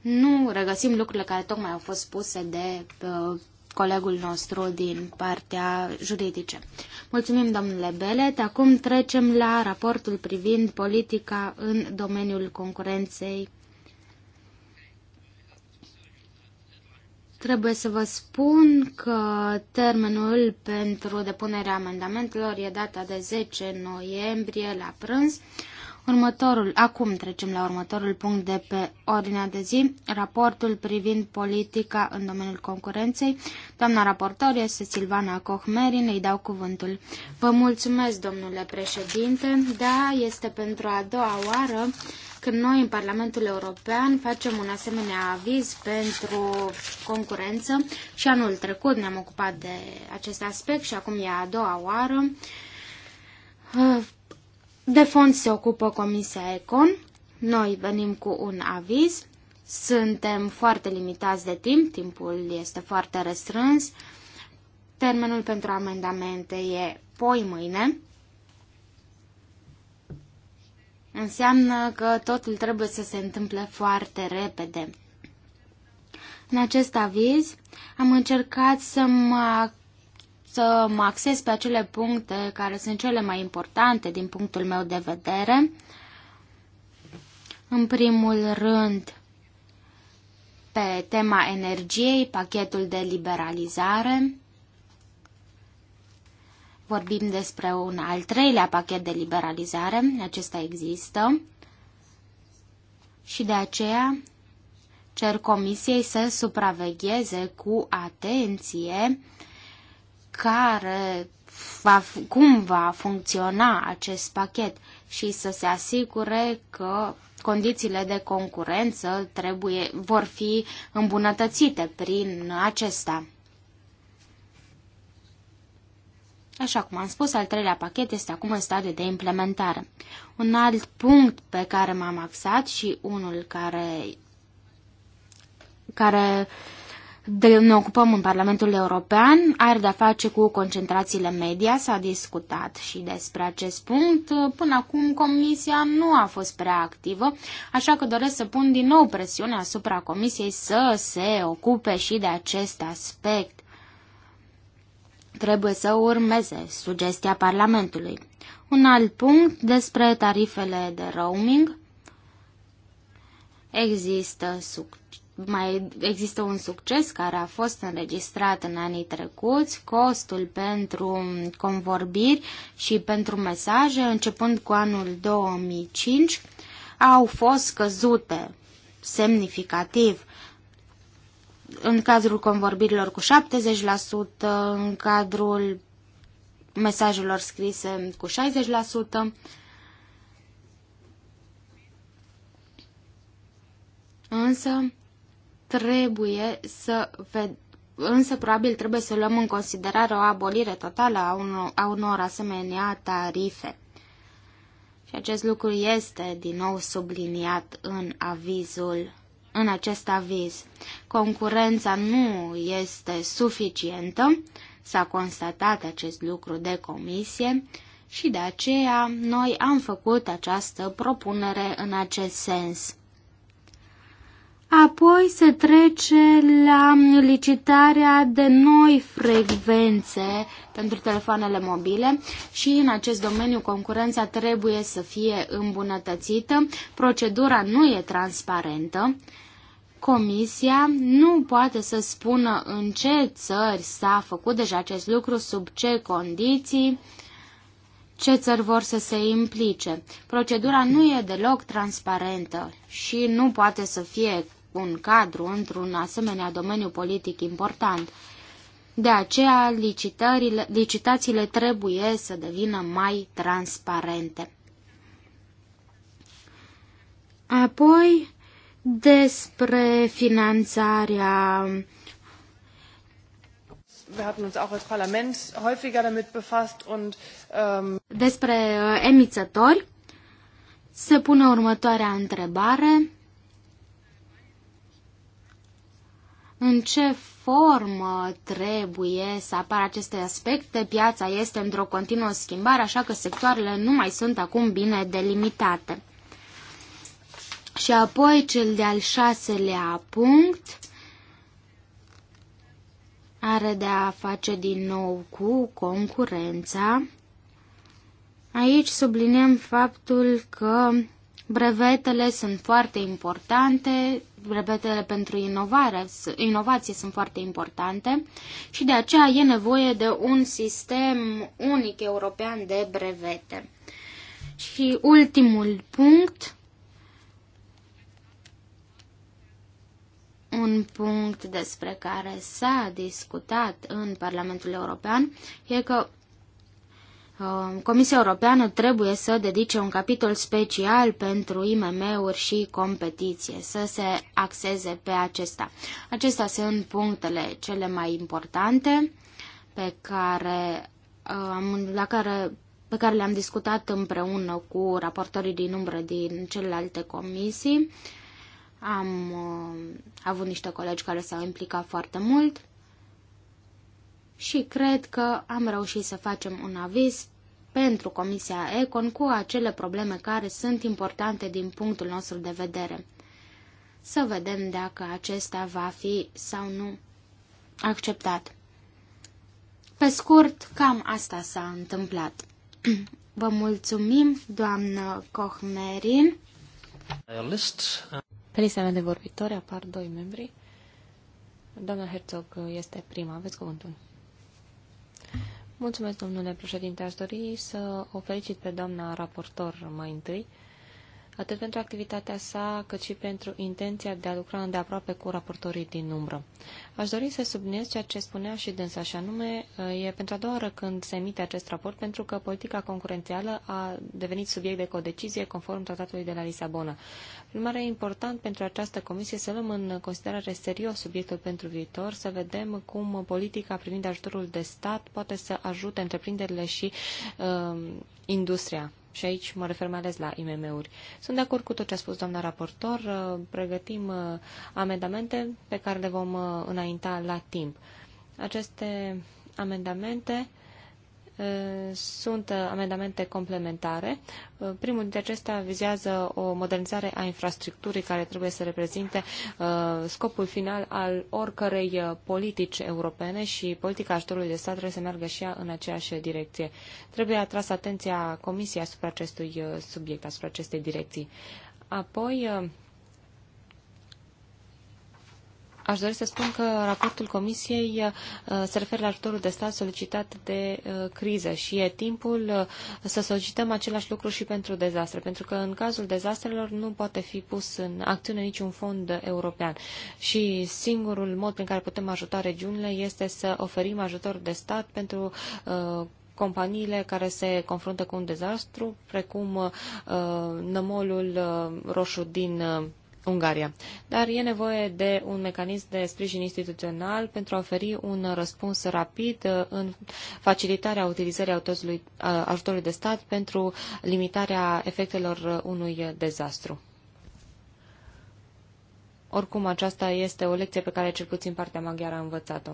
nu regăsim lucrurile care tocmai au fost spuse de uh, colegul nostru din partea juridice. Mulțumim, domnule Belet. Acum trecem la raportul privind politica în domeniul concurenței. Trebuie să vă spun că termenul pentru depunerea amendamentelor e data de 10 noiembrie la prânz. Următorul, acum trecem la următorul punct de pe ordinea de zi, raportul privind politica în domeniul concurenței. Doamna raportor este Silvana Cohmerin, îi dau cuvântul. Vă mulțumesc, domnule președinte. Da, este pentru a doua oară când noi în Parlamentul European facem un asemenea aviz pentru concurență și anul trecut ne-am ocupat de acest aspect și acum e a doua oară. De fond se ocupă Comisia Econ, noi venim cu un aviz, suntem foarte limitați de timp, timpul este foarte restrâns, termenul pentru amendamente e poi mâine, înseamnă că totul trebuie să se întâmple foarte repede. În acest aviz am încercat să mă să mă acces pe acele puncte care sunt cele mai importante din punctul meu de vedere. În primul rând, pe tema energiei, pachetul de liberalizare. Vorbim despre un al treilea pachet de liberalizare, acesta există și de aceea cer comisiei să supravegheze cu atenție uh, care va, cum va funcționa acest pachet și să se asigure că condițiile de concurență trebuie, vor fi îmbunătățite prin acesta. Așa cum am spus, al treilea pachet este acum în stadiu de implementare. Un alt punct pe care m-am axat și unul care, care de, ne ocupăm în Parlamentul European, are de-a face cu concentrațiile media, s-a discutat și despre acest punct. Până acum Comisia nu a fost prea activă, așa că doresc să pun din nou presiune asupra Comisiei să se ocupe și de acest aspect. Trebuie să urmeze sugestia Parlamentului. Un alt punct despre tarifele de roaming. Există succes mai există un succes care a fost înregistrat în anii trecuți, costul pentru convorbiri și pentru mesaje, începând cu anul 2005, au fost scăzute semnificativ în cadrul convorbirilor cu 70%, în cadrul mesajelor scrise cu 60%. Însă, trebuie să vedem însă probabil trebuie să luăm în considerare o abolire totală a unor, a unor asemenea tarife. Și acest lucru este din nou subliniat în avizul, în acest aviz. Concurența nu este suficientă, s-a constatat acest lucru de comisie și de aceea noi am făcut această propunere în acest sens. Apoi se trece la licitarea de noi frecvențe pentru telefoanele mobile și în acest domeniu concurența trebuie să fie îmbunătățită. Procedura nu e transparentă. Comisia nu poate să spună în ce țări s-a făcut deja acest lucru, sub ce condiții, ce țări vor să se implice. Procedura nu e deloc transparentă și nu poate să fie un cadru într-un asemenea domeniu politic important. De aceea, licitările, licitațiile trebuie să devină mai transparente. Apoi, despre finanțarea ähm, despre ă, emițători, se pune următoarea întrebare. în ce formă trebuie să apară aceste aspecte. Piața este într-o continuă schimbare, așa că sectoarele nu mai sunt acum bine delimitate. Și apoi cel de-al șaselea punct are de a face din nou cu concurența. Aici subliniem faptul că brevetele sunt foarte importante, repetele pentru inovare, inovație sunt foarte importante și de aceea e nevoie de un sistem unic european de brevete. Și ultimul punct, un punct despre care s-a discutat în Parlamentul European, e că Um, Comisia Europeană trebuie să dedice un capitol special pentru IMM-uri și competiție, să se axeze pe acesta. Acestea sunt punctele cele mai importante pe care, um, la care, pe care le-am discutat împreună cu raportorii din umbră din celelalte comisii. Am um, avut niște colegi care s-au implicat foarte mult și cred că am reușit să facem un aviz pentru Comisia Econ cu acele probleme care sunt importante din punctul nostru de vedere. Să vedem dacă acesta va fi sau nu acceptat. Pe scurt, cam asta s-a întâmplat. [clears throat] Vă mulțumim, doamnă Cohmerin. Pe lista mea de vorbitori apar doi membri. Doamna Herzog este prima. Aveți cuvântul. Mulțumesc, domnule președinte. Aș dori să o felicit pe doamna raportor mai întâi atât pentru activitatea sa, cât și pentru intenția de a lucra îndeaproape cu raportorii din umbră. Aș dori să subliniez ceea ce spunea și dânsa, și anume, e pentru a doua oară când se emite acest raport, pentru că politica concurențială a devenit subiect de codecizie conform tratatului de la Lisabona. Prin mare, e important pentru această comisie să luăm în considerare serios subiectul pentru viitor, să vedem cum politica privind ajutorul de stat poate să ajute întreprinderile și uh, industria. Și aici mă refer mai ales la IMM-uri. Sunt de acord cu tot ce a spus doamna raportor. Uh, pregătim uh, amendamente pe care le vom uh, înainta la timp. Aceste amendamente sunt amendamente complementare. Primul dintre acestea vizează o modernizare a infrastructurii care trebuie să reprezinte scopul final al oricărei politici europene și politica ajutorului de stat trebuie să meargă și ea în aceeași direcție. Trebuie atras atenția Comisiei asupra acestui subiect, asupra acestei direcții. Apoi, Aș dori să spun că raportul Comisiei uh, se referă la ajutorul de stat solicitat de uh, criză și e timpul uh, să solicităm același lucru și pentru dezastre, pentru că în cazul dezastrelor nu poate fi pus în acțiune niciun fond european și singurul mod prin care putem ajuta regiunile este să oferim ajutor de stat pentru companiile care se confruntă cu un dezastru, precum uh, nămolul uh, roșu din uh, Ungaria. Dar e nevoie de un mecanism de sprijin instituțional pentru a oferi un răspuns rapid uh, în facilitarea utilizării uh, ajutorului de stat pentru limitarea efectelor uh, unui dezastru. Oricum, aceasta este o lecție pe care cel puțin partea maghiară a învățat-o.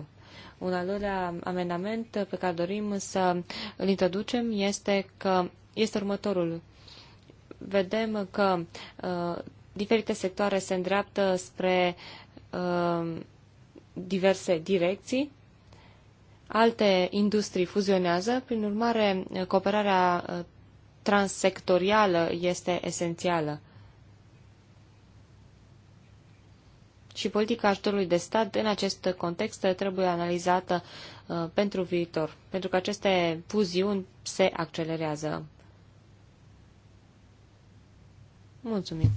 Un al doilea amendament pe care dorim să îl introducem este că este următorul vedem că uh, diferite sectoare se îndreaptă spre uh, diverse direcții, alte industrii fuzionează, prin urmare cooperarea uh, transsectorială este esențială. Și politica ajutorului de stat în acest context trebuie analizată uh, pentru viitor, pentru că aceste fuziuni se accelerează. Mulțumim!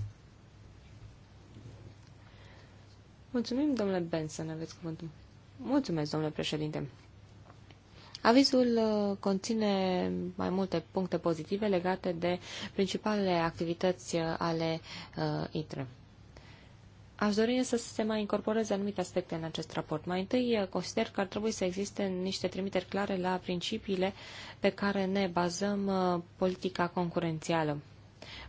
Mulțumim, domnule Benson, aveți cuvântul. Mulțumesc, domnule președinte. Avizul uh, conține mai multe puncte pozitive legate de principalele activități uh, ale uh, ITRE. Aș dori să se mai incorporeze anumite aspecte în acest raport. Mai întâi, uh, consider că ar trebui să existe niște trimiteri clare la principiile pe care ne bazăm politica concurențială.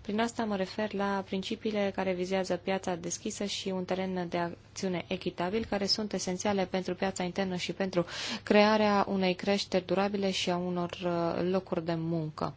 Prin asta mă refer la principiile care vizează piața deschisă și un teren de acțiune echitabil, care sunt esențiale pentru piața internă și pentru crearea unei creșteri durabile și a unor uh, locuri de muncă.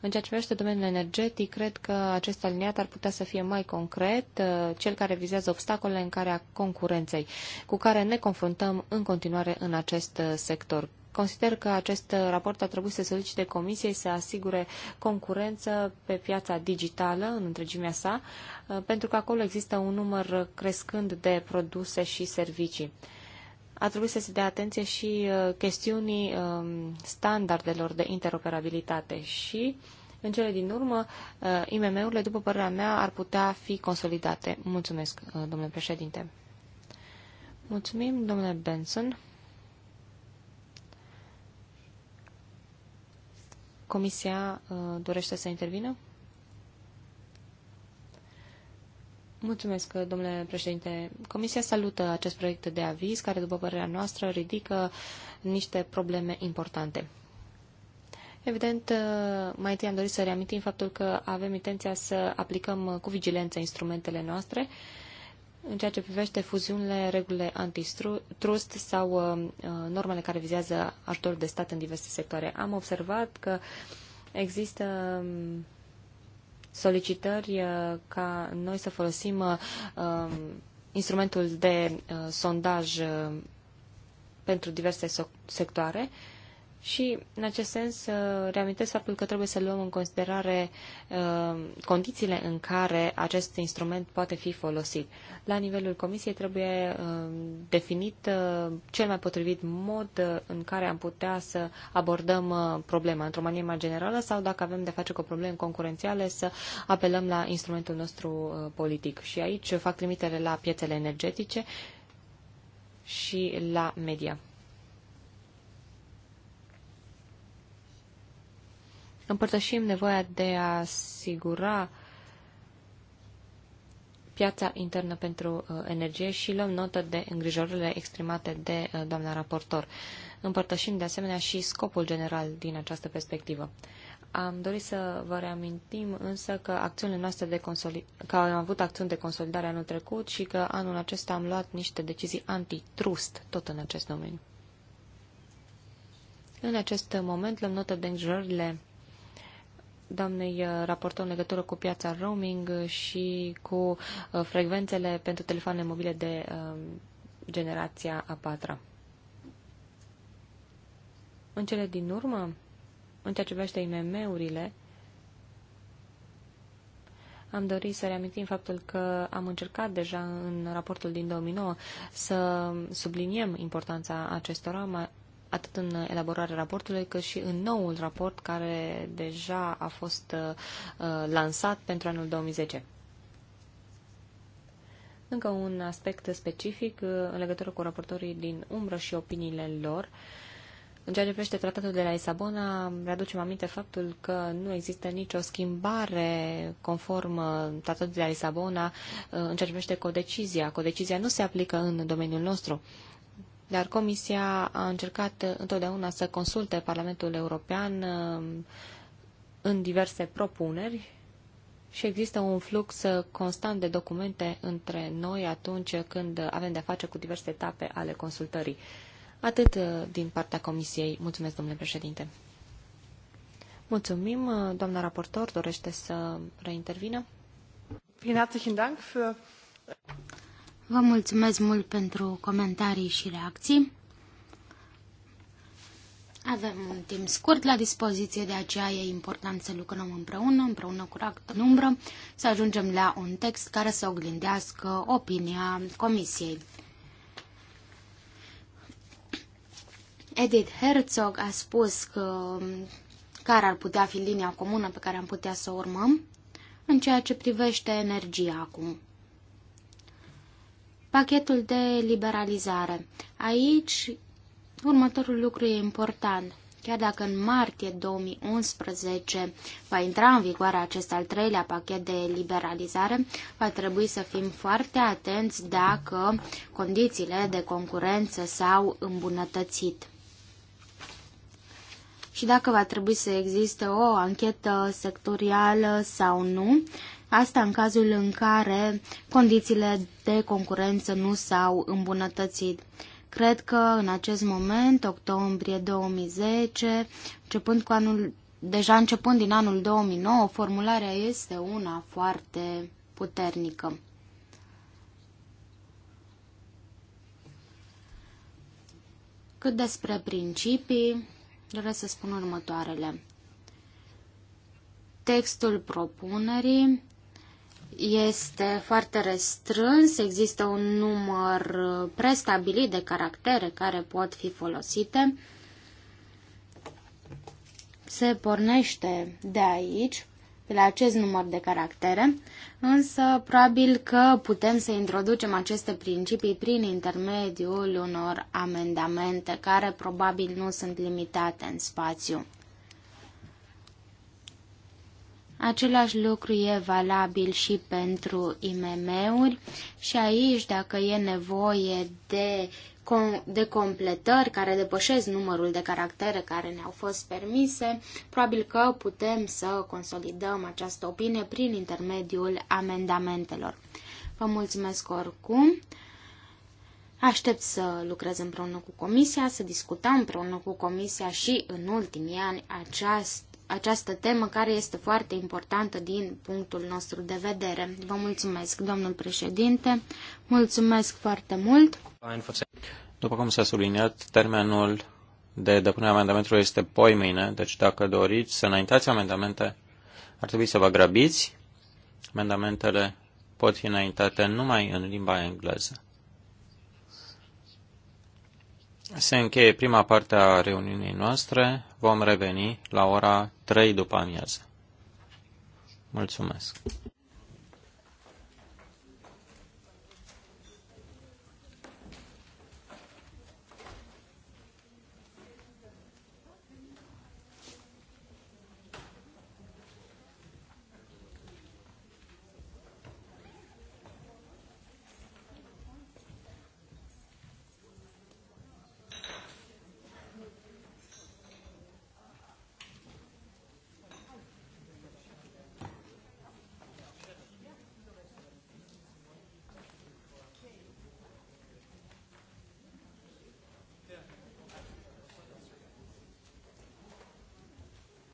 În ceea ce privește domeniul energetic, cred că acest aliniat ar putea să fie mai concret, uh, cel care vizează obstacolele în care a concurenței, cu care ne confruntăm în continuare în acest uh, sector. Consider că acest raport a trebuit să solicite comisiei să asigure concurență pe piața digitală în întregimea sa, uh, pentru că acolo există un număr crescând de produse și servicii a trebuit să se dea atenție și uh, chestiunii um, standardelor de interoperabilitate și, în cele din urmă, uh, IMM-urile, după părerea mea, ar putea fi consolidate. Mulțumesc, domnule președinte. Mulțumim, domnule Benson. Comisia uh, dorește să intervină? Mulțumesc, domnule președinte. Comisia salută acest proiect de aviz care, după părerea noastră, ridică niște probleme importante. Evident, uh, mai întâi am dorit să reamintim faptul că avem intenția să aplicăm uh, cu vigilență instrumentele noastre uh, în ceea ce privește fuziunile, regulile antitrust sau uh, uh, normele care vizează ajutorul de stat în diverse sectoare. Am observat că există um, solicitări uh, ca noi să folosim uh, um, instrumentul de uh, sondaj uh, pentru diverse so sectoare și, în acest sens, uh, reamintesc faptul că trebuie să luăm în considerare uh, condițiile în care acest instrument poate fi folosit. La nivelul comisiei trebuie uh, definit cel mai potrivit mod în care am putea să abordăm problema într-o manieră mai generală sau, dacă avem de face cu probleme concurențiale, să apelăm la instrumentul nostru politic. Și aici fac trimitere la piețele energetice și la media. Împărtășim nevoia de a asigura piața internă pentru uh, energie și luăm notă de îngrijorările exprimate de uh, doamna raportor. Împărtășim de asemenea și scopul general din această perspectivă. Am dorit să vă reamintim însă că acțiunile noastre de că am avut acțiuni de consolidare anul trecut și că anul acesta am luat niște decizii antitrust tot în acest domeniu. În acest moment luăm notă de îngrijorările doamnei uh, raportor în legătură cu piața roaming și cu uh, frecvențele pentru telefoane mobile de um, generația a patra. În cele din urmă, în ceea ce privește IMM-urile, am dorit să reamintim faptul că am încercat deja în raportul din 2009 să subliniem importanța acestora, atât în elaborarea raportului, cât și în noul raport care deja a fost uh, lansat pentru anul 2010. Încă un aspect specific uh, în legătură cu raportorii din umbră și opiniile lor. În ceea ce privește tratatul de la Lisabona, readucem aminte faptul că nu există nicio schimbare conform uh, tratatului de la Lisabona în ceea ce privește codecizia. Codecizia nu se aplică în domeniul nostru dar Comisia a încercat întotdeauna să consulte Parlamentul European um, în diverse propuneri și există un flux constant de documente între noi atunci când avem de-a face cu diverse etape ale consultării. Atât uh, din partea Comisiei. Mulțumesc, domnule președinte. Mulțumim. Uh, doamna raportor dorește să reintervină. Vielen herzlichen Dank für Vă mulțumesc mult pentru comentarii și reacții. Avem un timp scurt la dispoziție, de aceea e important să lucrăm împreună, împreună cu în umbră, să ajungem la un text care să oglindească opinia Comisiei. Edith Herzog a spus că care ar putea fi linia comună pe care am putea să o urmăm în ceea ce privește energia acum. Pachetul de liberalizare. Aici, următorul lucru e important. Chiar dacă în martie 2011 va intra în vigoare acest al treilea pachet de liberalizare, va trebui să fim foarte atenți dacă condițiile de concurență s-au îmbunătățit. Și dacă va trebui să existe o anchetă sectorială sau nu, Asta în cazul în care condițiile de concurență nu s-au îmbunătățit. Cred că în acest moment, octombrie 2010, începând cu anul, deja începând din anul 2009, formularea este una foarte puternică. Cât despre principii, doresc să spun următoarele. Textul propunerii este foarte restrâns, există un număr prestabilit de caractere care pot fi folosite. Se pornește de aici, de la acest număr de caractere, însă probabil că putem să introducem aceste principii prin intermediul unor amendamente care probabil nu sunt limitate în spațiu. Același lucru e valabil și pentru IMM-uri și aici, dacă e nevoie de, com de completări care depășesc numărul de caractere care ne-au fost permise, probabil că putem să consolidăm această opinie prin intermediul amendamentelor. Vă mulțumesc oricum! Aștept să lucrez împreună cu Comisia, să discutăm împreună cu Comisia și în ultimii ani această această temă care este foarte importantă din punctul nostru de vedere. Vă mulțumesc, domnul președinte, mulțumesc foarte mult. După cum s-a subliniat, termenul de depunere a amendamentului este poimâine, deci dacă doriți să înaintați amendamente, ar trebui să vă grăbiți. Amendamentele pot fi înaintate numai în limba engleză. Se încheie prima parte a reuniunii noastre. Vom reveni la ora 3 după amiază. Mulțumesc!